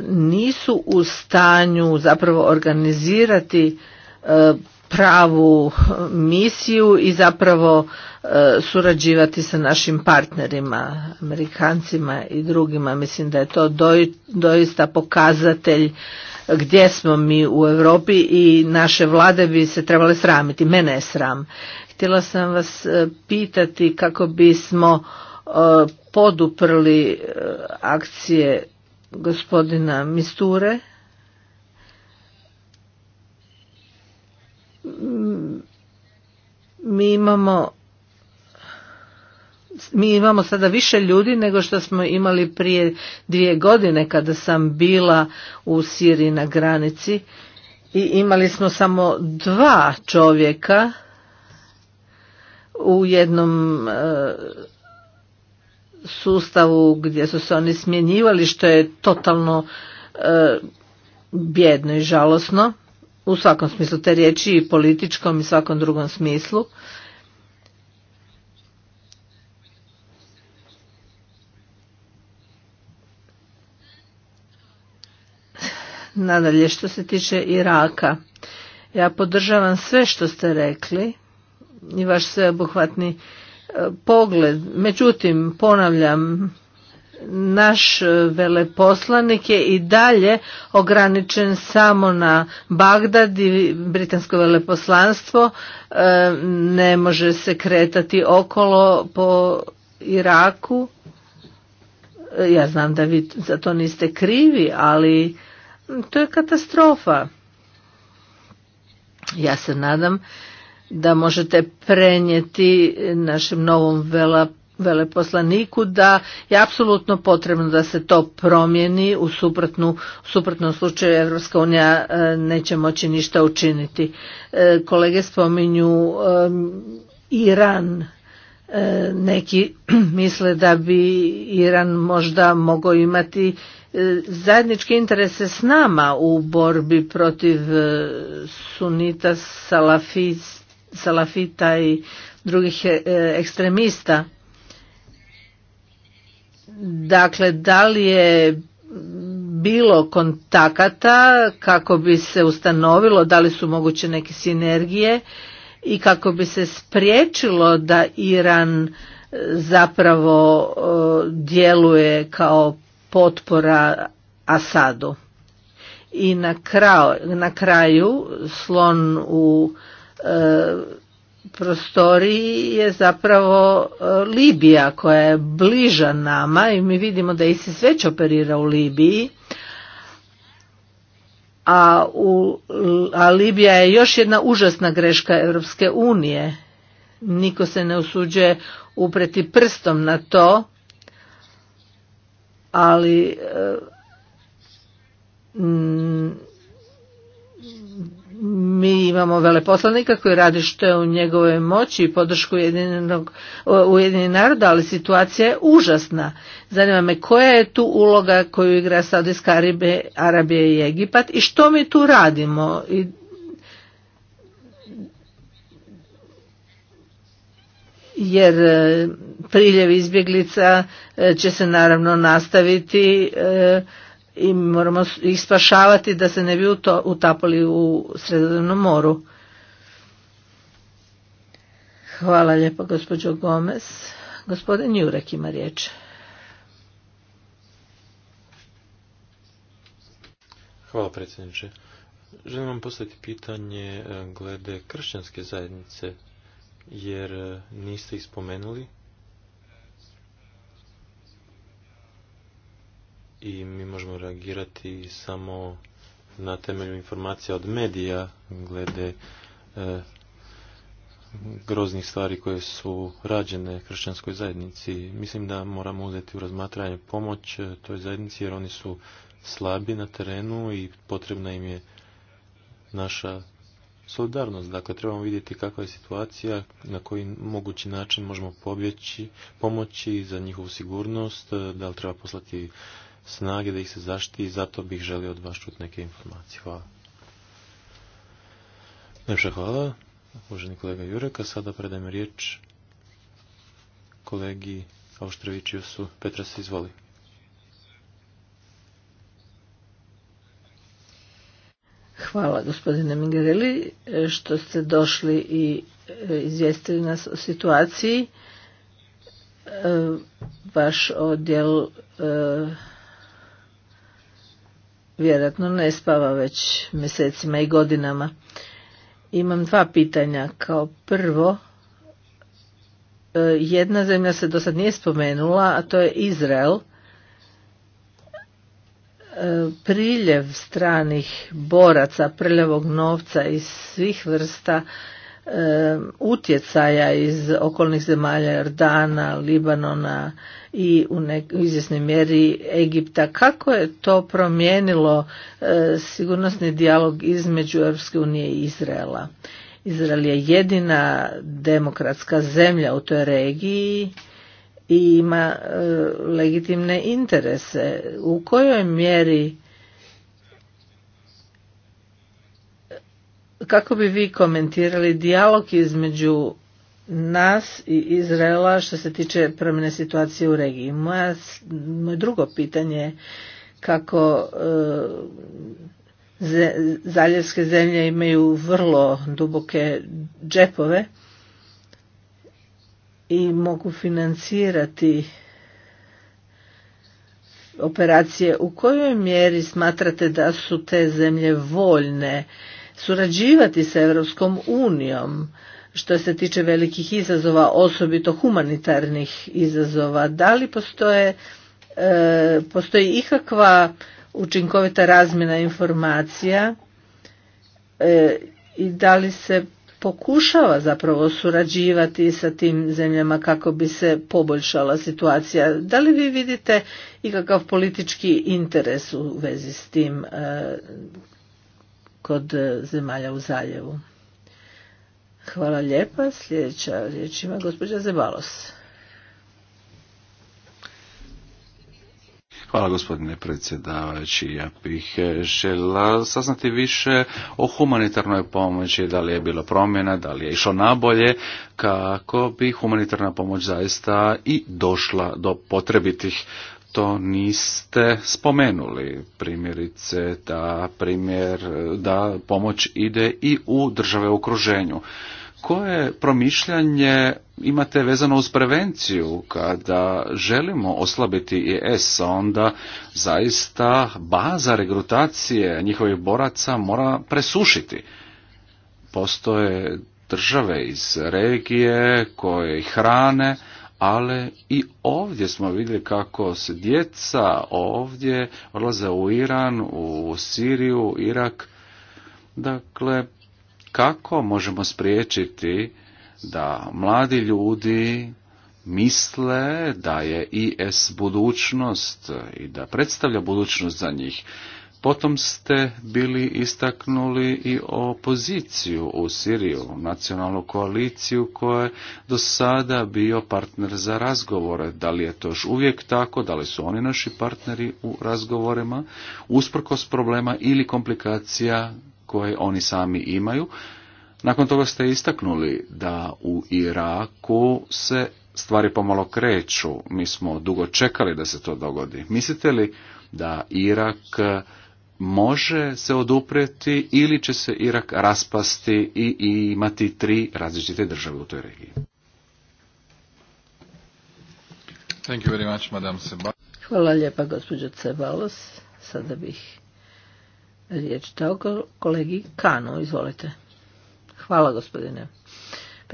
nisu u stanju zapravo organizirati e, pravu eh, misiju i zapravo eh, surađivati sa našim partnerima, Amerikancima i drugima. Mislim da je to doista pokazatelj eh, gdje smo mi u Europi i naše vlade bi se trebale sramiti. Mene je sram. Htjela sam vas pitati kako bismo poduprli akcije gospodina Misture mi imamo mi imamo sada više ljudi nego što smo imali prije dvije godine kada sam bila u Siriji na granici i imali smo samo dva čovjeka u jednom e, sustavu gdje su se oni smjenjivali što je totalno e, bjedno i žalosno u svakom smislu te riječi i političkom i svakom drugom smislu. Nadalje, što se tiče Iraka, ja podržavam sve što ste rekli i vaš sveobuhvatni e, pogled. Međutim, ponavljam, naš e, veleposlanik je i dalje ograničen samo na Bagdad i britansko veleposlanstvo e, ne može se kretati okolo po Iraku e, ja znam da vi za to niste krivi ali to je katastrofa ja se nadam da možete prenijeti našem novom Vela veleposlaniku da je apsolutno potrebno da se to promijeni u suprotnu, suprotnom slučaju Europska unija e, neće moći ništa učiniti. E, kolege spominju Iran e, neki (clears throat) misle da bi Iran možda mogao imati zajedničke interese s nama u borbi protiv sunita, salafita i drugih ekstremista. Dakle, da li je bilo kontakata kako bi se ustanovilo da li su moguće neke sinergije i kako bi se spriječilo da Iran e, zapravo e, djeluje kao potpora Asadu. I na kraju, na kraju slon u e, prostoriji je zapravo e, Libija koja je bliža nama i mi vidimo da ISIS već operira u Libiji a, u, a Libija je još jedna užasna greška Europske unije niko se ne usuđuje upreti prstom na to ali e, mi imamo veleposlanika koji radi što je u njegovoj moći i podršku ujedinjenog naroda, ali situacija je užasna. Zanima me koja je tu uloga koju igra Saudijska Arabija, i Egipat i što mi tu radimo jer e, priljev izbjeglica e, će se naravno nastaviti e, i moramo ih spašavati da se ne bi utapali u sredozemnom moru. Hvala lijepo, gospođo Gomez. Gospodin Jurek ima riječ. Hvala predsjedniče. Želim vam postaviti pitanje eh, glede kršćanske zajednice, jer eh, niste ih spomenuli i mi možemo reagirati samo na temelju informacija od medija glede e, groznih stvari koje su rađene kršćanskoj zajednici. Mislim da moramo uzeti u razmatranje pomoć e, toj zajednici jer oni su slabi na terenu i potrebna im je naša solidarnost. Dakle, trebamo vidjeti kakva je situacija, na koji mogući način možemo pobjeći, pomoći za njihovu sigurnost, e, da li treba poslati snage da ih se zaštiti i zato bih želio od vas čuti neke informacije. Hvala. Najpša hvala, uvaženi kolega Jureka. Sada predajem riječ kolegi su Petra se izvoli. Hvala gospodine Mingareli što ste došli i e, izvijestili nas o situaciji. E, vaš odjel e, vjerojatno ne spava već mjesecima i godinama. Imam dva pitanja. Kao prvo, e, jedna zemlja se do sad nije spomenula, a to je Izrael. E, priljev stranih boraca, prljavog novca iz svih vrsta utjecaja iz okolnih zemalja Jordana, Libanona i u izvjesnoj mjeri Egipta. Kako je to promijenilo eh, sigurnosni dijalog između Europske unije i Izraela? Izrael je jedina demokratska zemlja u toj regiji i ima eh, legitimne interese. U kojoj mjeri kako bi vi komentirali dijalog između nas i Izraela što se tiče promjene situacije u regiji. moje drugo pitanje je kako e, zaljevske zemlje imaju vrlo duboke džepove i mogu financirati operacije. U kojoj mjeri smatrate da su te zemlje voljne surađivati sa Europskom unijom što se tiče velikih izazova, osobito humanitarnih izazova. Da li postoje, e, postoji ikakva učinkovita razmjena informacija e, i da li se pokušava zapravo surađivati sa tim zemljama kako bi se poboljšala situacija. Da li vi vidite ikakav politički interes u vezi s tim e, kod e, zemalja u zaljevu. Hvala lijepa. Sljedeća riječ ima gospođa Zebalos. Hvala gospodine predsjedavajući. Ja bih e, žela saznati više o humanitarnoj pomoći, da li je bilo promjena, da li je išlo nabolje, kako bi humanitarna pomoć zaista i došla do potrebitih to niste spomenuli. Primjerice da, primjer, da pomoć ide i u države u okruženju. Koje promišljanje imate vezano uz prevenciju kada želimo oslabiti IS, e onda zaista baza regrutacije njihovih boraca mora presušiti. Postoje države iz regije koje hrane, ali i ovdje smo vidjeli kako se djeca ovdje odlaze u Iran, u Siriju, Irak. Dakle, kako možemo spriječiti da mladi ljudi misle da je IS budućnost i da predstavlja budućnost za njih. Potom ste bili istaknuli i opoziciju u Siriju, nacionalnu koaliciju koja je do sada bio partner za razgovore. Da li je to još uvijek tako, da li su oni naši partneri u razgovorima, usprkos problema ili komplikacija koje oni sami imaju. Nakon toga ste istaknuli da u Iraku se stvari pomalo kreću. Mi smo dugo čekali da se to dogodi. Mislite li da Irak može se odupreti ili će se Irak raspasti i, imati tri različite države u toj regiji. Thank Hvala lijepa gospođo Cebalos. Sada bih riječ dao kolegi Kano, Izvolite. Hvala gospodine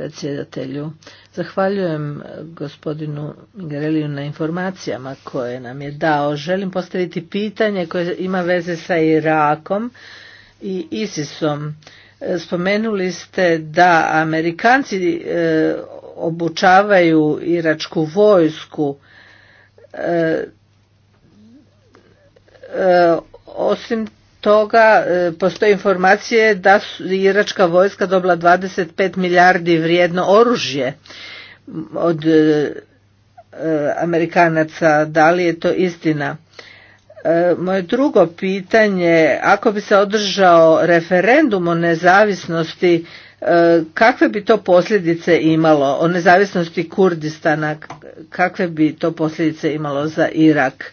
predsjedatelju. Zahvaljujem eh, gospodinu Gareliju na informacijama koje nam je dao. Želim postaviti pitanje koje ima veze sa Irakom i ISISom. Eh, spomenuli ste da Amerikanci eh, obučavaju iračku vojsku. Osim toga e, postoje informacije da su iračka vojska dobila 25 milijardi vrijedno oružje od e, Amerikanaca, da li je to istina? E, moje drugo pitanje, ako bi se održao referendum o nezavisnosti, kakve bi to posljedice imalo o nezavisnosti Kurdistana, kakve bi to posljedice imalo za Irak?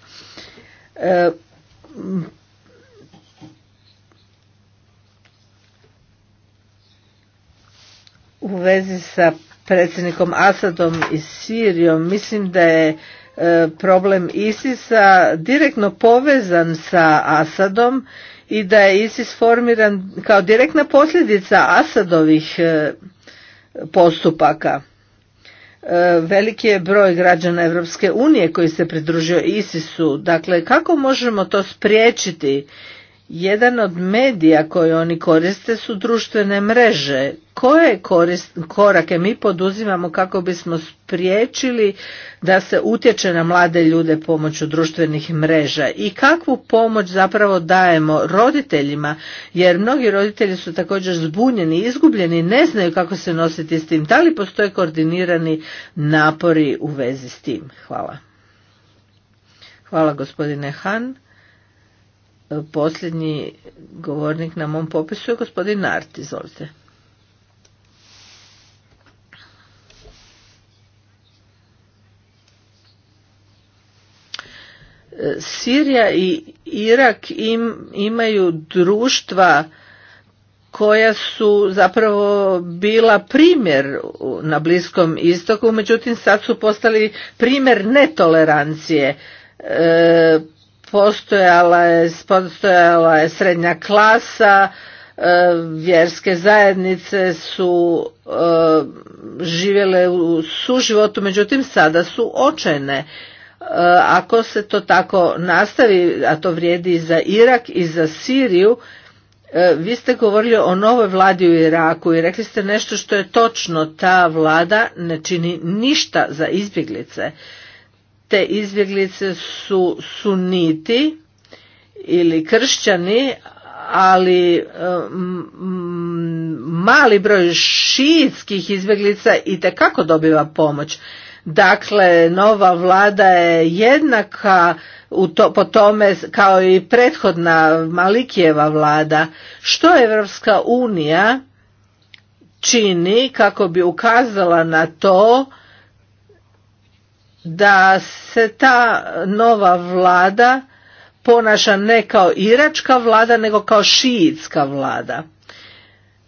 u vezi sa predsjednikom Asadom i Sirijom mislim da je e, problem isis direktno povezan sa Asadom i da je ISIS formiran kao direktna posljedica Asadovih e, postupaka. E, veliki je broj građana Europske unije koji se pridružio ISIS-u. Dakle, kako možemo to spriječiti? Jedan od medija koji oni koriste su društvene mreže koje korake mi poduzimamo kako bismo spriječili da se utječe na mlade ljude pomoću društvenih mreža i kakvu pomoć zapravo dajemo roditeljima jer mnogi roditelji su također zbunjeni, izgubljeni, ne znaju kako se nositi s tim. Da li postoje koordinirani napori u vezi s tim? Hvala. Hvala gospodine Han. Posljednji govornik na mom popisu je gospodin Nart, izvolite. Sirija i Irak im, imaju društva koja su zapravo bila primjer na Bliskom istoku, međutim sad su postali primjer netolerancije. E, postojala, je, postojala je srednja klasa, e, vjerske zajednice su e, živjele u suživotu, međutim sada su očajne. Eh, ako se to tako nastavi, a to vrijedi i za Irak i za Siriju, eh, vi ste govorili o novoj vladi u Iraku i rekli ste nešto što je točno, ta vlada ne čini ništa za izbjeglice. Te izbjeglice su suniti ili kršćani, ali eh, mali broj šijitskih izbjeglica i kako dobiva pomoć. Dakle, nova vlada je jednaka u to, po tome kao i prethodna Malikijeva vlada. Što Evropska unija čini kako bi ukazala na to da se ta nova vlada ponaša ne kao iračka vlada nego kao Šijitska vlada.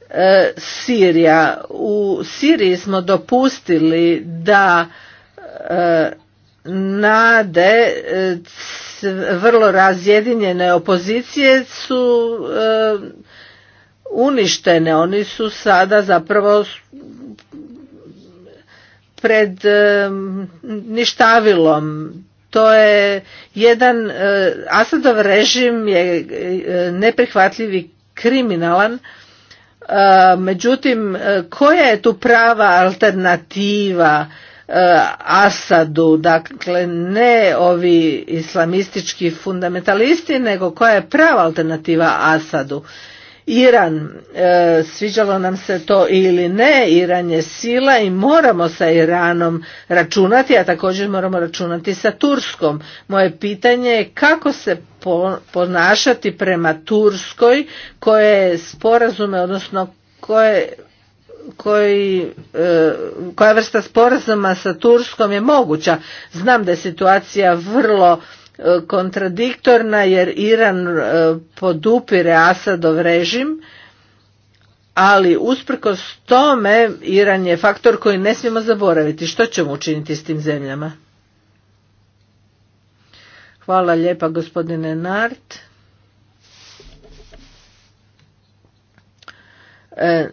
E, Sirija. U Siriji smo dopustili da nade e, vrlo razjedinjene opozicije su e, uništene. Oni su sada zapravo pred e, ništavilom. To je jedan, Asadov režim je neprihvatljivi kriminalan, međutim koja je tu prava alternativa? Asadu, dakle ne ovi islamistički fundamentalisti, nego koja je prava alternativa Asadu. Iran, e, sviđalo nam se to ili ne, Iran je sila i moramo sa Iranom računati, a također moramo računati sa Turskom. Moje pitanje je kako se ponašati prema Turskoj koje sporazume, odnosno koje koji, e, koja vrsta sporazuma sa Turskom je moguća. Znam da je situacija vrlo e, kontradiktorna jer Iran e, podupire Asadov režim, ali usprkos tome Iran je faktor koji ne smijemo zaboraviti. Što ćemo učiniti s tim zemljama? Hvala lijepa gospodine Nart. E,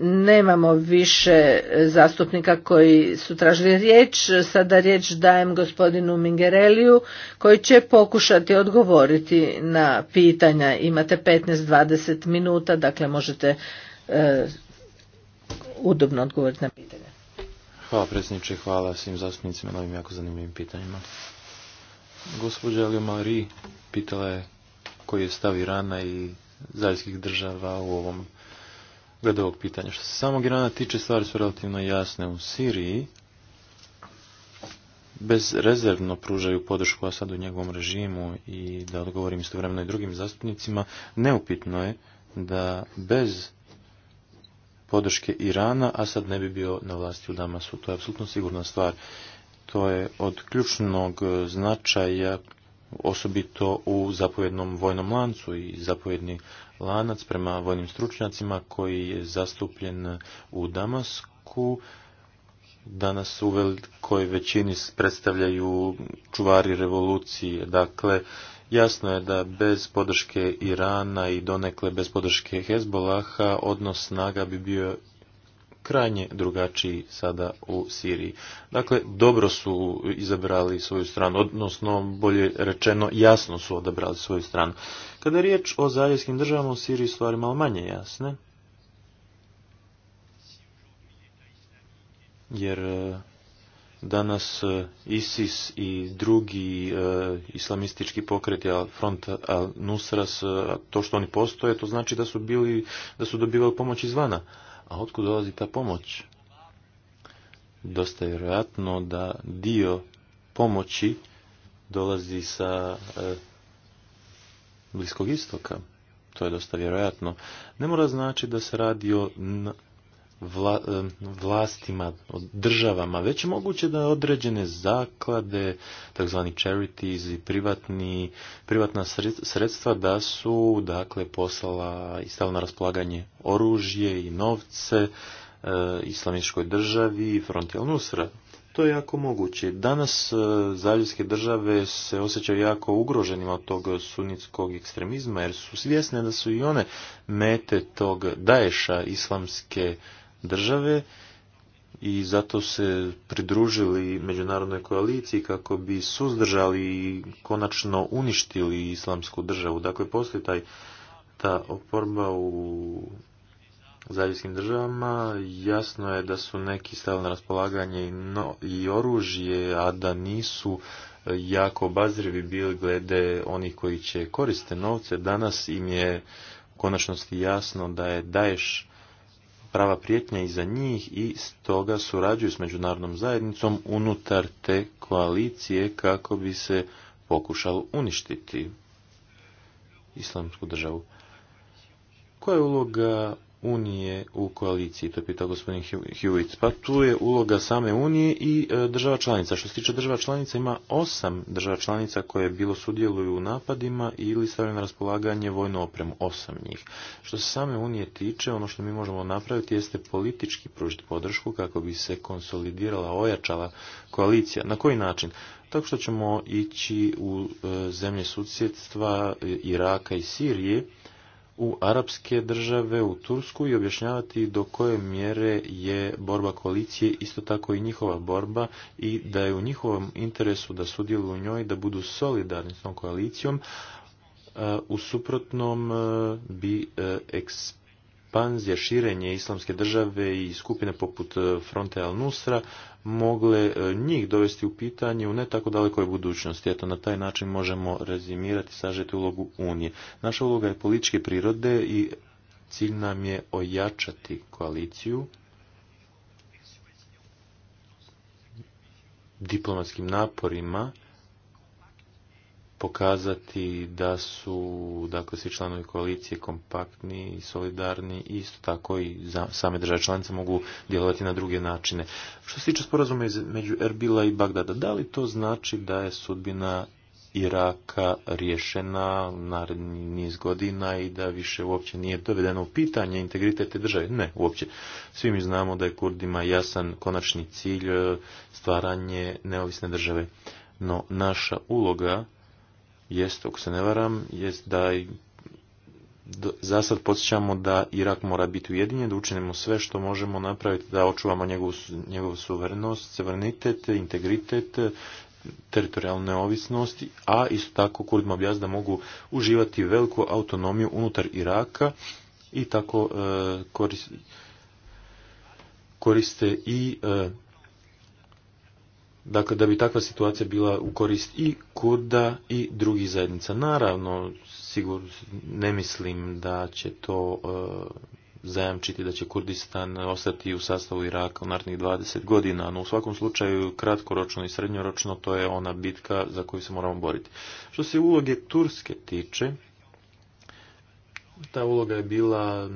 nemamo više zastupnika koji su tražili riječ. Sada riječ dajem gospodinu Mingereliju koji će pokušati odgovoriti na pitanja. Imate 15-20 minuta, dakle možete e, udobno odgovoriti na pitanja. Hvala predsjedniče, hvala svim zastupnicima na ovim jako zanimljivim pitanjima. Gospođa Mari pitala je koji je stav Irana i zajedskih država u ovom glede ovog pitanja. Što se samog Irana tiče, stvari su relativno jasne. U Siriji bezrezervno pružaju podršku Asadu u njegovom režimu i da odgovorim istovremeno i drugim zastupnicima, neupitno je da bez podrške Irana Asad ne bi bio na vlasti u Damasu. To je apsolutno sigurna stvar. To je od ključnog značaja osobito u zapovjednom vojnom lancu i zapovjedni lanac prema vojnim stručnjacima koji je zastupljen u Damasku. Danas u velikoj većini predstavljaju čuvari revolucije. Dakle, jasno je da bez podrške Irana i donekle bez podrške Hezbolaha odnos snaga bi bio krajnje drugačiji sada u Siriji. Dakle, dobro su izabrali svoju stranu, odnosno bolje rečeno jasno su odabrali svoju stranu. Kada je riječ o zaljevskim državama u Siriji stvari malo manje jasne. Jer e, danas e, ISIS i drugi e, islamistički pokreti front Al-Nusras, to što oni postoje, to znači da su, bili, da su dobivali pomoć izvana. A otkud dolazi ta pomoć? Dosta je vjerojatno da dio pomoći dolazi sa Bliskog istoka. To je dosta vjerojatno. Ne mora znači da se radi o e, vlastima, o državama, već je moguće da određene zaklade, takzvani charities i privatni, privatna sredstva da su dakle poslala i stavila na raspolaganje oružje i novce e, islamičkoj državi i fronti nusra to je jako moguće. Danas e, zaljevske države se osjećaju jako ugroženima od tog sunnitskog ekstremizma jer su svjesne da su i one mete tog daješa islamske države i zato se pridružili međunarodnoj koaliciji kako bi suzdržali i konačno uništili islamsku državu. Dakle, postoji ta oporba u zavijskim državama. Jasno je da su neki stavili na raspolaganje i, oružje, a da nisu e, jako obazrivi bili glede onih koji će koriste novce. Danas im je u konačnosti jasno da je daješ prava prijetnja i za njih i stoga surađuju s međunarodnom zajednicom unutar te koalicije kako bi se pokušalo uništiti islamsku državu. Koja je uloga unije u koaliciji, to je pitao gospodin Hewitt. Pa tu je uloga same unije i e, država članica. Što se tiče država članica, ima osam država članica koje bilo sudjeluju u napadima ili stavljaju na raspolaganje vojnu opremu, osam njih. Što se same unije tiče, ono što mi možemo napraviti jeste politički pružiti podršku kako bi se konsolidirala, ojačala koalicija. Na koji način? Tako što ćemo ići u e, zemlje susjedstva e, Iraka i Sirije, u arapske države, u Tursku i objašnjavati do koje mjere je borba koalicije isto tako i njihova borba i da je u njihovom interesu da sudjeluju u njoj, da budu solidarni s tom koalicijom, u suprotnom e, bi e, eks Panzija, širenje islamske države i skupine poput e, Fronte al-Nusra mogle e, njih dovesti u pitanje u ne tako dalekoj budućnosti. Eto, na taj način možemo rezimirati sažeti ulogu Unije. Naša uloga je političke prirode i cilj nam je ojačati koaliciju diplomatskim naporima pokazati da su dakle, svi članovi koalicije kompaktni i solidarni i isto tako i za, same države članice mogu djelovati na druge načine. Što se tiče sporazuma između Erbila i Bagdada, da li to znači da je sudbina Iraka riješena naredni niz godina i da više uopće nije dovedeno u pitanje integritete države. Ne, uopće. Svi mi znamo da je Kurdima jasan konačni cilj eh, stvaranje neovisne države. No naša uloga jest, ako se ne varam, jest da i za sad podsjećamo da Irak mora biti ujedinjen, da učinimo sve što možemo napraviti, da očuvamo njegovu, njegovu suverenost, suverenitet, integritet, teritorijalnu neovisnost, a isto tako kurdima objasni da mogu uživati veliku autonomiju unutar Iraka i tako e, koriste i e, dakle da bi takva situacija bila u korist i kurda i drugih zajednica. Naravno, sigurno ne mislim da će to e, zajamčiti da će Kurdistan ostati u sastavu Iraka u narednih 20 godina, no u svakom slučaju kratkoročno i srednjoročno to je ona bitka za koju se moramo boriti. Što se uloge Turske tiče, ta uloga je bila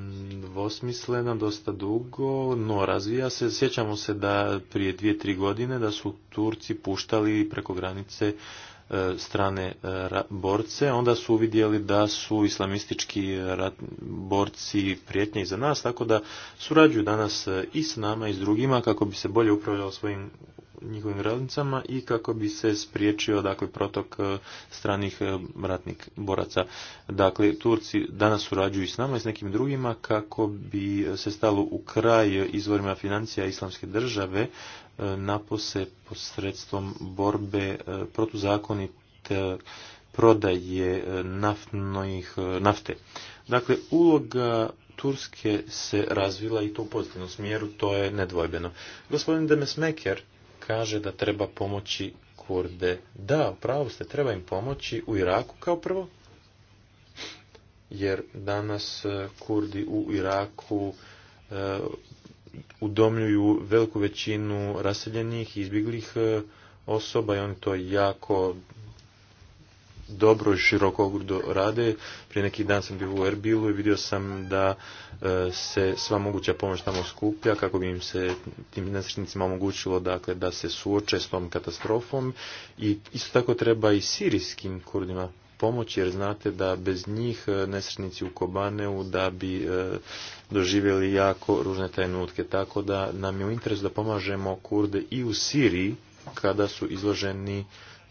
dvosmislena dosta dugo, no razvija se. Sjećamo se da prije dvije, tri godine da su Turci puštali preko granice e, strane e, borce, onda su uvidjeli da su islamistički borci prijetnje za nas, tako da surađuju danas e, i s nama i s drugima kako bi se bolje upravljalo svojim njihovim radnicama i kako bi se spriječio dakle, protok e, stranih e, ratnih boraca. Dakle, Turci danas surađuju i s nama i s nekim drugima kako bi se stalo u kraj izvorima financija islamske države e, napose posredstvom borbe protuzakonite prodaje naftnih, nafte. Dakle, uloga Turske se razvila i to u pozitivnom smjeru, to je nedvojbeno. Gospodin Demesmeker kaže da treba pomoći Kurde. Da, pravo ste, treba im pomoći u Iraku kao prvo, jer danas e, Kurdi u Iraku e, udomljuju veliku većinu raseljenih i izbjeglih e, osoba i oni to jako dobro i široko rade. Prije neki dan sam bio u Erbilu i vidio sam da e, se sva moguća pomoć tamo skuplja kako bi im se tim nesrećnicima omogućilo dakle, da se suoče s tom katastrofom i isto tako treba i sirijskim kurdima pomoć jer znate da bez njih e, nesretnici u Kobaneu da bi e, doživjeli jako ružne trenutke. Tako da nam je u interesu da pomažemo kurde i u Siriji kada su izloženi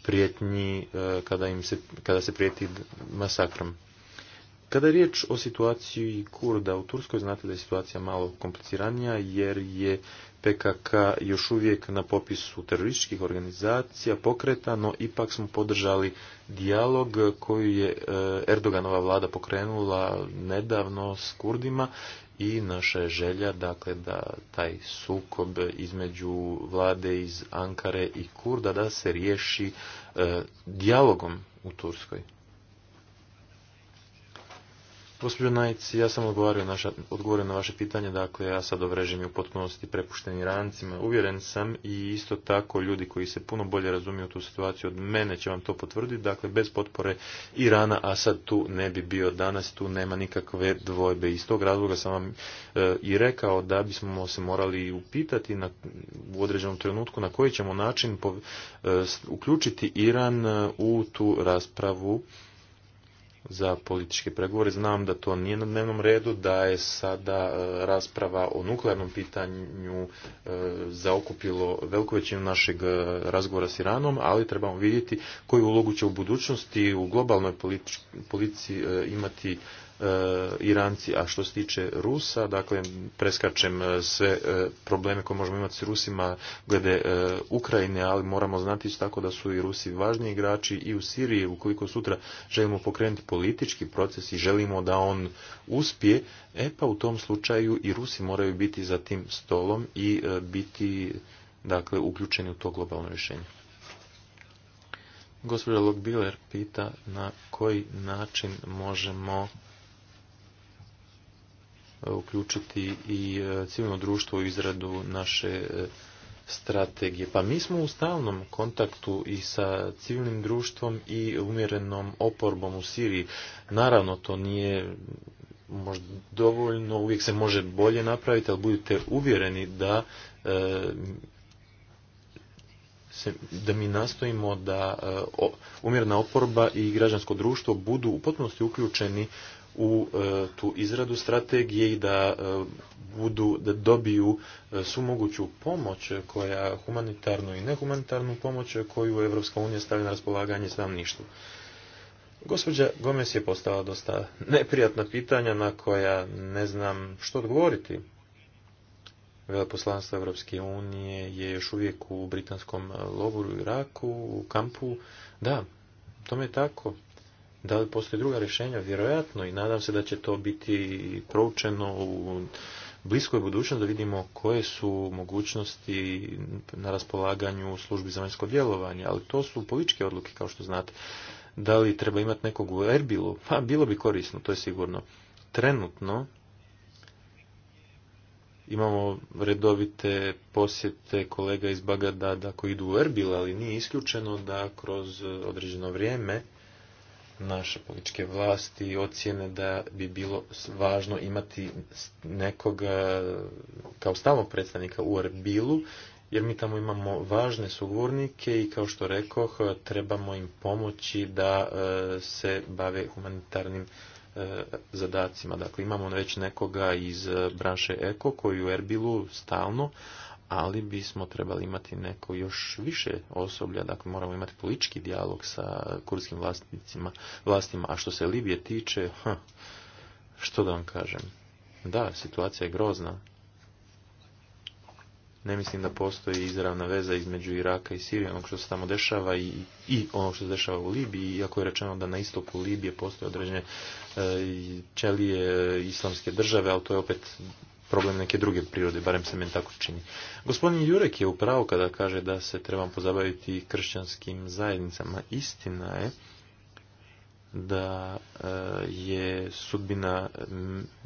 prijetnji, e, kada, im se, kada se prijeti masakrom. Kada je riječ o situaciji Kurda u Turskoj, znate da je situacija malo kompliciranija jer je PKK još uvijek na popisu terorističkih organizacija pokreta, no ipak smo podržali dijalog koji je e, Erdoganova vlada pokrenula nedavno s Kurdima i naša je želja dakle, da taj sukob između vlade iz Ankare i Kurda da se riješi e, dijalogom u Turskoj. Gospođo Najc, ja sam odgovorio, na vaše pitanje, dakle ja sad ovrežim u potpunosti prepušteni rancima. Uvjeren sam i isto tako ljudi koji se puno bolje razumiju tu situaciju od mene će vam to potvrditi, dakle bez potpore Irana, a sad tu ne bi bio danas, tu nema nikakve dvojbe. Iz tog razloga sam vam e, i rekao da bismo se morali upitati na, u određenom trenutku na koji ćemo način e, uključiti Iran e, u tu raspravu za političke pregovore. Znam da to nije na dnevnom redu, da je sada e, rasprava o nuklearnom pitanju e, zaokupilo veliku većinu našeg e, razgovora s Iranom, ali trebamo vidjeti koju ulogu će u budućnosti u globalnoj politici imati E, Iranci, a što se tiče Rusa, dakle preskačem e, sve e, probleme koje možemo imati s Rusima glede Ukrajine, ali moramo znati isto tako da su i Rusi važni igrači i u Siriji, ukoliko sutra želimo pokrenuti politički proces i želimo da on uspije, e pa u tom slučaju i Rusi moraju biti za tim stolom i biti dakle uključeni u to globalno rješenje. Gospodin Lokbiler pita na koji način možemo uključiti i e, civilno društvo u izradu naše e, strategije. Pa mi smo u stalnom kontaktu i sa civilnim društvom i umjerenom oporbom u Siriji. Naravno, to nije možda dovoljno, uvijek se može bolje napraviti, ali budite uvjereni da e, da mi nastojimo da umjerna oporba i građansko društvo budu u potpunosti uključeni u e, tu izradu strategije i da e, budu, da dobiju e, su moguću pomoć koja humanitarnu i nehumanitarnu pomoć koju Evropska unija stavlja na raspolaganje stanovništvu. Gospođa Gomes je postala dosta neprijatna pitanja na koja ne znam što odgovoriti. Veleposlanstvo Evropske unije je još uvijek u britanskom logoru u Iraku, u kampu. Da, tome je tako. Da li postoje druga rješenja? Vjerojatno i nadam se da će to biti proučeno u bliskoj budućnosti da vidimo koje su mogućnosti na raspolaganju službi za vanjsko djelovanje, ali to su političke odluke kao što znate. Da li treba imati nekog u Erbilu? Pa bilo bi korisno, to je sigurno. Trenutno imamo redovite posjete kolega iz da koji idu u Erbil, ali nije isključeno da kroz određeno vrijeme naše političke vlasti ocjene da bi bilo važno imati nekoga e, kao stalnog predstavnika u Erbilu, jer mi tamo imamo važne sugovornike i kao što rekoh, e, trebamo im pomoći da e, se bave humanitarnim zadacima. Dakle, imamo već nekoga iz branše Eko koji u Erbilu stalno, ali bismo trebali imati neko još više osoblja, dakle moramo imati politički dijalog sa kurskim vlastnicima, vlastima, a što se Libije tiče, ha što da vam kažem, da, situacija je grozna. Ne mislim da postoji izravna veza između Iraka i Sirije, ono što se tamo dešava i, i ono što se dešava u Libiji, iako je rečeno da na istoku Libije postoje određene e, čelije islamske države, ali to je opet problem neke druge prirode, barem se meni tako čini. Gospodin Jurek je upravo kada kaže da se trebam pozabaviti kršćanskim zajednicama. Istina je da e, je sudbina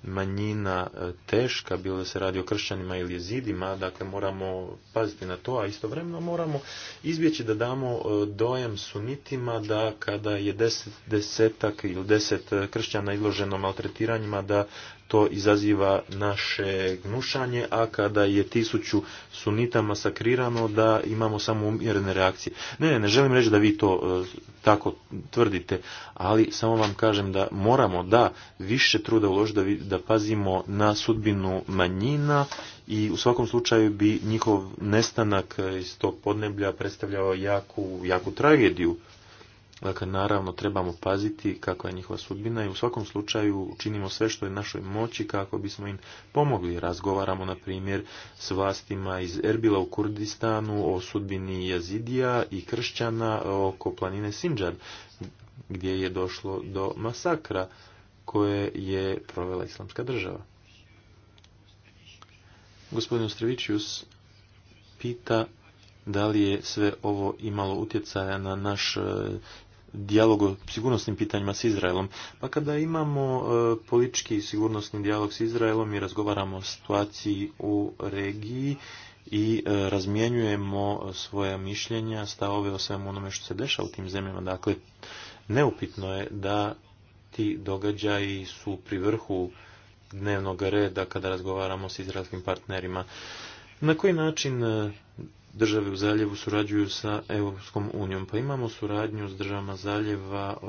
manjina e, teška, bilo da se radi o kršćanima ili jezidima, dakle moramo paziti na to, a istovremeno moramo izbjeći da damo e, dojem sunitima da kada je deset, desetak ili deset kršćana izloženo maltretiranjima da to izaziva naše gnušanje, a kada je tisuću sunita masakrirano da imamo samo umjerene reakcije. Ne, ne želim reći da vi to tako tvrdite, ali samo vam kažem da moramo da više truda uložiti da, da pazimo na sudbinu manjina i u svakom slučaju bi njihov nestanak iz tog podneblja predstavljao jaku, jaku tragediju. Dakle, naravno, trebamo paziti kako je njihova sudbina i u svakom slučaju činimo sve što je našoj moći kako bismo im pomogli. Razgovaramo, na primjer, s vlastima iz Erbila u Kurdistanu o sudbini jezidija i kršćana oko planine Sinđar, gdje je došlo do masakra koje je provela islamska država. Gospodin Ostrevićius pita da li je sve ovo imalo utjecaja na naš dijalog o sigurnosnim pitanjima s Izraelom. Pa kada imamo e, politički i sigurnosni dijalog s Izraelom i razgovaramo o situaciji u regiji i e, razmjenjujemo svoja mišljenja, stavove o svemu onome što se dešava u tim zemljama. Dakle, neupitno je da ti događaji su pri vrhu dnevnog reda kada razgovaramo s izraelskim partnerima. Na koji način e, države u zaljevu surađuju sa Europskom unijom. Pa imamo suradnju s državama zaljeva e,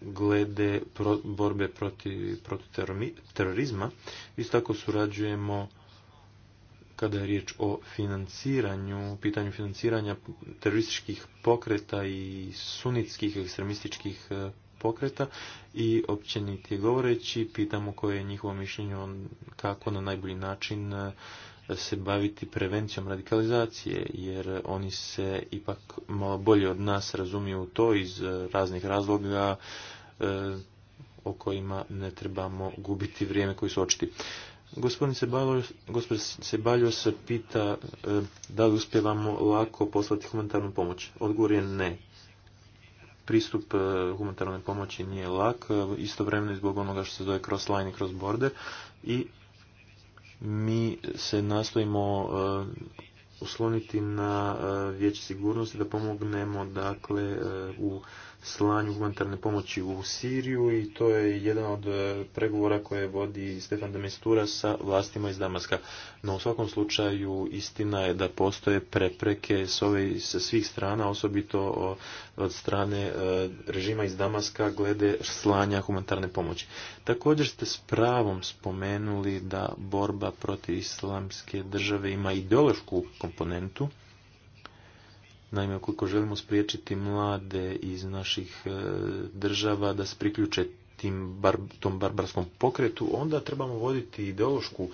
glede borbe protiv proti terorizma. Isto tako surađujemo kada je riječ o financiranju, pitanju financiranja terorističkih pokreta i sunitskih ekstremističkih e, pokreta i općeniti govoreći pitamo koje je njihovo mišljenje kako na najbolji način e, E, se baviti prevencijom radikalizacije, jer oni se ipak malo bolje od nas razumiju to iz e, raznih razloga e, o kojima ne trebamo gubiti vrijeme koji su očiti. Gospodin Sebaljos, gospodin pita da li uspjevamo lako poslati humanitarnu pomoć. Odgovor je ne. Pristup humanitarnoj pomoći nije lak, istovremeno i zbog onoga što se zove cross line i cross border i mi se nastojimo usloniti eh, na eh, vijeće sigurnosti da pomognemo dakle eh, u slanju humanitarne pomoći u Siriju i to je jedan od e, pregovora koje vodi Stefan de Mistura sa vlastima iz Damaska. No u svakom slučaju istina je da postoje prepreke s ove, sa svih strana, osobito od strane e, režima iz Damaska glede slanja humanitarne pomoći. Također ste s pravom spomenuli da borba protiv islamske države ima ideološku komponentu Naime, ukoliko želimo spriječiti mlade iz naših e, država da se priključe tim tom barbarskom pokretu, onda trebamo voditi ideološku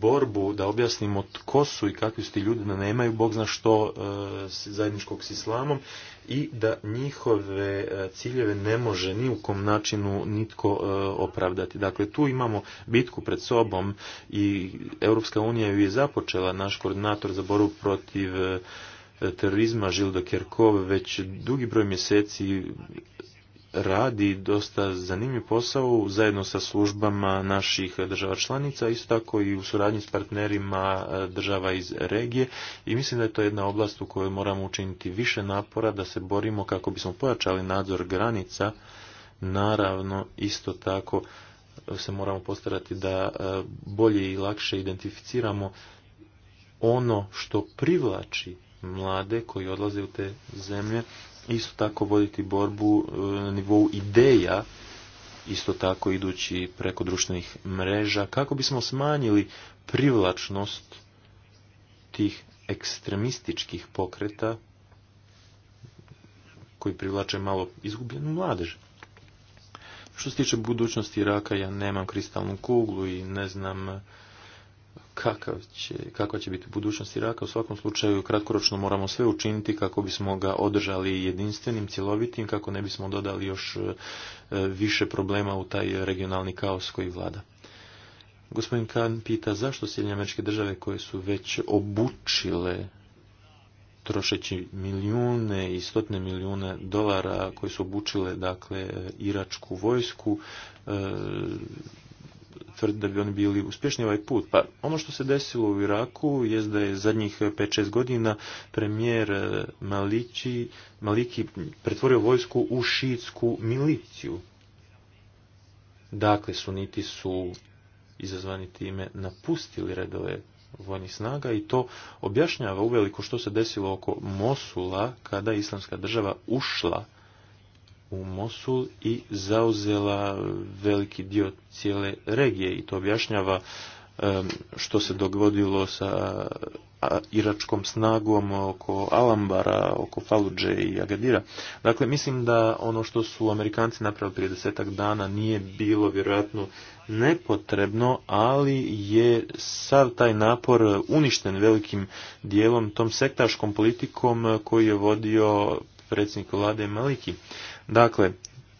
borbu da objasnimo tko su i kakvi su ti ljudi da nemaju bog zna što e, zajedničkog s islamom i da njihove e, ciljeve ne može ni u kom načinu nitko opravdati. Dakle, tu imamo bitku pred sobom i Europska unija ju je započela, naš koordinator za borbu protiv terorizma Žil Kerkov već dugi broj mjeseci radi dosta zanimljiv posao zajedno sa službama naših država članica, isto tako i u suradnji s partnerima e, država iz regije i mislim da je to jedna oblast u kojoj moramo učiniti više napora da se borimo kako bismo pojačali nadzor granica, naravno isto tako e, se moramo postarati da e, bolje i lakše identificiramo ono što privlači mlade koji odlaze u te zemlje. Isto tako voditi borbu e, na nivou ideja, isto tako idući preko društvenih mreža, kako bismo smanjili privlačnost tih ekstremističkih pokreta koji privlače malo izgubljenu mladež. Što se tiče budućnosti Iraka, ja nemam kristalnu kuglu i ne znam kakav će, kakva će biti budućnost Iraka. U svakom slučaju kratkoročno moramo sve učiniti kako bismo ga održali jedinstvenim, cjelovitim, kako ne bismo dodali još e, više problema u taj regionalni kaos koji vlada. Gospodin Kahn pita zašto Sjedinje američke države koje su već obučile trošeći milijune i stotne milijune dolara koje su obučile dakle iračku vojsku e, tvrdi da bi oni bili uspješni ovaj put. Pa ono što se desilo u Iraku je da je zadnjih 5-6 godina premijer eh, Malići, Maliki pretvorio vojsku u šiitsku miliciju. Dakle, suniti su izazvani time napustili redove vojnih snaga i to objašnjava uveliko što se desilo oko Mosula kada islamska država ušla u Mosul i zauzela veliki dio cijele regije i to objašnjava što se dogodilo sa iračkom snagom oko Alambara, oko Faludže i Agadira. Dakle, mislim da ono što su Amerikanci napravili prije desetak dana nije bilo vjerojatno nepotrebno, ali je sav taj napor uništen velikim dijelom tom sektaškom politikom koji je vodio predsjednik vlade Maliki. Dakle,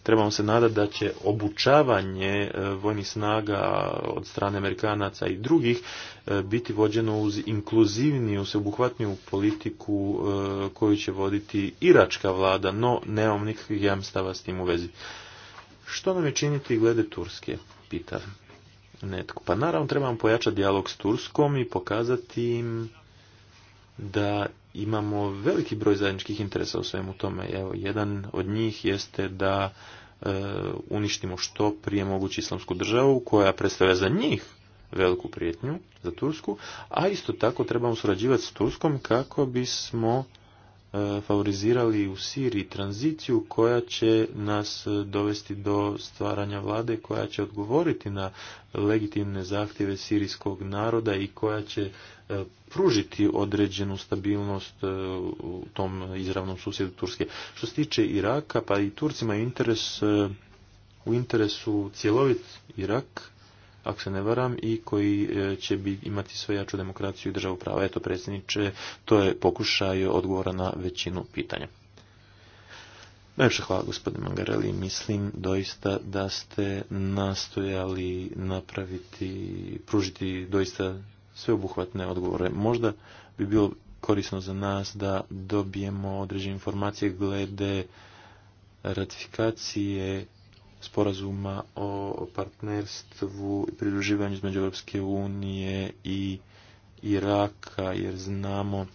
trebamo se nadati da će obučavanje e, vojnih snaga od strane Amerikanaca i drugih e, biti vođeno uz inkluzivniju, sveobuhvatniju politiku e, koju će voditi iračka vlada, no nemam nikakvih jamstava s tim u vezi. Što nam je činiti glede Turske? Pita netko. Pa naravno trebamo pojačati dijalog s Turskom i pokazati im da imamo veliki broj zajedničkih interesa u svemu tome. Evo, jedan od njih jeste da e, uništimo što prije mogući islamsku državu koja predstavlja za njih veliku prijetnju za Tursku, a isto tako trebamo surađivati s Turskom kako bismo E, favorizirali u Siriji tranziciju koja će nas e, dovesti do stvaranja vlade koja će odgovoriti na legitimne zahtjeve sirijskog naroda i koja će e, pružiti određenu stabilnost u tom izravnom susjedu Turske. Što se tiče Iraka, pa i Turcima je interes u interesu cjelovit Irak ako se ne varam, i koji e, će imati sve jaču demokraciju i državu prava. Eto, predsjedniče, to je pokušaj odgovora na većinu pitanja. Najviše hvala gospodine Mangareli, mislim doista da ste nastojali napraviti, pružiti doista sveobuhvatne odgovore. Možda bi bilo korisno za nas da dobijemo određene informacije glede ratifikacije sporazuma o partnerstvu i pridruživanju između Europske unije i Iraka, jer znamo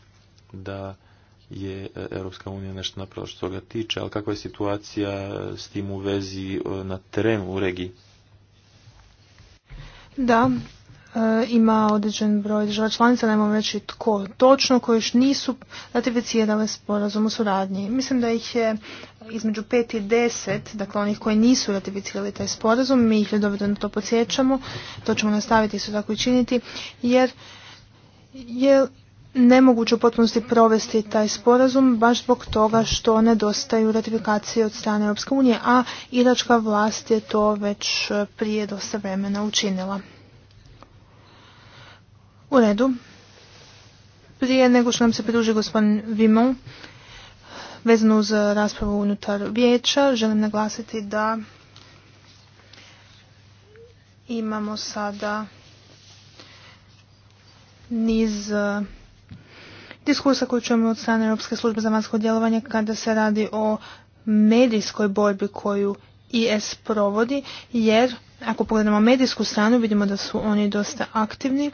da je e, Europska unija nešto napravo što toga tiče, ali kakva je situacija s tim u vezi e, na terenu u regiji? Da, e, ima određen broj država članica, nemam reći tko točno, koji još nisu ratificirale sporazum o suradnji. Mislim da ih je između 5 i 10, dakle onih koji nisu ratificirali taj sporazum, mi ih redovito to podsjećamo, to ćemo nastaviti isto tako i činiti, jer je nemoguće u potpunosti provesti taj sporazum baš zbog toga što nedostaju ratifikacije od strane Europske unije, a iračka vlast je to već prije dosta vremena učinila. U redu. Prije nego što nam se pridruži gospodin Vimon, Vezano uz eh, raspravu unutar vijeća želim naglasiti da imamo sada niz eh, diskursa koju čujemo od strane Europske službe za vanjsko djelovanje kada se radi o medijskoj borbi koju IS provodi, jer ako pogledamo medijsku stranu vidimo da su oni dosta aktivni.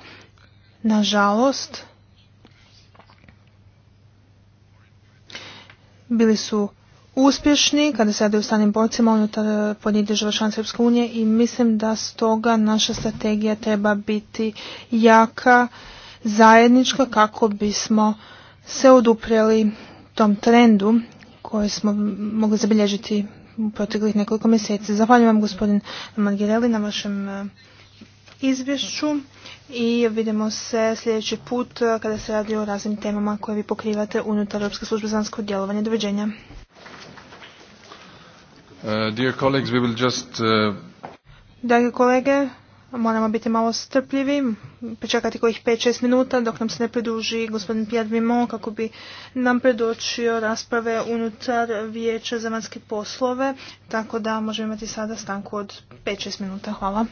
Nažalost, bili su uspješni kada se radi o stanim borcima unutar eh, pojedinih država članica Europske unije i mislim da stoga naša strategija treba biti jaka, zajednička kako bismo se oduprijeli tom trendu koji smo mogli zabilježiti u proteklih nekoliko mjeseci. Zahvaljujem vam gospodin na vašem eh, izvješću i vidimo se sljedeći put kada se radi o raznim temama koje vi pokrivate unutar Europske službe za vanjsko djelovanje. Doviđenja. Uh, uh, kolege, moramo biti malo strpljivi, pričekati kojih 5-6 minuta dok nam se ne priduži gospodin Pijad kako bi nam predočio rasprave unutar vijeća za vanjske poslove, tako da možemo imati sada stanku od 5-6 minuta. Hvala.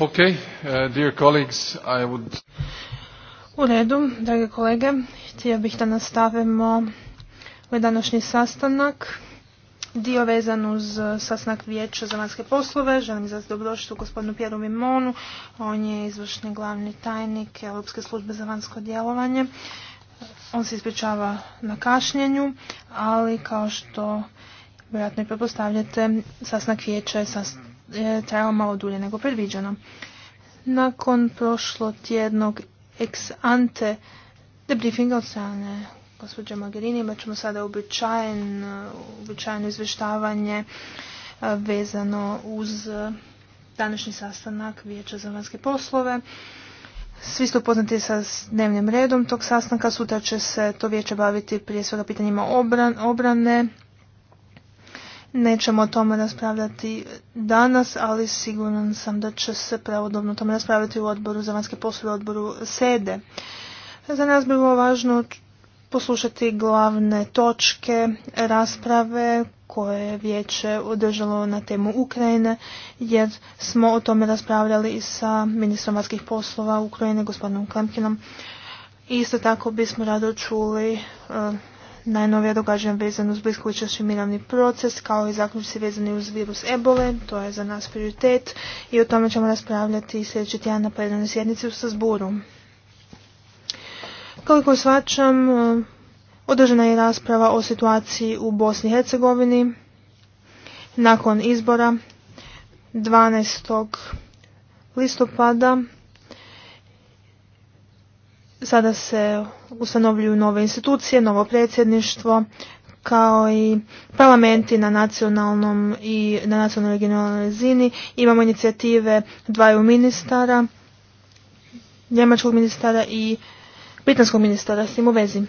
Uh, U redu, drage kolege, htio bih da nastavimo ovaj današnji sastanak. Dio vezan uz uh, sastanak vijeća za vanjske poslove. Želim za dobrodošću gospodinu Pjeru Mimonu. On je izvršni glavni tajnik Europske službe za vanjsko djelovanje. On se ispričava na kašnjenju, ali kao što vjerojatno i prepostavljate, sastanak vijeća je sastanak je trajalo malo dulje nego predviđeno. Nakon prošlo tjednog ex ante debriefinga od strane gospođe Magherini, imat ćemo sada uobičajeno izvještavanje e, vezano uz današnji sastanak Vijeća za vanjske poslove. Svi ste upoznati sa dnevnim redom tog sastanka. Sutra će se to vijeće baviti prije svega pitanjima obrane, Nećemo o tome raspravljati danas, ali siguran sam da će se pravodobno o tome raspravljati u odboru za vanjske poslove, odboru sede. Za nas bi bilo važno poslušati glavne točke rasprave koje je vijeće održalo na temu Ukrajine, jer smo o tome raspravljali i sa ministrom vanjskih poslova Ukrajine, gospodinom Klemkinom. Isto tako bismo rado čuli eh, najnovija događanja vezano uz blisko mirovni proces, kao i zaključci vezani uz virus ebole, to je za nas prioritet i o tome ćemo raspravljati sljedeći tjedan na plenarnoj sjednici u Strasburu. Koliko svačam, e, održana je rasprava o situaciji u Bosni i Hercegovini nakon izbora 12. listopada Sada se ustanovljuju nove institucije, novo predsjedništvo, kao i parlamenti na nacionalnom i na nacionalnoj regionalnoj razini. Imamo inicijative dvaju ministara, njemačkog ministara i britanskog ministara s tim u vezi.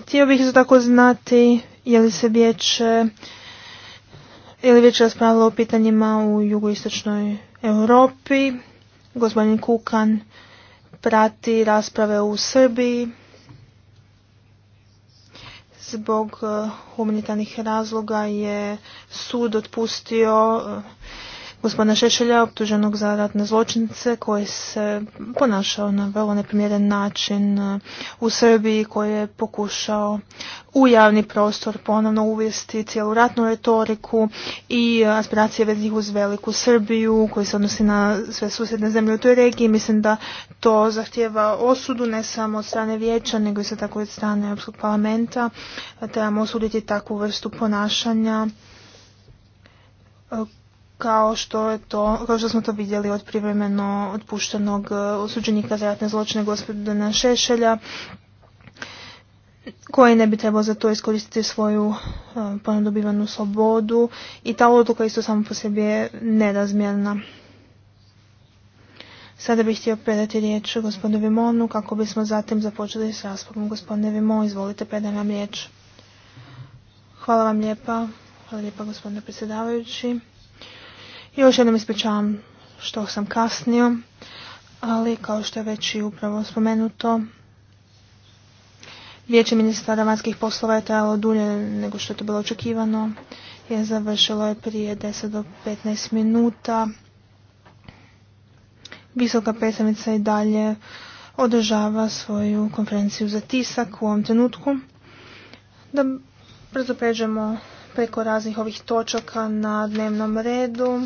Htio bih isto tako znati je li se vijeće je li već raspravljalo o pitanjima u jugoistočnoj Europi. Gospodin Kukan prati rasprave u Srbiji zbog eh, humanitarnih razloga je sud otpustio eh, gospodina Šešelja, optuženog za ratne zločince, koji se ponašao na vrlo neprimjeren način e, u Srbiji, koji je pokušao u javni prostor ponovno uvesti cijelu ratnu retoriku i aspiracije vezih uz veliku Srbiju, koji se odnosi na sve susjedne zemlje u toj regiji. Mislim da to zahtjeva osudu ne samo od strane vijeća, nego i sa tako od strane Europskog parlamenta. E, Trebamo osuditi takvu vrstu ponašanja e, kao što je to, kao što smo to vidjeli od privremeno otpuštenog e, osuđenika za ratne zločine gospodina Šešelja, koji ne bi trebao za to iskoristiti svoju e, ponadobivanu slobodu i ta odluka isto samo po sebi je nerazmjerna. Sada bih htio predati riječ gospodinu Vimonu kako bismo zatim započeli s raspravom. Gospodine Vimon, izvolite, predam vam riječ. Hvala vam lijepa. Hvala lijepa gospodine predsjedavajući. Još jednom ispričavam što sam kasnio, ali kao što je već i upravo spomenuto, Vijeće ministara vanjskih poslova je trajalo dulje nego što je to bilo očekivano. Je završilo je prije 10 do 15 minuta. Visoka predstavnica i dalje održava svoju konferenciju za tisak u ovom trenutku. Da brzo pređemo preko raznih ovih točaka na dnevnom redu.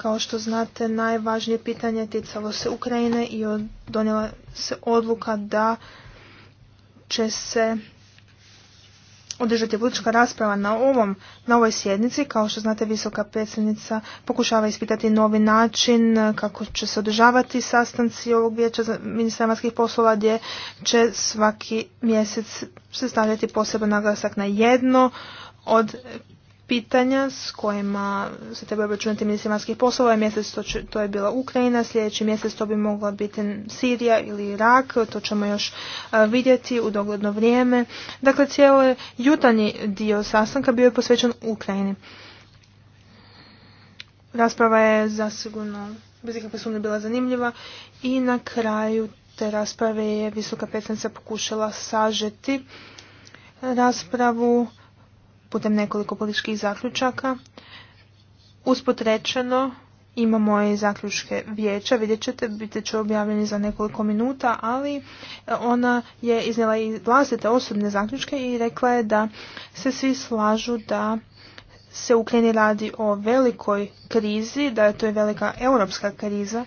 Kao što znate, najvažnije pitanje ticalo se Ukrajine i donijela se odluka da će se održati politička rasprava na, ovom, na ovoj sjednici. Kao što znate, visoka predsjednica pokušava ispitati novi način e, kako će se održavati sastanci ovog vijeća ministra vanjskih poslova gdje će svaki mjesec se stavljati poseban naglasak na jedno od pitanja s kojima se treba obračunati ministri vanjskih poslova. Mjesec to, je bila Ukrajina, sljedeći mjesec to bi mogla biti Sirija ili Irak, to ćemo još e, vidjeti u dogledno vrijeme. Dakle, cijeli jutarnji dio sastanka bio je posvećen Ukrajini. Rasprava je zasigurno bez ikakve sumnje bila zanimljiva i na kraju te rasprave je visoka predstavnica pokušala sažeti raspravu putem nekoliko političkih zaključaka. Uspotrečeno ima imamo i zaključke vijeća, vidjet ćete, biti će objavljeni za nekoliko minuta, ali e, ona je iznijela i vlastite osobne zaključke i rekla je da se svi slažu da se u Ukrajini radi o velikoj krizi, da je to je velika europska kriza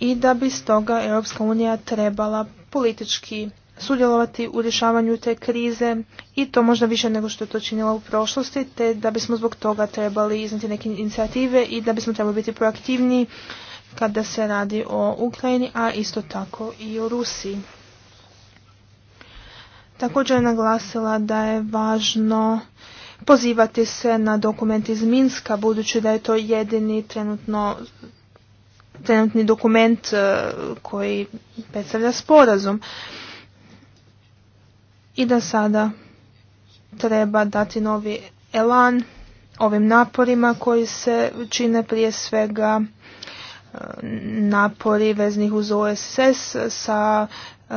i da bi stoga Europska unija trebala politički sudjelovati u rješavanju te krize i to možda više nego što je to činila u prošlosti, te da bismo zbog toga trebali iznati neke inicijative i da bismo trebali biti proaktivniji kada se radi o Ukrajini, a isto tako i o Rusiji. Također je naglasila da je važno pozivati se na dokument iz Minska, budući da je to jedini trenutno trenutni dokument eh, koji predstavlja sporazum i da sada treba dati novi elan ovim naporima koji se čine prije svega e, napori veznih uz OSS sa e,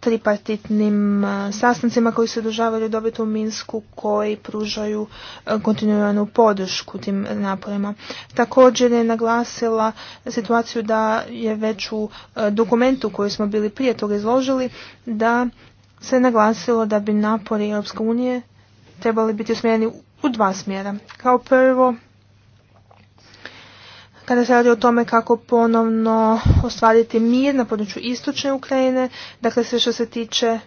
tripartitnim e, sastancima koji se održavaju dobiti u Minsku koji pružaju kontinuiranu podršku tim naporima. Također je naglasila situaciju da je već u dokumentu koji smo bili prije toga izložili da se naglasilo da bi napori Europske unije trebali biti usmjereni u dva smjera. Kao prvo, kada se radi o tome kako ponovno ostvariti mir na području istočne Ukrajine, dakle sve što se tiče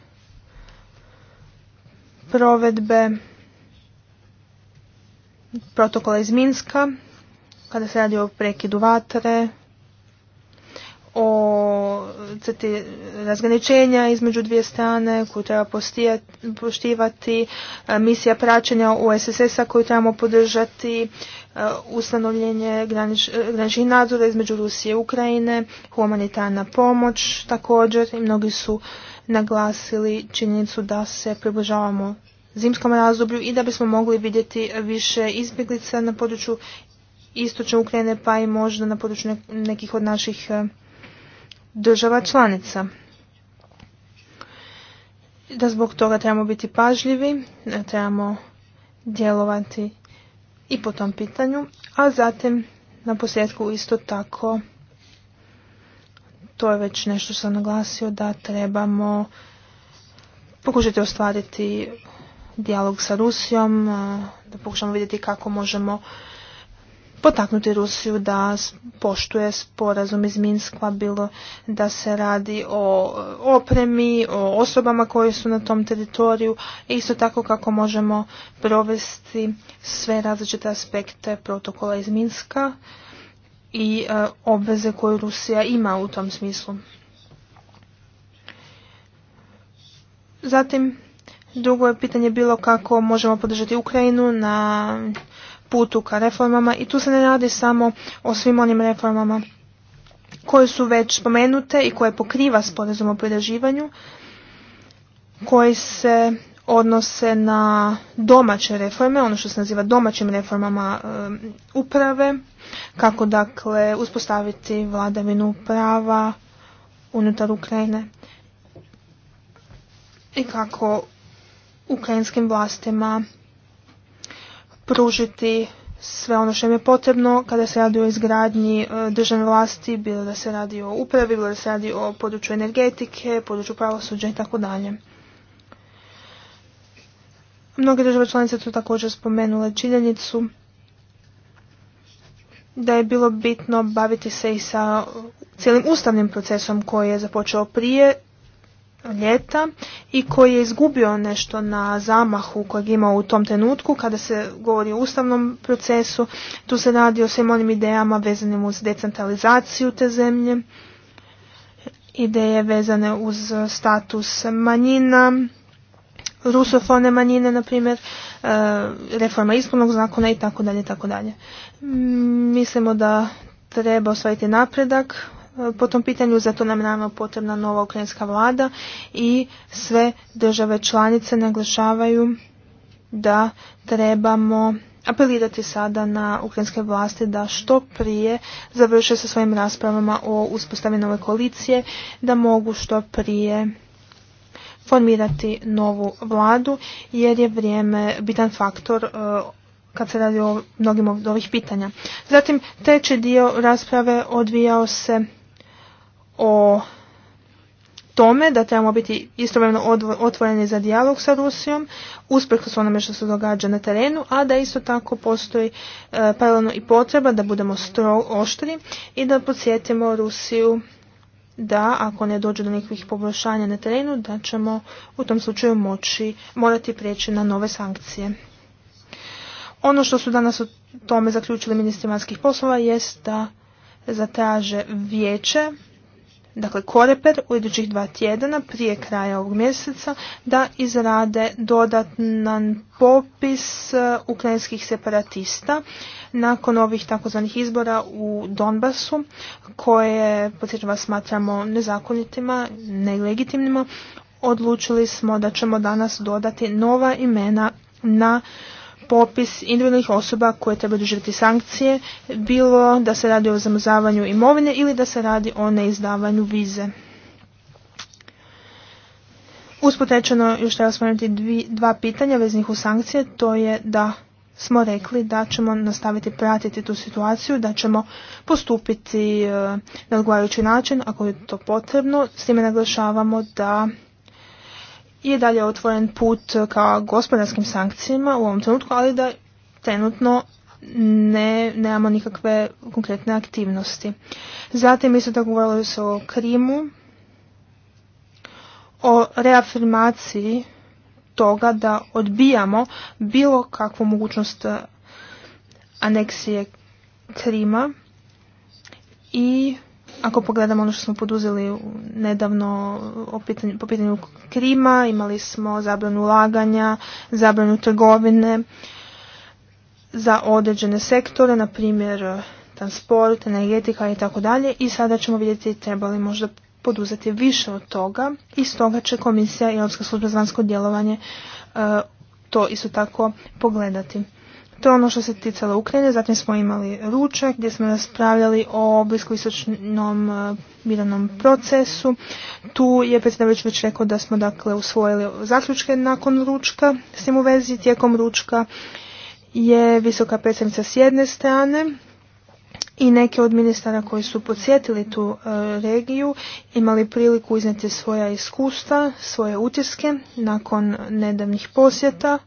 provedbe protokola iz Minska, kada se radi o prekidu vatre, o crti razgraničenja između dvije strane koju treba poštivati, e, misija praćenja sss a koju trebamo podržati, e, ustanovljenje graničnih nadzora između Rusije i Ukrajine, humanitarna pomoć također i mnogi su naglasili činjenicu da se približavamo zimskom razdoblju i da bismo mogli vidjeti više izbjeglica na području istočne Ukrajine pa i možda na području nekih od naših e, država članica. Da zbog toga trebamo biti pažljivi, trebamo djelovati i po tom pitanju, a zatim na posljedku isto tako to je već nešto što sam naglasio da trebamo pokušati ostvariti dijalog sa Rusijom, da pokušamo vidjeti kako možemo potaknuti Rusiju da poštuje sporazum iz Minskva, bilo da se radi o opremi, o osobama koje su na tom teritoriju, isto tako kako možemo provesti sve različite aspekte protokola iz Minska i e, obveze koje Rusija ima u tom smislu. Zatim, drugo je pitanje bilo kako možemo podržati Ukrajinu na putu ka reformama i tu se ne radi samo o svim onim reformama koje su već spomenute i koje pokriva sporazum o pridraživanju, koji se odnose na domaće reforme, ono što se naziva domaćim reformama uprave, kako dakle uspostaviti vladavinu prava unutar Ukrajine i kako ukrajinskim vlastima pružiti sve ono što im je potrebno kada se radi o izgradnji e, državne vlasti, bilo da se radi o upravi, bilo da se radi o području energetike, području pravosuđa i tako dalje. Mnoge države članice su također spomenule činjenicu da je bilo bitno baviti se i sa cijelim ustavnim procesom koji je započeo prije ljeta i koji je izgubio nešto na zamahu kojeg imao u tom trenutku kada se govori o ustavnom procesu. Tu se radi o svim onim idejama vezanim uz decentralizaciju te zemlje, ideje vezane uz status manjina, rusofone manjine, na primjer, e, reforma ispunog zakona i tako dalje, tako dalje. Mislimo da treba osvajiti napredak po tom pitanju, zato nam nama potrebna nova ukrajinska vlada i sve države članice naglašavaju da trebamo apelirati sada na ukrajinske vlasti da što prije završe sa svojim raspravama o uspostavi nove koalicije, da mogu što prije formirati novu vladu jer je vrijeme bitan faktor e, kad se radi o mnogim od ovih pitanja. Zatim, treći dio rasprave odvijao se o tome da trebamo biti istovremeno otvoreni za dijalog sa Rusijom, usprkos onome što se događa na terenu, a da isto tako postoji e, paralelno i potreba da budemo stro, oštri i da podsjetimo Rusiju da ako ne dođe do nekih poboljšanja na terenu, da ćemo u tom slučaju moći, morati prijeći na nove sankcije. Ono što su danas o tome zaključili ministri vanjskih poslova jest da zatraže vijeće dakle Koreper u idućih dva tjedana prije kraja ovog mjeseca da izrade dodatan popis e, ukrajinskih separatista nakon ovih takozvanih izbora u Donbasu koje, podsjećam vas, smatramo nezakonitima, nelegitimnima, odlučili smo da ćemo danas dodati nova imena na popis individualnih osoba koje trebaju doživjeti sankcije, bilo da se radi o zamrzavanju imovine ili da se radi o neizdavanju vize. Usput još treba spomenuti dva pitanja veznih u sankcije, to je da smo rekli da ćemo nastaviti pratiti tu situaciju, da ćemo postupiti eh, na odgovarajući način ako je to potrebno. S time naglašavamo da je dalje otvoren put ka gospodarskim sankcijama u ovom trenutku, ali da trenutno ne, nemamo nikakve konkretne aktivnosti. Zatim isto tako govorilo se o Krimu, o reafirmaciji toga da odbijamo bilo kakvu mogućnost e, aneksije Krima i ako pogledamo ono što smo poduzeli nedavno pitanju, po pitanju Krima, imali smo zabranu ulaganja, zabranu trgovine za određene sektore, na primjer transport, energetika i tako dalje i sada ćemo vidjeti treba li možda poduzeti više od toga i stoga će Komisija i Europska služba za vanjsko djelovanje e, to isto tako pogledati. To je ono što se ticalo Ukrajine, zatim smo imali ručak gdje smo raspravljali o bliskoistočnom e, miranom procesu. Tu je predsjedavajuć već rekao da smo dakle usvojili zaključke nakon ručka, s tim u vezi tijekom ručka je visoka predstavnica s jedne strane i neke od ministara koji su podsjetili tu e, regiju imali priliku iznijeti svoja iskustva, svoje utiske nakon nedavnih posjeta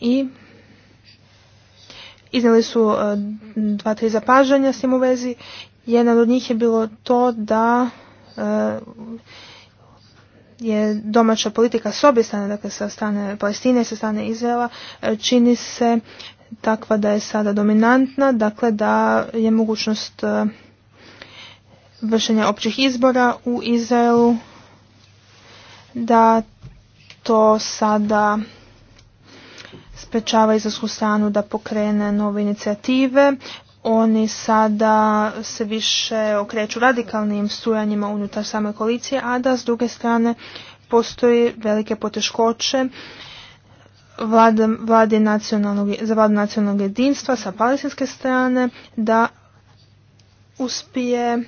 i iznijeli su e, dva, tri zapažanja s tim u vezi. Jedan od njih je bilo to da e, je domaća politika s obje dakle sa strane Palestine i sa strane Izraela, e, čini se takva da je sada dominantna, dakle da je mogućnost vršenja općih izbora u Izraelu, da to sada sprečava izlasku stranu da pokrene nove inicijative. Oni sada se više okreću radikalnim strujanjima unutar same koalicije, a da s druge strane postoji velike poteškoće vlade, za vladu nacionalnog jedinstva sa palestinske strane da uspije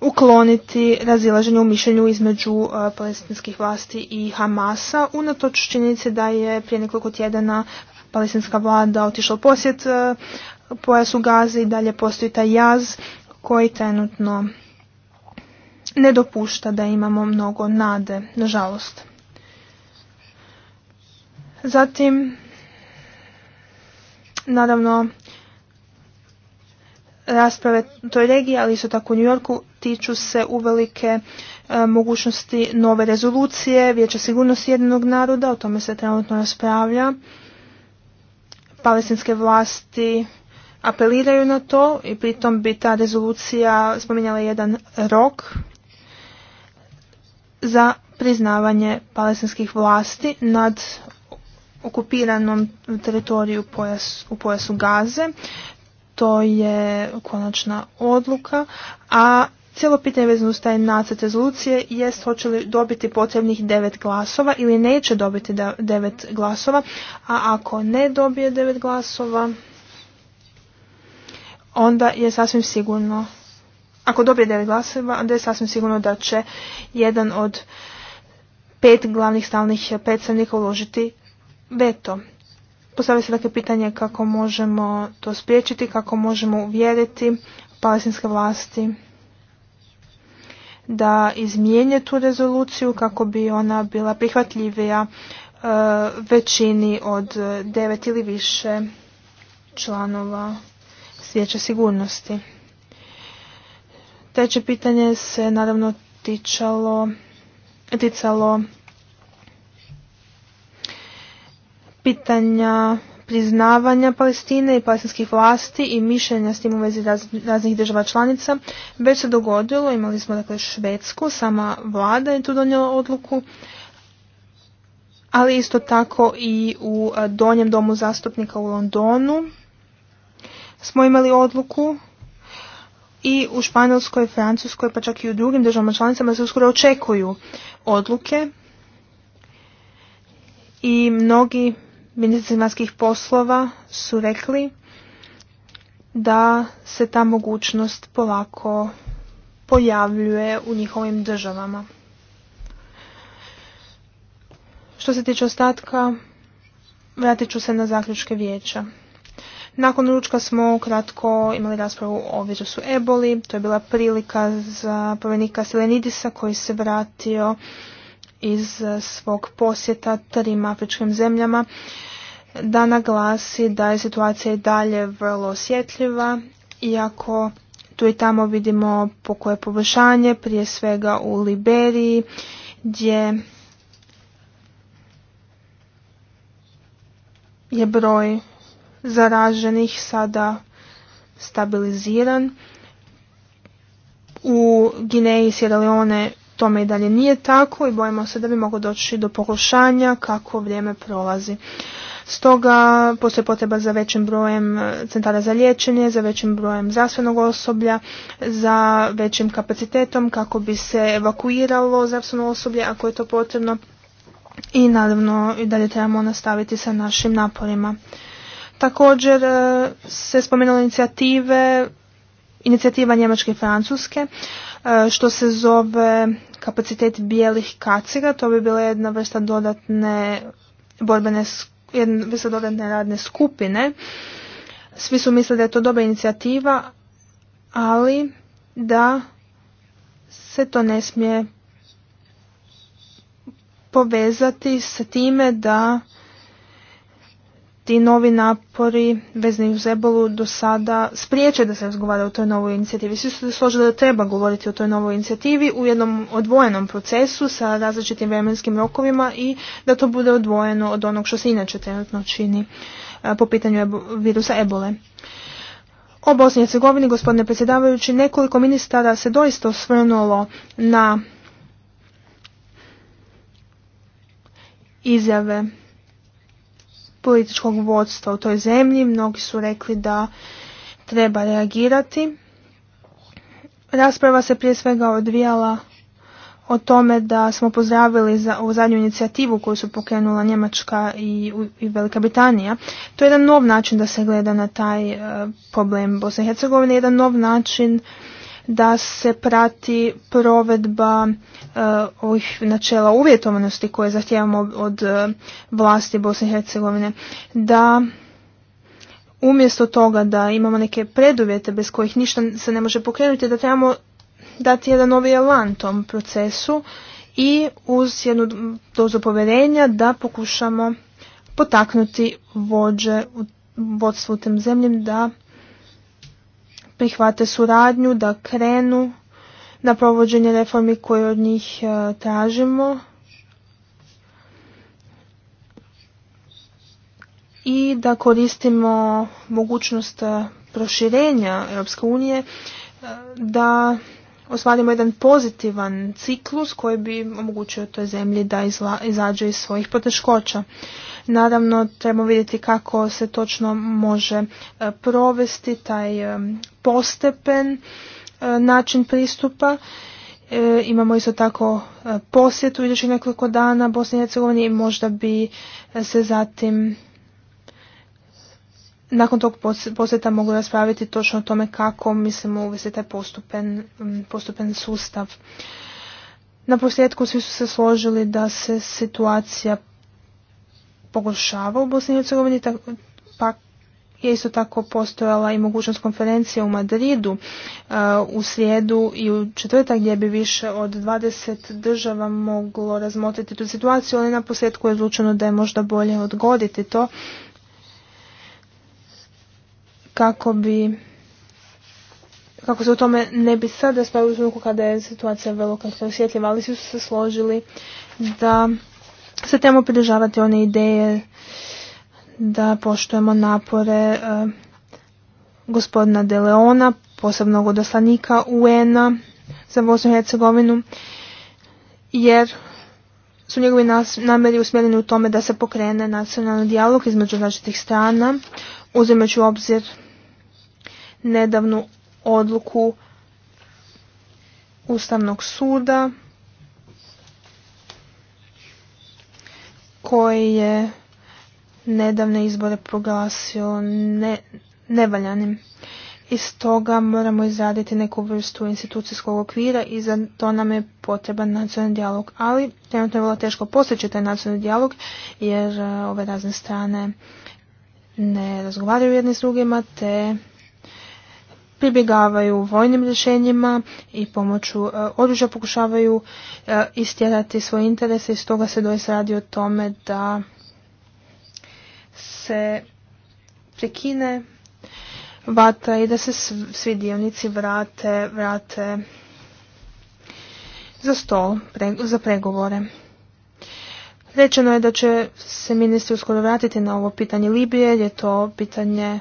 ukloniti razilaženje u mišljenju između uh, palestinskih vlasti i Hamasa, unatoč činjenice da je prije nekoliko tjedana palestinska vlada otišla u posjet uh, pojasu Gazi i dalje postoji taj jaz koji trenutno ne dopušta da imamo mnogo nade, nažalost. Zatim, naravno, rasprave toj regiji, ali isto tako u New Yorku, tiču se uvelike e, mogućnosti nove rezolucije Vijeća sigurnosti jednog naroda, o tome se trenutno raspravlja. Palestinske vlasti apeliraju na to i pritom bi ta rezolucija spominjala jedan rok za priznavanje palestinskih vlasti nad okupiranom teritoriju u pojasu Gaze. To je konačna odluka, a Cijelo pitanje vezano uz taj nacrt rezolucije jest hoće li dobiti potrebnih devet glasova ili neće dobiti devet glasova, a ako ne dobije devet glasova, onda je sasvim sigurno, ako dobije devet glasova, onda je sasvim sigurno da će jedan od pet glavnih stalnih predstavnika uložiti veto. Postavlja se dakle pitanje kako možemo to spriječiti, kako možemo uvjeriti palestinske vlasti da izmijenje tu rezoluciju kako bi ona bila prihvatljivija e, većini od devet ili više članova vijeća sigurnosti. Treće pitanje se naravno tičalo, ticalo pitanja priznavanja Palestine i palestinskih vlasti i mišljenja s tim u vezi raznih država članica već se dogodilo, imali smo dakle Švedsku, sama vlada je tu donijela odluku, ali isto tako i u e, Donjem domu zastupnika u Londonu smo imali odluku i u Španjolskoj, Francuskoj pa čak i u drugim državama članicama se uskoro očekuju odluke i mnogi ministri vanjskih poslova su rekli da se ta mogućnost polako pojavljuje u njihovim državama. Što se tiče ostatka, vratit ću se na zaključke vijeća. Nakon ručka smo kratko imali raspravu o su eboli. To je bila prilika za povenika Selenidisa koji se vratio iz svog posjeta trim afričkim zemljama da naglasi da je situacija i dalje vrlo osjetljiva, iako tu i tamo vidimo pokoje poboljšanje, prije svega u Liberiji, gdje je broj zaraženih sada stabiliziran. U Gineji i Leone tome i dalje nije tako i bojimo se da bi moglo doći do pogoršanja kako vrijeme prolazi. Stoga postoji potreba za većim brojem e, centara za liječenje, za većim brojem zdravstvenog osoblja, za većim kapacitetom kako bi se evakuiralo zdravstveno osoblje ako je to potrebno i naravno i dalje trebamo nastaviti sa našim naporima. Također e, se spomenule inicijative, inicijativa Njemačke i Francuske E, što se zove kapacitet bijelih kaciga To bi bila jedna vrsta dodatne borbene jedna vrsta dodatne radne skupine. Svi su mislili da je to dobra inicijativa, ali da se to ne smije povezati sa time da ti novi napori vezni uz ebolu do sada spriječe da se razgovara o toj novoj inicijativi. Svi su se složili da treba govoriti o toj novoj inicijativi u jednom odvojenom procesu sa različitim vremenskim rokovima i da to bude odvojeno od onog što se inače trenutno čini e, po pitanju virusa ebole. O Bosni i Hercegovini, gospodine predsjedavajući, nekoliko ministara se doista osvrnulo na izjave političkog vodstva u toj zemlji. Mnogi su rekli da treba reagirati. Rasprava se prije svega odvijala o tome da smo pozdravili za, ovu zadnju inicijativu koju su pokrenula Njemačka i, i Velika Britanija. To je jedan nov način da se gleda na taj eh, problem Bosne i Hercegovine, jedan nov način da se prati provedba e, ovih načela uvjetovanosti koje zahtijevamo od, e, vlasti Bosne i Hercegovine, da umjesto toga da imamo neke preduvjete bez kojih ništa se ne može pokrenuti, da trebamo dati jedan novi elan tom procesu i uz jednu dozu povjerenja da pokušamo potaknuti vođe u vodstvu tem zemljem da prihvate suradnju, da krenu na provođenje reformi koje od njih e, tražimo. I da koristimo mogućnost e, proširenja Europske unije e, da ostvarimo jedan pozitivan ciklus koji bi omogućio toj zemlji da izla, izađe iz svojih poteškoća. Naravno, trebamo vidjeti kako se točno može e, provesti taj e, postepen e, način pristupa. Imamo isto tako posjet u idućih nekoliko dana Bosne i Hercegovine i možda bi se zatim nakon tog posjeta mogu raspraviti točno o tome kako mislimo uvesti taj postupen, postupen sustav. Na posljedku svi su se složili da se situacija pogoršava u Bosni i Hercegovini, pa je isto tako postojala i mogućnost konferencije u Madridu e, u srijedu i u četvrtak gdje bi više od 20 država moglo razmotriti tu situaciju, ali na posljedku je odlučeno da je možda bolje odgoditi to kako bi kako se u tome ne bi sada spavili u trenutku kada je situacija vrlo osjetljiva, ali su se složili da se trebamo pridržavati one ideje da poštujemo napore eh, gospodina De Leona, posebnog odoslanika UN-a za Bosnu i Hercegovinu, jer su njegovi namjeri usmjereni u tome da se pokrene nacionalni dijalog između različitih strana, uzimajući u obzir nedavnu odluku Ustavnog suda koji je nedavne izbore proglasio nevaljanim. I stoga moramo izraditi neku vrstu institucijskog okvira i za to nam je potreban nacionalni dijalog. Ali trenutno je vrlo teško posjeći taj nacionalni dijalog jer eh, ove razne strane ne razgovaraju jedni s drugima te pribjegavaju vojnim rješenjima i pomoću e, oružja pokušavaju e, istjerati svoje interese i stoga se doista radi o tome da se prekine vata i da se svi dionici vrate, vrate za stol za pregovore. Rečeno je da će se ministri uskoro vratiti na ovo pitanje Libije, jer je to pitanje e,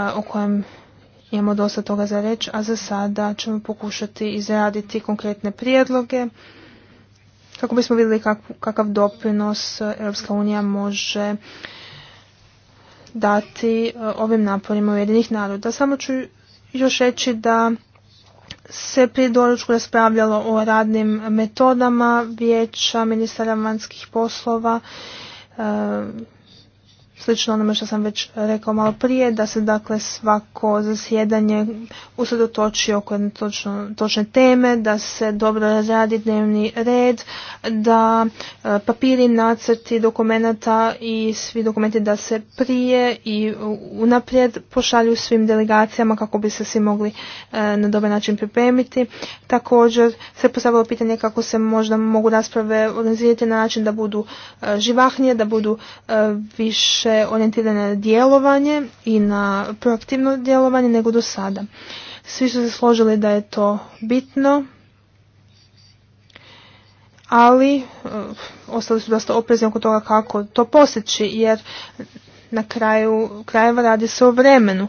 o kojem Imamo dosta toga za reći, a za sada ćemo pokušati izraditi konkretne prijedloge kako bismo vidjeli kakav doprinos e, Europska unija može dati e, ovim naporima Ujedinih naroda. Samo ću još reći da se prije doručku raspravljalo o radnim metodama vijeća ministara vanjskih poslova. E, slično onome što sam već rekao malo prije, da se dakle svako zasjedanje usredotoči oko točno, točne teme, da se dobro razradi dnevni red, da e, papiri, nacrti dokumenata i svi dokumenti da se prije i unaprijed pošalju svim delegacijama kako bi se svi mogli e, na dobar način pripremiti. Također se postavilo pitanje kako se možda mogu rasprave organizirati na način da budu e, živahnije, da budu više orijentirane na djelovanje i na proaktivno djelovanje nego do sada. Svi su se složili da je to bitno, ali e, ostali su dosta oprezni oko toga kako to postići, jer na kraju krajeva radi se o vremenu.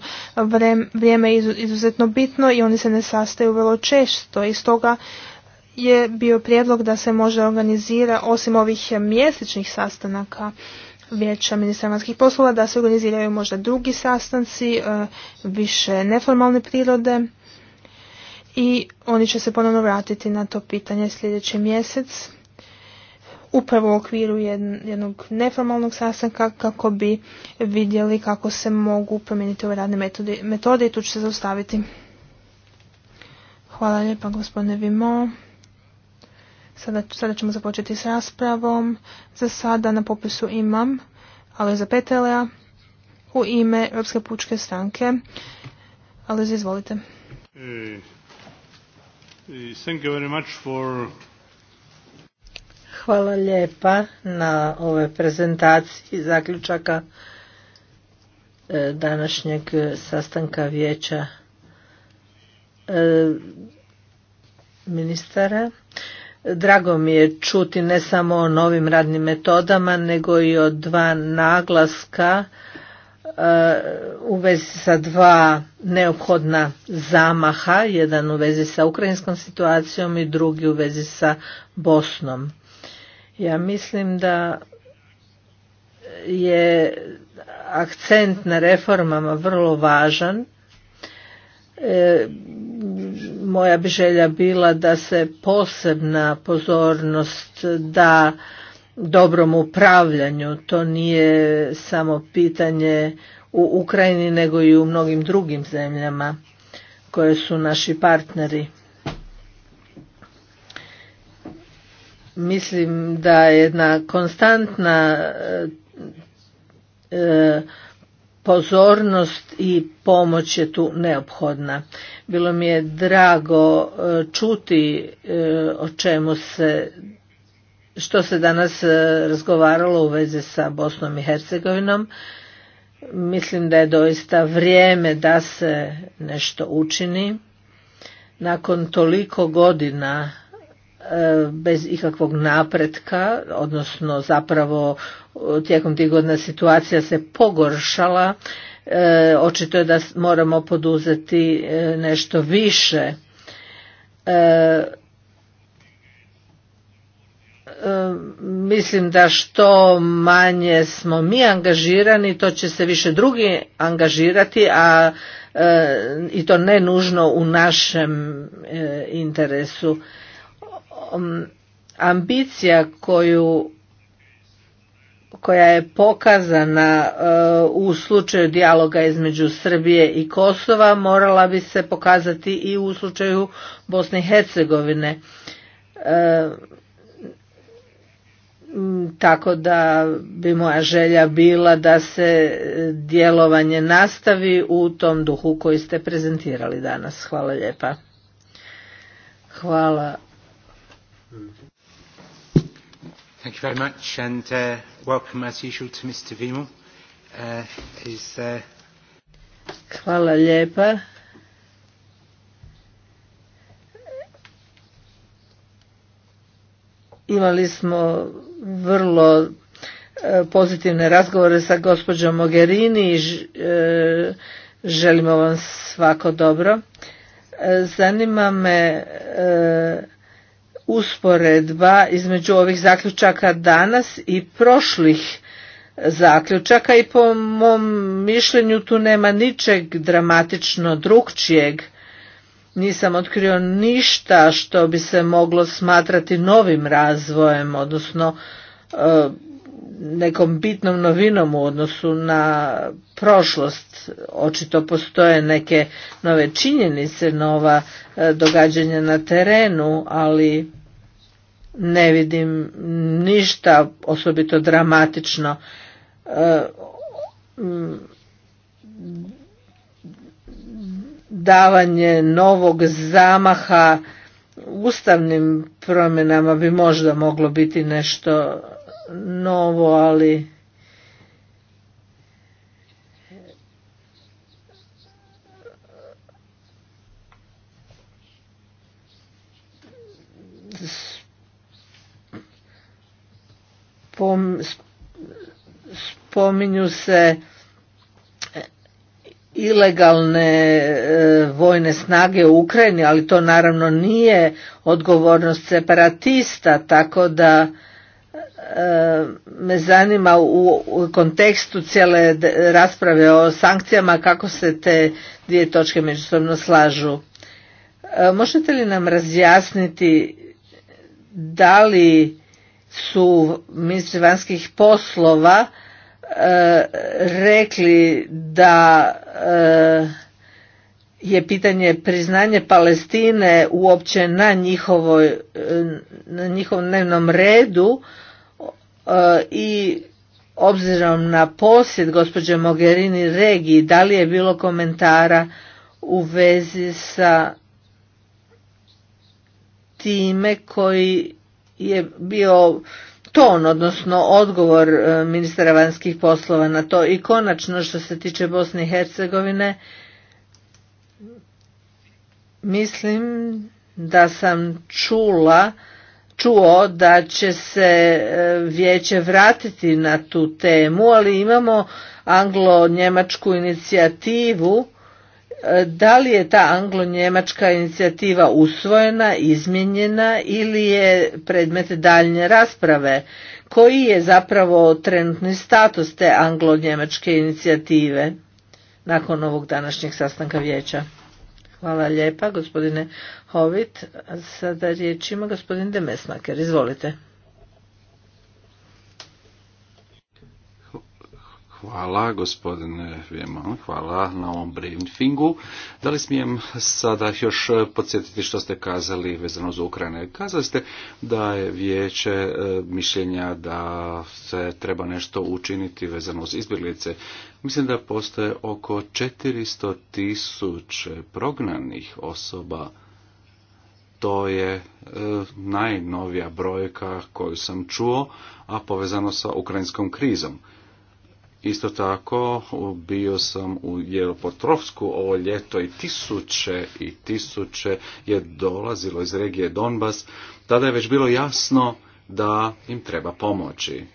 Vrijeme je izuzetno bitno i oni se ne sastaju vrlo često i stoga je bio prijedlog da se može organizira osim ovih mjesečnih sastanaka vijeća ministra vanjskih poslova da se organiziraju možda drugi sastanci, e, više neformalne prirode i oni će se ponovno vratiti na to pitanje sljedeći mjesec upravo u okviru jednog neformalnog sastanka kako bi vidjeli kako se mogu promijeniti ove radne metode, i tu će se zaustaviti. Hvala lijepa gospodine Vimo. Sada, sada ćemo započeti s raspravom. Za sada na popisu imam Aleza Petelea u ime Europske pučke stranke. Aleza, izvolite. Eh, eh, Hvala lijepa na ove prezentaciji zaključaka eh, današnjeg sastanka vijeća ministara. Drago mi je čuti ne samo o novim radnim metodama, nego i o dva naglaska e, u vezi sa dva neophodna zamaha, jedan u vezi sa ukrajinskom situacijom i drugi u vezi sa Bosnom. Ja mislim da je akcent na reformama vrlo važan. E, moja bi želja bila da se posebna pozornost da dobrom upravljanju. To nije samo pitanje u Ukrajini nego i u mnogim drugim zemljama koje su naši partneri. Mislim da je jedna konstantna e, e, pozornost i pomoć je tu neophodna. Bilo mi je drago e, čuti e, o čemu se što se danas e, razgovaralo u vezi sa Bosnom i Hercegovinom. Mislim da je doista vrijeme da se nešto učini. Nakon toliko godina bez ikakvog napretka, odnosno zapravo tijekom tih godina situacija se pogoršala e, očito je da moramo poduzeti e, nešto više e, mislim da što manje smo mi angažirani to će se više drugi angažirati a i to ne nužno u našem interesu ambicija koju koja je pokazana e, u slučaju dijaloga između Srbije i Kosova morala bi se pokazati i u slučaju Bosne i Hercegovine. E, tako da bi moja želja bila da se djelovanje nastavi u tom duhu koji ste prezentirali danas. Hvala lijepa. Hvala Thank you very much and uh, welcome as usual to Mr. Vimal. Uh, his, uh... Hvala lijepa. Imali smo vrlo e, pozitivne razgovore sa gospođom Mogherini i e, želimo vam svako dobro. E, zanima me usporedba između ovih zaključaka danas i prošlih zaključaka i po mom mišljenju tu nema ničeg dramatično drugčijeg. Nisam otkrio ništa što bi se moglo smatrati novim razvojem, odnosno e, nekom bitnom novinom u odnosu na prošlost. Očito postoje neke nove činjenice, nova e, događanja na terenu, ali ne vidim ništa osobito dramatično. E, davanje novog zamaha ustavnim promjenama bi možda moglo biti nešto novo, ali spom, spominju se ilegalne e, vojne snage u Ukrajini, ali to naravno nije odgovornost separatista, tako da e, me zanima u kontekstu cijele rasprave o sankcijama kako se te dvije točke međusobno slažu. E, možete li nam razjasniti da li su ministri vanjskih poslova e, rekli da e, je pitanje priznanje Palestine uopće na, njihovoj, na njihovom dnevnom redu e, i obzirom na posjet gospođe Mogherini regiji, da li je bilo komentara u vezi sa time koji je bio ton, odnosno odgovor e, ministra vanjskih poslova na to i konačno što se tiče Bosne i Hercegovine, mislim da sam čula, čuo da će se e, vijeće vratiti na tu temu, ali imamo anglo-njemačku inicijativu da li je ta anglo-njemačka inicijativa usvojena, izmjenjena ili je predmet daljnje rasprave? Koji je zapravo trenutni status te anglo-njemačke inicijative nakon ovog današnjeg sastanka vijeća? Hvala lijepa, gospodine Hovit. Sada riječ ima gospodin Demesmaker. Izvolite. Hvala gospodine Vjeman, hvala na ovom briefingu. Da li smijem sada još podsjetiti što ste kazali vezano za Ukrajine? Kazali ste da je vijeće e, mišljenja da se treba nešto učiniti vezano uz izbjeglice. Mislim da postoje oko 400 tisuće prognanih osoba to je e, najnovija brojka koju sam čuo, a povezano sa ukrajinskom krizom. Isto tako bio sam u jelopotrovsku ovo ljeto i tisuće i tisuće je dolazilo iz regije Donbas. Tada je već bilo jasno da im treba pomoći. E,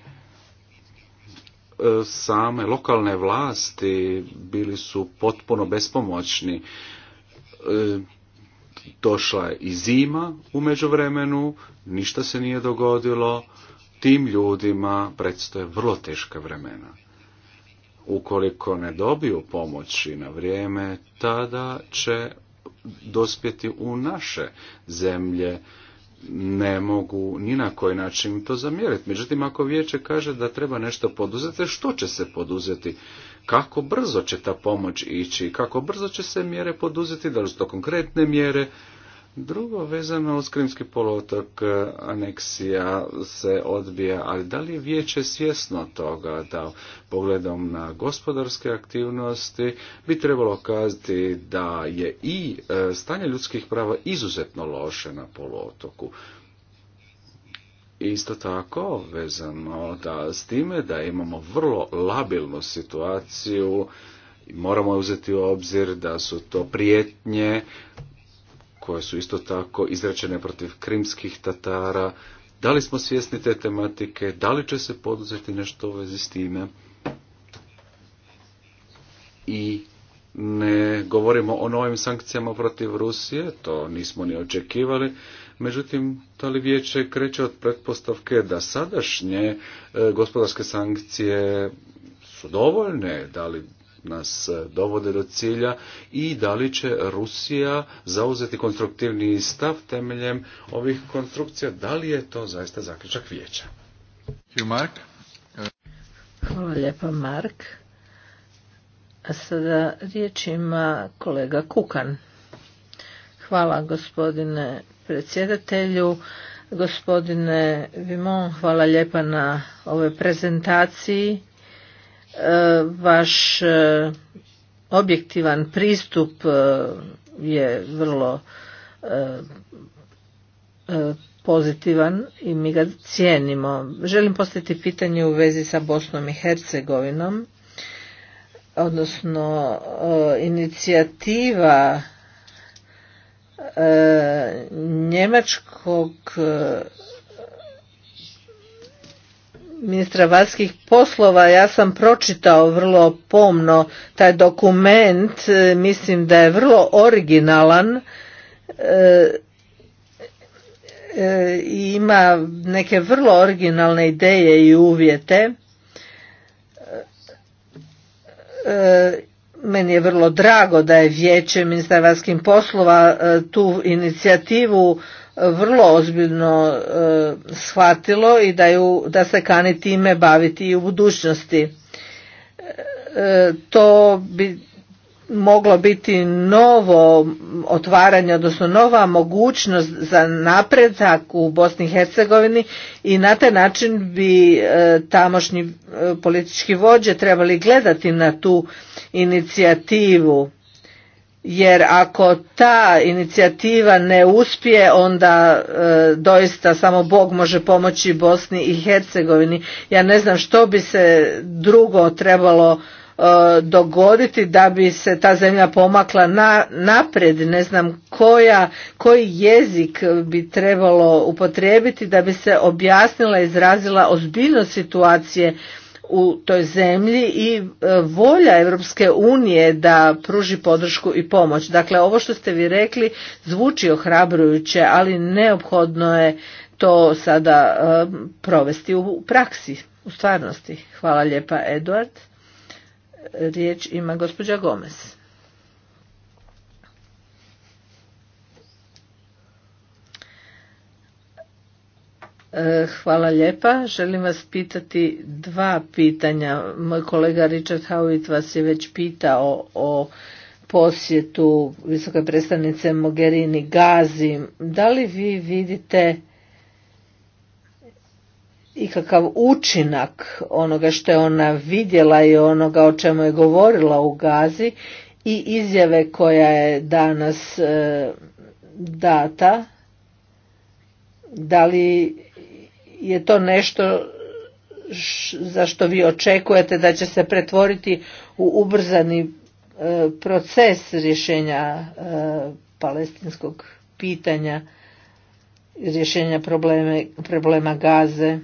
same lokalne vlasti bili su potpuno bespomoćni. E, došla je i zima u međuvremenu, ništa se nije dogodilo. Tim ljudima predstoje vrlo teška vremena ukoliko ne dobiju pomoći na vrijeme, tada će dospjeti u naše zemlje ne mogu ni na koji način to zamjeriti. Međutim, ako vijeće kaže da treba nešto poduzeti, što će se poduzeti? Kako brzo će ta pomoć ići? Kako brzo će se mjere poduzeti? Da li su to konkretne mjere? Drugo, vezano uz Krimski poluotok, e, aneksija se odbija, ali da li je vijeće svjesno toga da pogledom na gospodarske aktivnosti bi trebalo kazati da je i e, stanje ljudskih prava izuzetno loše na poluotoku? Isto tako, vezano da s time da imamo vrlo labilnu situaciju, moramo uzeti u obzir da su to prijetnje koje su isto tako izrečene protiv krimskih tatara. Da li smo svjesni te tematike? Da li će se poduzeti nešto u vezi s time? I ne govorimo o novim sankcijama protiv Rusije, to nismo ni očekivali. Međutim, da li vijeće kreće od pretpostavke da sadašnje e, gospodarske sankcije su dovoljne, da li nas e, dovode do cilja i da li će Rusija zauzeti konstruktivni stav temeljem ovih konstrukcija, da li je to zaista zaključak vijeća. Hvala lijepa Mark. A sada riječ ima kolega Kukan. Hvala gospodine predsjedatelju. Gospodine Vimon, hvala lijepa na ovoj prezentaciji E, vaš e, objektivan pristup e, je vrlo pozitivan i mi ga cijenimo. Želim postaviti pitanje u vezi sa Bosnom i Hercegovinom, odnosno inicijativa njemačkog ministra vanjskih poslova ja sam pročitao vrlo pomno taj dokument e, mislim da je vrlo originalan i e, e, ima neke vrlo originalne ideje i uvjete meni je vrlo drago da je vijeće ministra vanjskih poslova tu inicijativu vrlo ozbiljno e, shvatilo i da, ju, da se kani time baviti i u budućnosti. E, to bi moglo biti novo otvaranje, odnosno nova mogućnost za napredak u Bosni i Hercegovini i na taj način bi e, tamošnji politički vođe trebali gledati na tu inicijativu jer ako ta inicijativa ne uspije onda e, doista samo Bog može pomoći Bosni i Hercegovini. Ja ne znam što bi se drugo trebalo e, dogoditi da bi se ta zemlja pomakla na, napred. Ne znam koja, koji jezik bi trebalo upotrijebiti da bi se objasnila i izrazila ozbiljnost situacije u toj zemlji i e, volja Europske unije da pruži podršku i pomoć. Dakle, ovo što ste vi rekli zvuči ohrabrujuće, ali neophodno je to sada e, provesti u praksi, u stvarnosti. Hvala lijepa, Eduard. Riječ ima gospođa Gomez. E, hvala lijepa. Želim vas pitati dva pitanja. Moj kolega Richard Howitt vas je već pitao o posjetu visoke predstavnice Mogherini Gazi. Da li vi vidite ikakav učinak onoga što je ona vidjela i onoga o čemu je govorila u Gazi i izjave koja je danas e, data? Da li je to nešto za što vi očekujete da će se pretvoriti u ubrzani e, proces rješenja e, palestinskog pitanja, rješenja problema Gaze.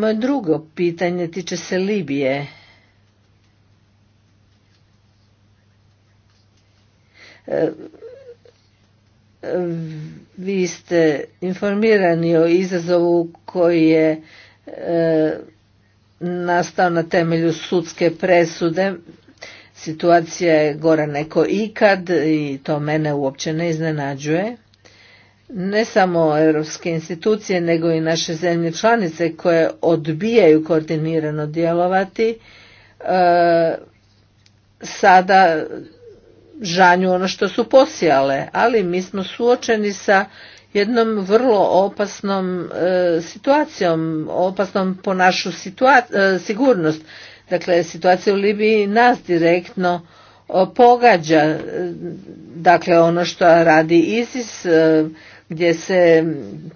Moje drugo pitanje tiče se Libije. E, vi ste informirani o izazovu koji je e, nastao na temelju sudske presude. Situacija je gora neko ikad i to mene uopće ne iznenađuje ne samo europske institucije nego i naše zemlje članice koje odbijaju koordinirano djelovati e, sada žanju ono što su posijale ali mi smo suočeni sa jednom vrlo opasnom e, situacijom opasnom po našu e, sigurnost dakle situacija u libiji nas direktno pogađa dakle ono što radi isis gdje se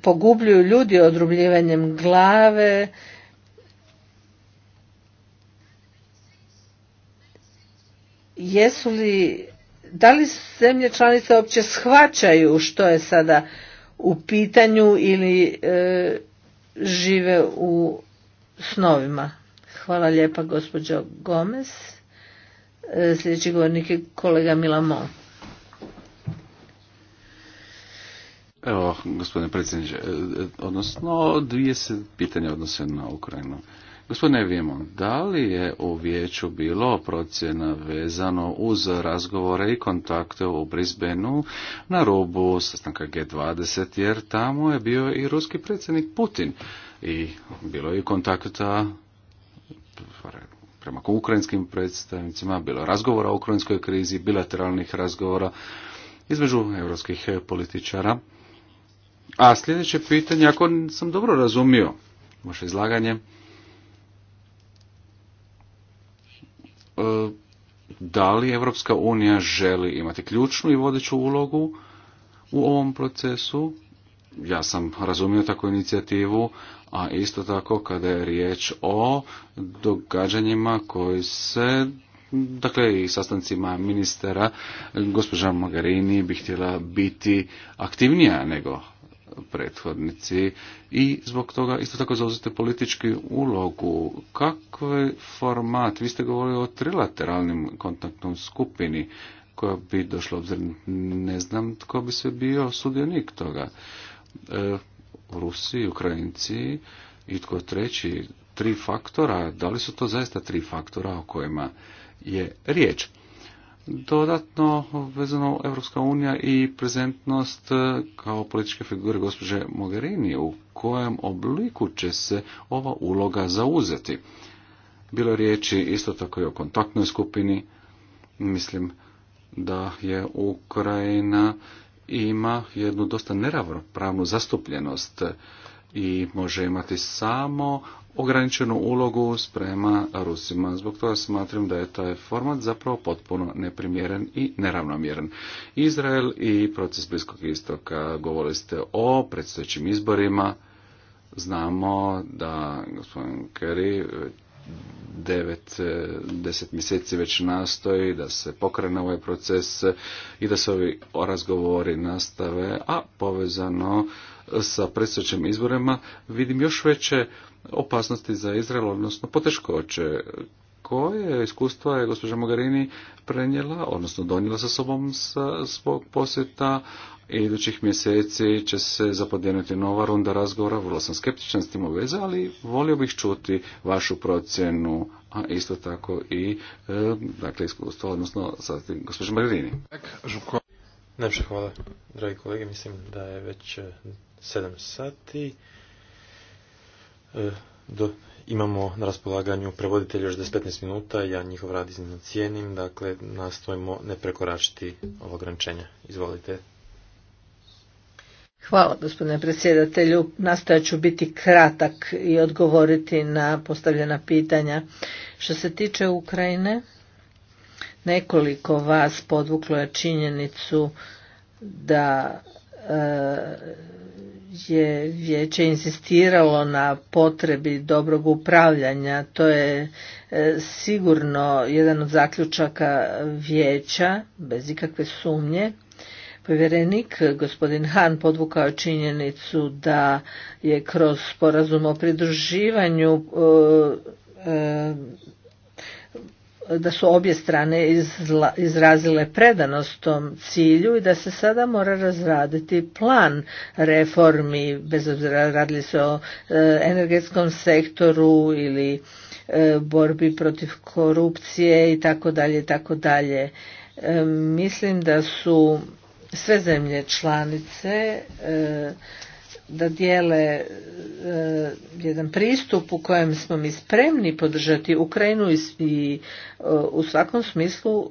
pogubljuju ljudi odrubljivanjem glave jesu li da li zemlje članice uopće shvaćaju što je sada u pitanju ili e, žive u snovima hvala lijepa gospođo Gomez e, sljedeći govornik je kolega Milamo. Evo, gospodine predsjedniče, e, e, odnosno dvije se pitanja odnose na Ukrajinu. Gospodine vijemo, da li je u vijeću bilo procjena vezano uz razgovore i kontakte u Brisbaneu na rubu sastanka G20, jer tamo je bio i ruski predsjednik Putin i bilo je i kontakta prema ukrajinskim predstavnicima, bilo razgovora o ukrajinskoj krizi, bilateralnih razgovora između europskih političara a sljedeće pitanje, ako sam dobro razumio vaše izlaganje, e, da li Evropska unija želi imati ključnu i vodeću ulogu u ovom procesu? Ja sam razumio takvu inicijativu, a isto tako kada je riječ o događanjima koji se dakle i sastancima ministera, gospođa Magarini bi htjela biti aktivnija nego prethodnici i zbog toga isto tako zauzete politički ulogu. Kakvi format? Vi ste govorili o trilateralnim kontaktnom skupini koja bi došla obzir. Ne znam tko bi se bio sudionik toga. E, Rusi, Ukrajinci i tko treći, tri faktora, da li su to zaista tri faktora o kojima je riječ? Dodatno, vezano Evropska unija i prezentnost e, kao političke figure gospođe Mogherini, u kojem obliku će se ova uloga zauzeti. Bilo je riječi isto tako i o kontaktnoj skupini. Mislim da je Ukrajina ima jednu dosta neravnopravnu zastupljenost i može imati samo ograničenu ulogu sprema Rusima. Zbog toga smatram da je taj format zapravo potpuno neprimjeren i neravnomjeren. Izrael i proces Bliskog istoka govorili ste o predstojećim izborima. Znamo da gospodin Kerry devet, deset mjeseci već nastoji da se pokrene ovaj proces i da se ovi razgovori nastave, a povezano sa predstojećim izborima vidim još veće opasnosti za Izrael, odnosno poteškoće koje iskustva je gospođa Mogherini prenijela, odnosno donijela sa sobom sa svog posjeta. Idućih mjeseci će se zapodijenuti nova runda razgovora, vrlo sam skeptičan s tim u ali volio bih čuti vašu procjenu, a isto tako i e, dakle, iskustva, odnosno sa gospođa Mogherini. hvala, dragi kolege, mislim da je već 7 sati. E, do, imamo na raspolaganju prevoditelja još 10-15 minuta, ja njihov rad iznimno cijenim, dakle nastojimo ne prekoračiti ovo ograničenje. Izvolite. Hvala gospodine predsjedatelju. Nastojat ću biti kratak i odgovoriti na postavljena pitanja. Što se tiče Ukrajine, nekoliko vas podvuklo je činjenicu da e, je vijeće insistiralo na potrebi dobrog upravljanja. To je e, sigurno jedan od zaključaka vijeća, bez ikakve sumnje. Povjerenik gospodin Han podvukao činjenicu da je kroz sporazum o pridruživanju e, e, da su obje strane izrazile predanost tom cilju i da se sada mora razraditi plan reformi, bez obzira radili se o e, energetskom sektoru ili e, borbi protiv korupcije i tako dalje i tako dalje. E, mislim da su sve zemlje članice da dijele e, jedan pristup u kojem smo mi spremni podržati Ukrajinu i, e, u svakom smislu e,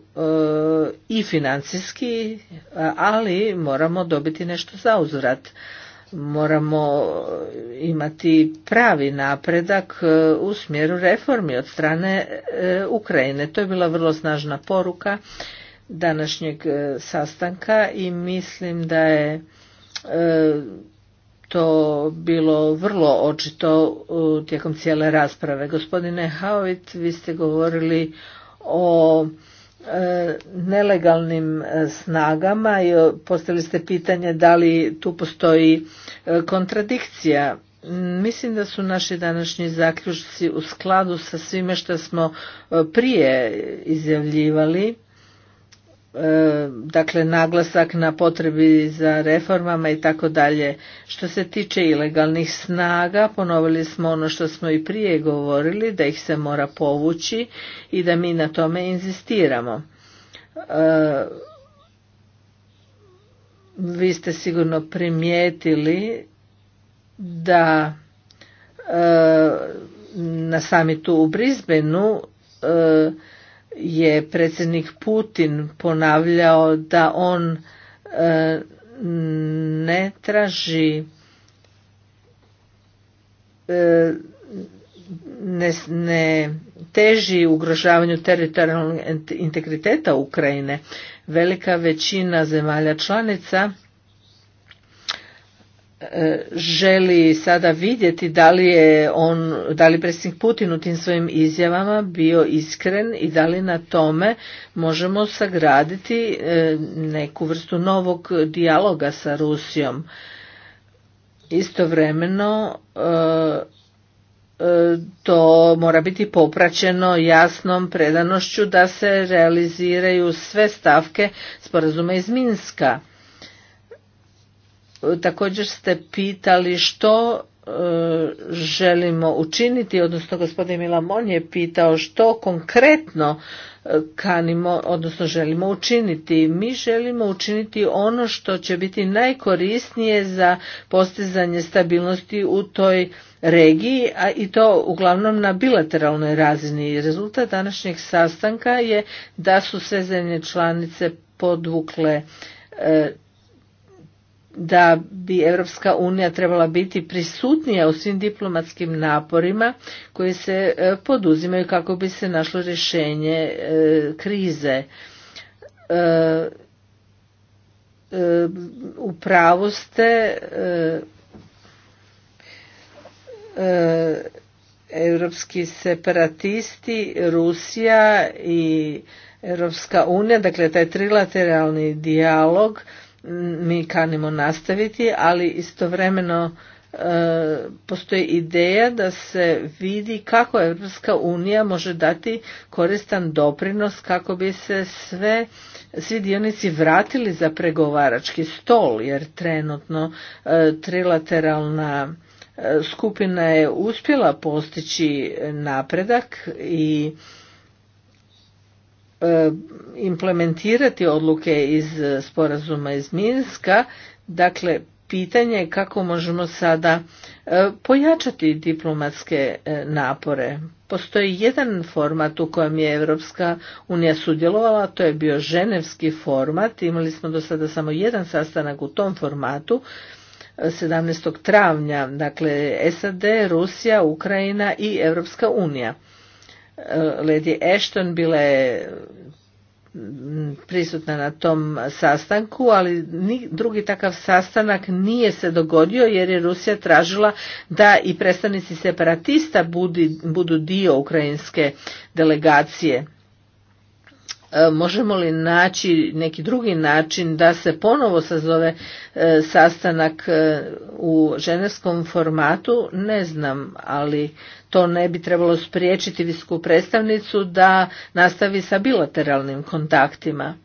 i financijski, ali moramo dobiti nešto za uzvrat. Moramo imati pravi napredak u smjeru reformi od strane Ukrajine. To je bila vrlo snažna poruka današnjeg sastanka i mislim da je to bilo vrlo očito tijekom cijele rasprave. Gospodine Howitt, vi ste govorili o e, nelegalnim e, snagama i postavili ste pitanje da li tu postoji e, kontradikcija. Mislim da su naši današnji zaključci u skladu sa svime što smo prije izjavljivali E, dakle naglasak na potrebi za reformama i tako dalje. Što se tiče ilegalnih snaga, ponovili smo ono što smo i prije govorili, da ih se mora povući i da mi na tome inzistiramo. E, vi ste sigurno primijetili da e, na samitu u Brisbaneu je predsjednik Putin ponavljao da on e, ne traži e, ne, ne teži ugrožavanju teritorijalnog integriteta Ukrajine. Velika većina zemalja članica želi sada vidjeti da li je on, da li predsjednik Putin u tim svojim izjavama bio iskren i da li na tome možemo sagraditi e, neku vrstu novog dijaloga sa Rusijom. Istovremeno e, e, to mora biti popraćeno jasnom predanošću da se realiziraju sve stavke sporazuma iz Minska Također ste pitali što e, želimo učiniti, odnosno gospodin Milamon je pitao što konkretno e, kanimo, odnosno želimo učiniti. Mi želimo učiniti ono što će biti najkorisnije za postizanje stabilnosti u toj regiji, a i to uglavnom na bilateralnoj razini. Rezultat današnjeg sastanka je da su sve zemlje članice podvukle e, da bi Europska unija trebala biti prisutnija u svim diplomatskim naporima koji se e, poduzimaju kako bi se našlo rješenje e, krize. E, u pravu ste europski separatisti, Rusija i Europska unija, dakle taj trilateralni dijalog mi kanimo nastaviti, ali istovremeno e, postoji ideja da se vidi kako Europska unija može dati koristan doprinos kako bi se sve svi dionici vratili za pregovarački stol jer trenutno e, trilateralna e, skupina je uspjela postići napredak i E, implementirati odluke iz sporazuma iz Minska, dakle pitanje je kako možemo sada e, pojačati diplomatske e, napore. Postoji jedan format u kojem je Evropska unija sudjelovala, to je bio ženevski format, imali smo do sada samo jedan sastanak u tom formatu, 17. travnja, dakle SAD, Rusija, Ukrajina i Europska unija. Eh, Lady Ashton bila je mm, prisutna na tom sastanku, ali ni, drugi takav sastanak nije se dogodio jer je Rusija tražila da i predstavnici separatista budu dio ukrajinske delegacije. Eh, možemo li naći neki drugi način da se ponovo sazove eh, sastanak u ženevskom formatu? Ne znam, ali to ne bi trebalo spriječiti visku predstavnicu da nastavi sa bilateralnim kontaktima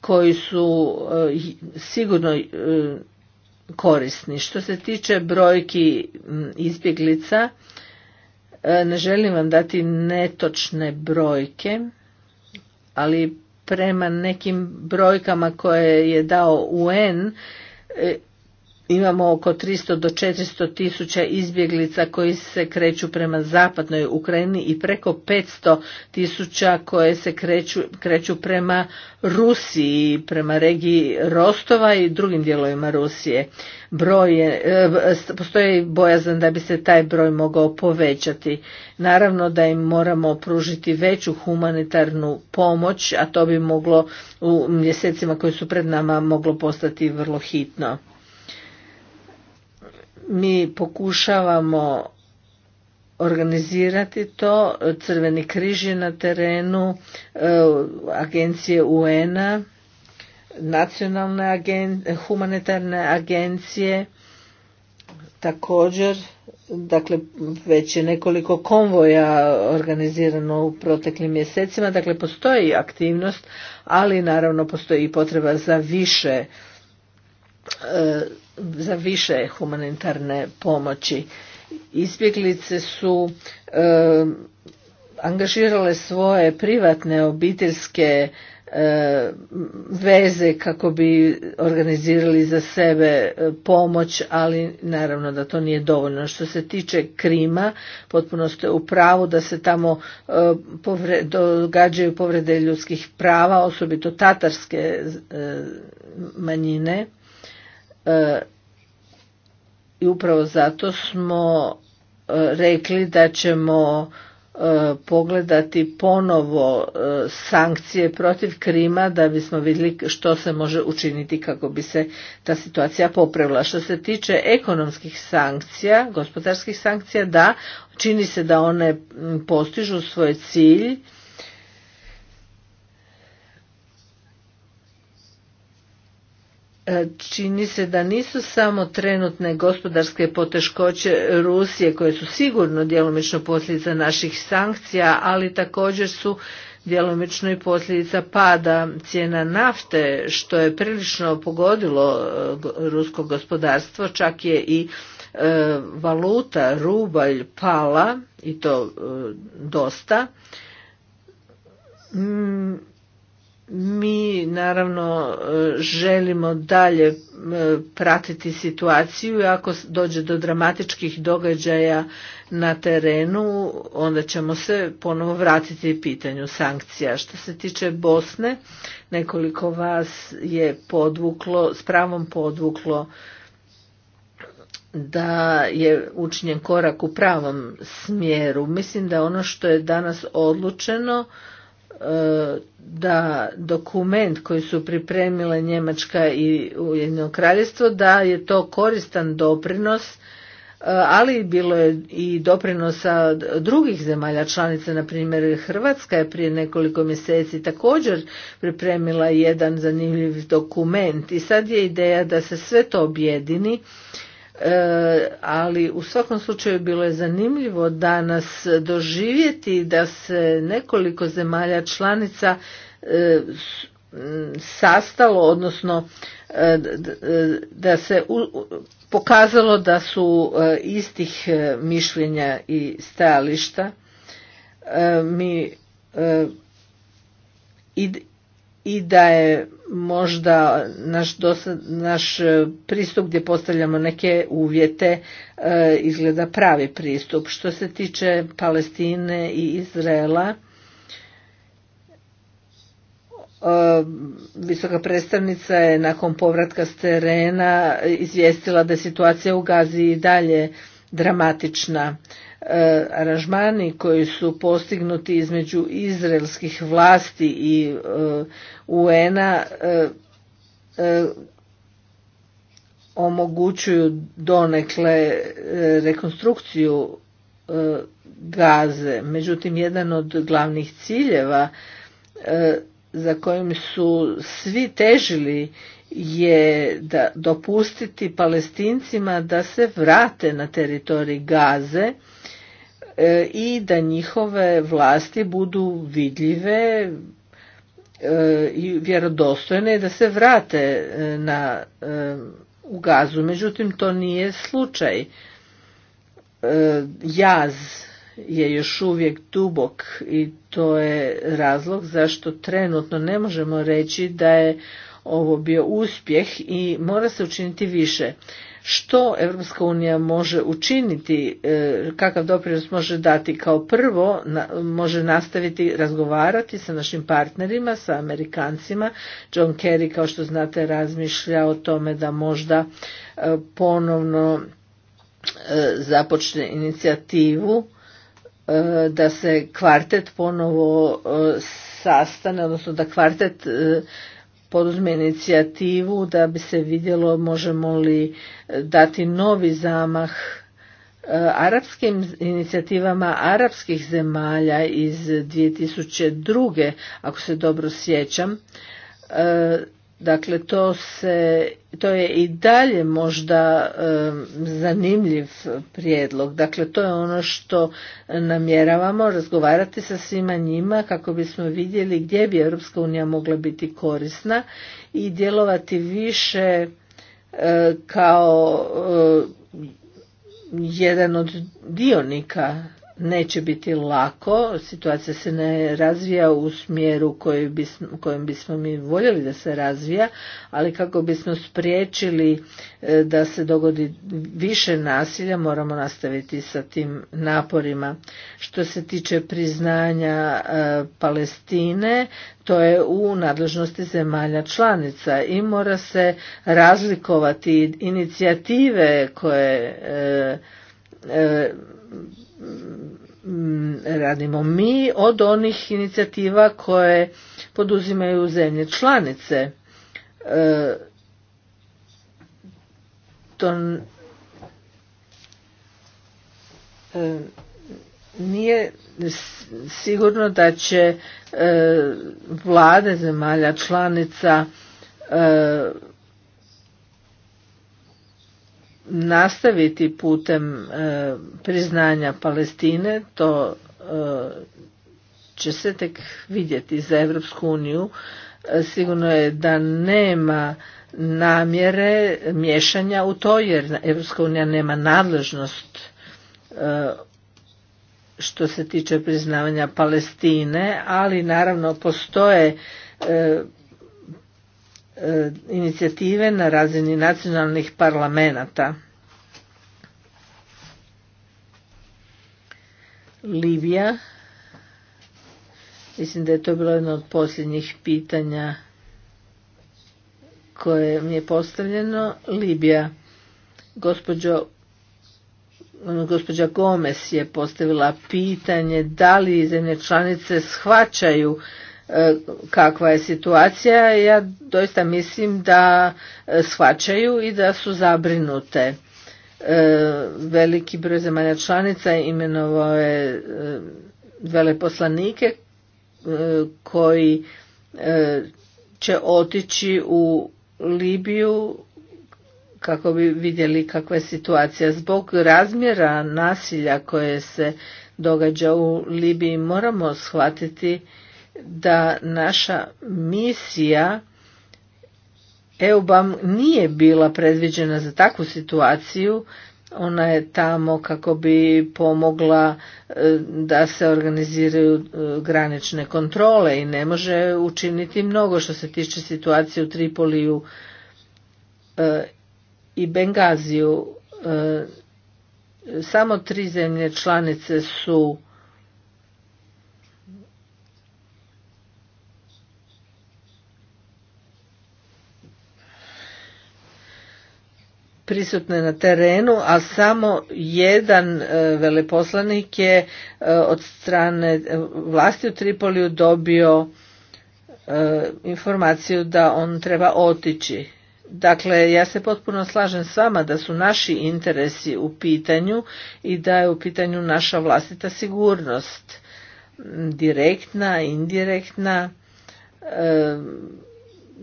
koji su eh, sigurno eh, korisni. Što se tiče brojki mm, izbjeglica, eh, ne želim vam dati netočne brojke, ali prema nekim brojkama koje je dao UN imamo oko 300 do 400 tisuća izbjeglica koji se kreću prema zapadnoj Ukrajini i preko 500 tisuća koje se kreću, kreću prema Rusiji, prema regiji Rostova i drugim dijelovima Rusije. Broj je, e, postoji bojazan da bi se taj broj mogao povećati. Naravno da im moramo pružiti veću humanitarnu pomoć, a to bi moglo u mjesecima koji su pred nama moglo postati vrlo hitno. Mi pokušavamo organizirati to, Crveni križ na terenu, e, agencije UN-a, nacionalne agen, humanitarne agencije, također, dakle već je nekoliko konvoja organizirano u proteklim mjesecima, dakle postoji aktivnost, ali naravno postoji i potreba za više e, za više humanitarne pomoći. Izbjeglice su e, angažirale svoje privatne obiteljske e, veze kako bi organizirali za sebe e, pomoć, ali naravno da to nije dovoljno. Što se tiče Krima, potpuno ste u pravu da se tamo e, događaju povrede ljudskih prava, osobito tatarske manjine E, i upravo zato smo e, rekli da ćemo e, pogledati ponovo sankcije protiv Krima da bismo vidjeli što se može učiniti kako bi se ta situacija popravila. Što se tiče ekonomskih sankcija, gospodarskih sankcija, da, čini se da one postižu svoj cilj E, čini se da nisu samo trenutne gospodarske poteškoće Rusije koje su sigurno djelomično posljedica naših sankcija, ali također su djelomično i posljedica pada cijena nafte što je prilično pogodilo e, rusko gospodarstvo, čak je i e, valuta rubalj pala i to dosta mm, mi naravno e, želimo dalje e, pratiti situaciju i ako dođe do dramatičkih događaja na terenu onda ćemo se ponovo vratiti pitanju sankcija. Što se tiče Bosne, nekoliko vas je podvuklo, s pravom podvuklo da je učinjen korak u pravom smjeru. Mislim da ono što je danas odlučeno da dokument koji su pripremile Njemačka i Ujedinjeno kraljevstvo da je to koristan doprinos e, ali bilo je i doprinosa drugih zemalja članica, na primjer Hrvatska je prije nekoliko mjeseci također pripremila jedan zanimljiv dokument i sad je ideja da se sve to objedini E, ali u svakom slučaju bilo je zanimljivo danas doživjeti da se nekoliko zemalja članica e, sastalo, odnosno e, e, da se pokazalo da su istih mišljenja i stajališta. Mi i i da je možda naš, dosad, naš e, pristup gdje postavljamo neke uvjete e, izgleda pravi pristup. Što se tiče Palestine i Izraela, e, Visoka predstavnica je nakon povratka s terena izvijestila da je situacija u Gazi i dalje dramatična. E, aranžmani koji su postignuti između izraelskih vlasti i e, UN-a e, omogućuju donekle rekonstrukciju gaze. Međutim, jedan od glavnih ciljeva za kojim su svi težili je da dopustiti palestincima da se vrate na teritorij gaze E, i da njihove vlasti budu vidljive e, i vjerodostojne da se vrate e, na, u gazu. Međutim, to nije slučaj. Jaz je još uvijek dubok i to je razlog zašto trenutno ne možemo reći da je ovo bio uspjeh i mora se učiniti više što Europska unija može učiniti, e, kakav doprinos može dati kao prvo, može nastaviti razgovarati sa našim partnerima, sa Amerikancima. John Kerry, kao što znate, razmišlja o tome da možda e, ponovno e, započne inicijativu da se kvartet ponovo sastane, odnosno da kvartet poduzme inicijativu da bi se vidjelo možemo li e, dati novi zamah e, arapskim inicijativama arapskih zemalja iz 2002. ako se dobro sjećam e, Dakle, to, se, to je i dalje možda zanimljiv prijedlog. Dakle, to je ono što namjeravamo razgovarati sa svima njima kako bismo vidjeli gdje bi Europska unija mogla biti korisna i djelovati više e, kao e, jedan od dionika neće biti lako, situacija se ne razvija u smjeru u kojem kojim bismo mi voljeli da se razvija, ali kako bismo spriječili e, da se dogodi više nasilja, moramo nastaviti sa tim naporima. Što se tiče priznanja e, Palestine, to je u nadležnosti zemalja članica i mora se razlikovati inicijative koje e, Mm, radimo mi od onih inicijativa koje poduzimaju zemlje članice. E, to e, nije sigurno da će e, vlade zemalja članica nastaviti putem e, priznanja Palestine, to e, će se tek vidjeti za Europsku uniju. E, sigurno je da nema namjere miješanja u to jer Europska unija nema nadležnost što se tiče priznavanja Palestine, ali naravno postoje E, inicijative na razini nacionalnih parlamenata. Libija. Mislim da je to bilo jedno od posljednjih pitanja koje mi je postavljeno. Libija. Ono, gospođa Gomes je postavila pitanje da li zemlje članice shvaćaju E, kakva je situacija, ja doista mislim da e, shvaćaju i da su zabrinute. E, veliki broj zemalja članica imenovao je veleposlanike koji će otići u Libiju kako bi vidjeli kakva je situacija. Zbog razmjera nasilja koje se događa u Libiji moramo shvatiti da naša misija EUBAM nije bila predviđena za takvu situaciju, ona je tamo kako bi pomogla e, da se organiziraju e, granične kontrole i ne može učiniti mnogo što se tiče situacije u Tripoliju e, i Bengaziju. Samo tri zemlje članice su prisutne na terenu, a samo jedan e, veleposlanik je e, od strane e, vlasti u Tripoliju dobio informaciju da on treba otići. Dakle, ja se potpuno slažem s vama da su naši interesi u pitanju i da je u pitanju naša vlastita sigurnost. Direktna, indirektna,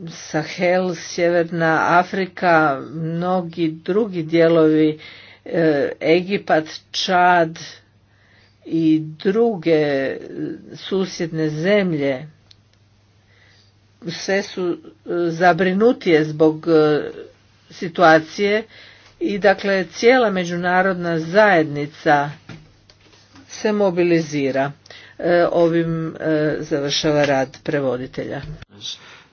Sahel, Sjeverna Afrika, mnogi drugi dijelovi e, Egipat, Čad i druge susjedne zemlje sve su e, zabrinutije zbog e, situacije i dakle cijela međunarodna zajednica se mobilizira. Ovim završava rad prevoditelja.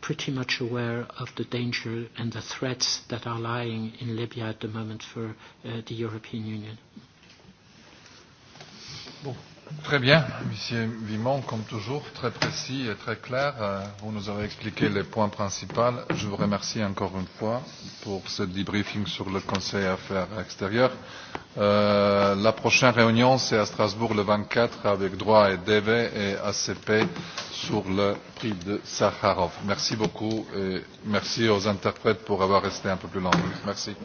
pretty much aware of the danger and the threats that are lying in Libya at the moment for uh, the European Union. Bon. Très bien, Monsieur Vimon, comme toujours, très précis et très clair. Euh, vous nous avez expliqué les points principaux. Je vous remercie encore une fois pour ce debriefing sur le Conseil Affaires extérieures. Euh, la prochaine réunion, c'est à Strasbourg le 24 avec droit et DV et ACP sur le prix de Sakharov. Merci beaucoup et merci aux interprètes pour avoir resté un peu plus longtemps. Merci.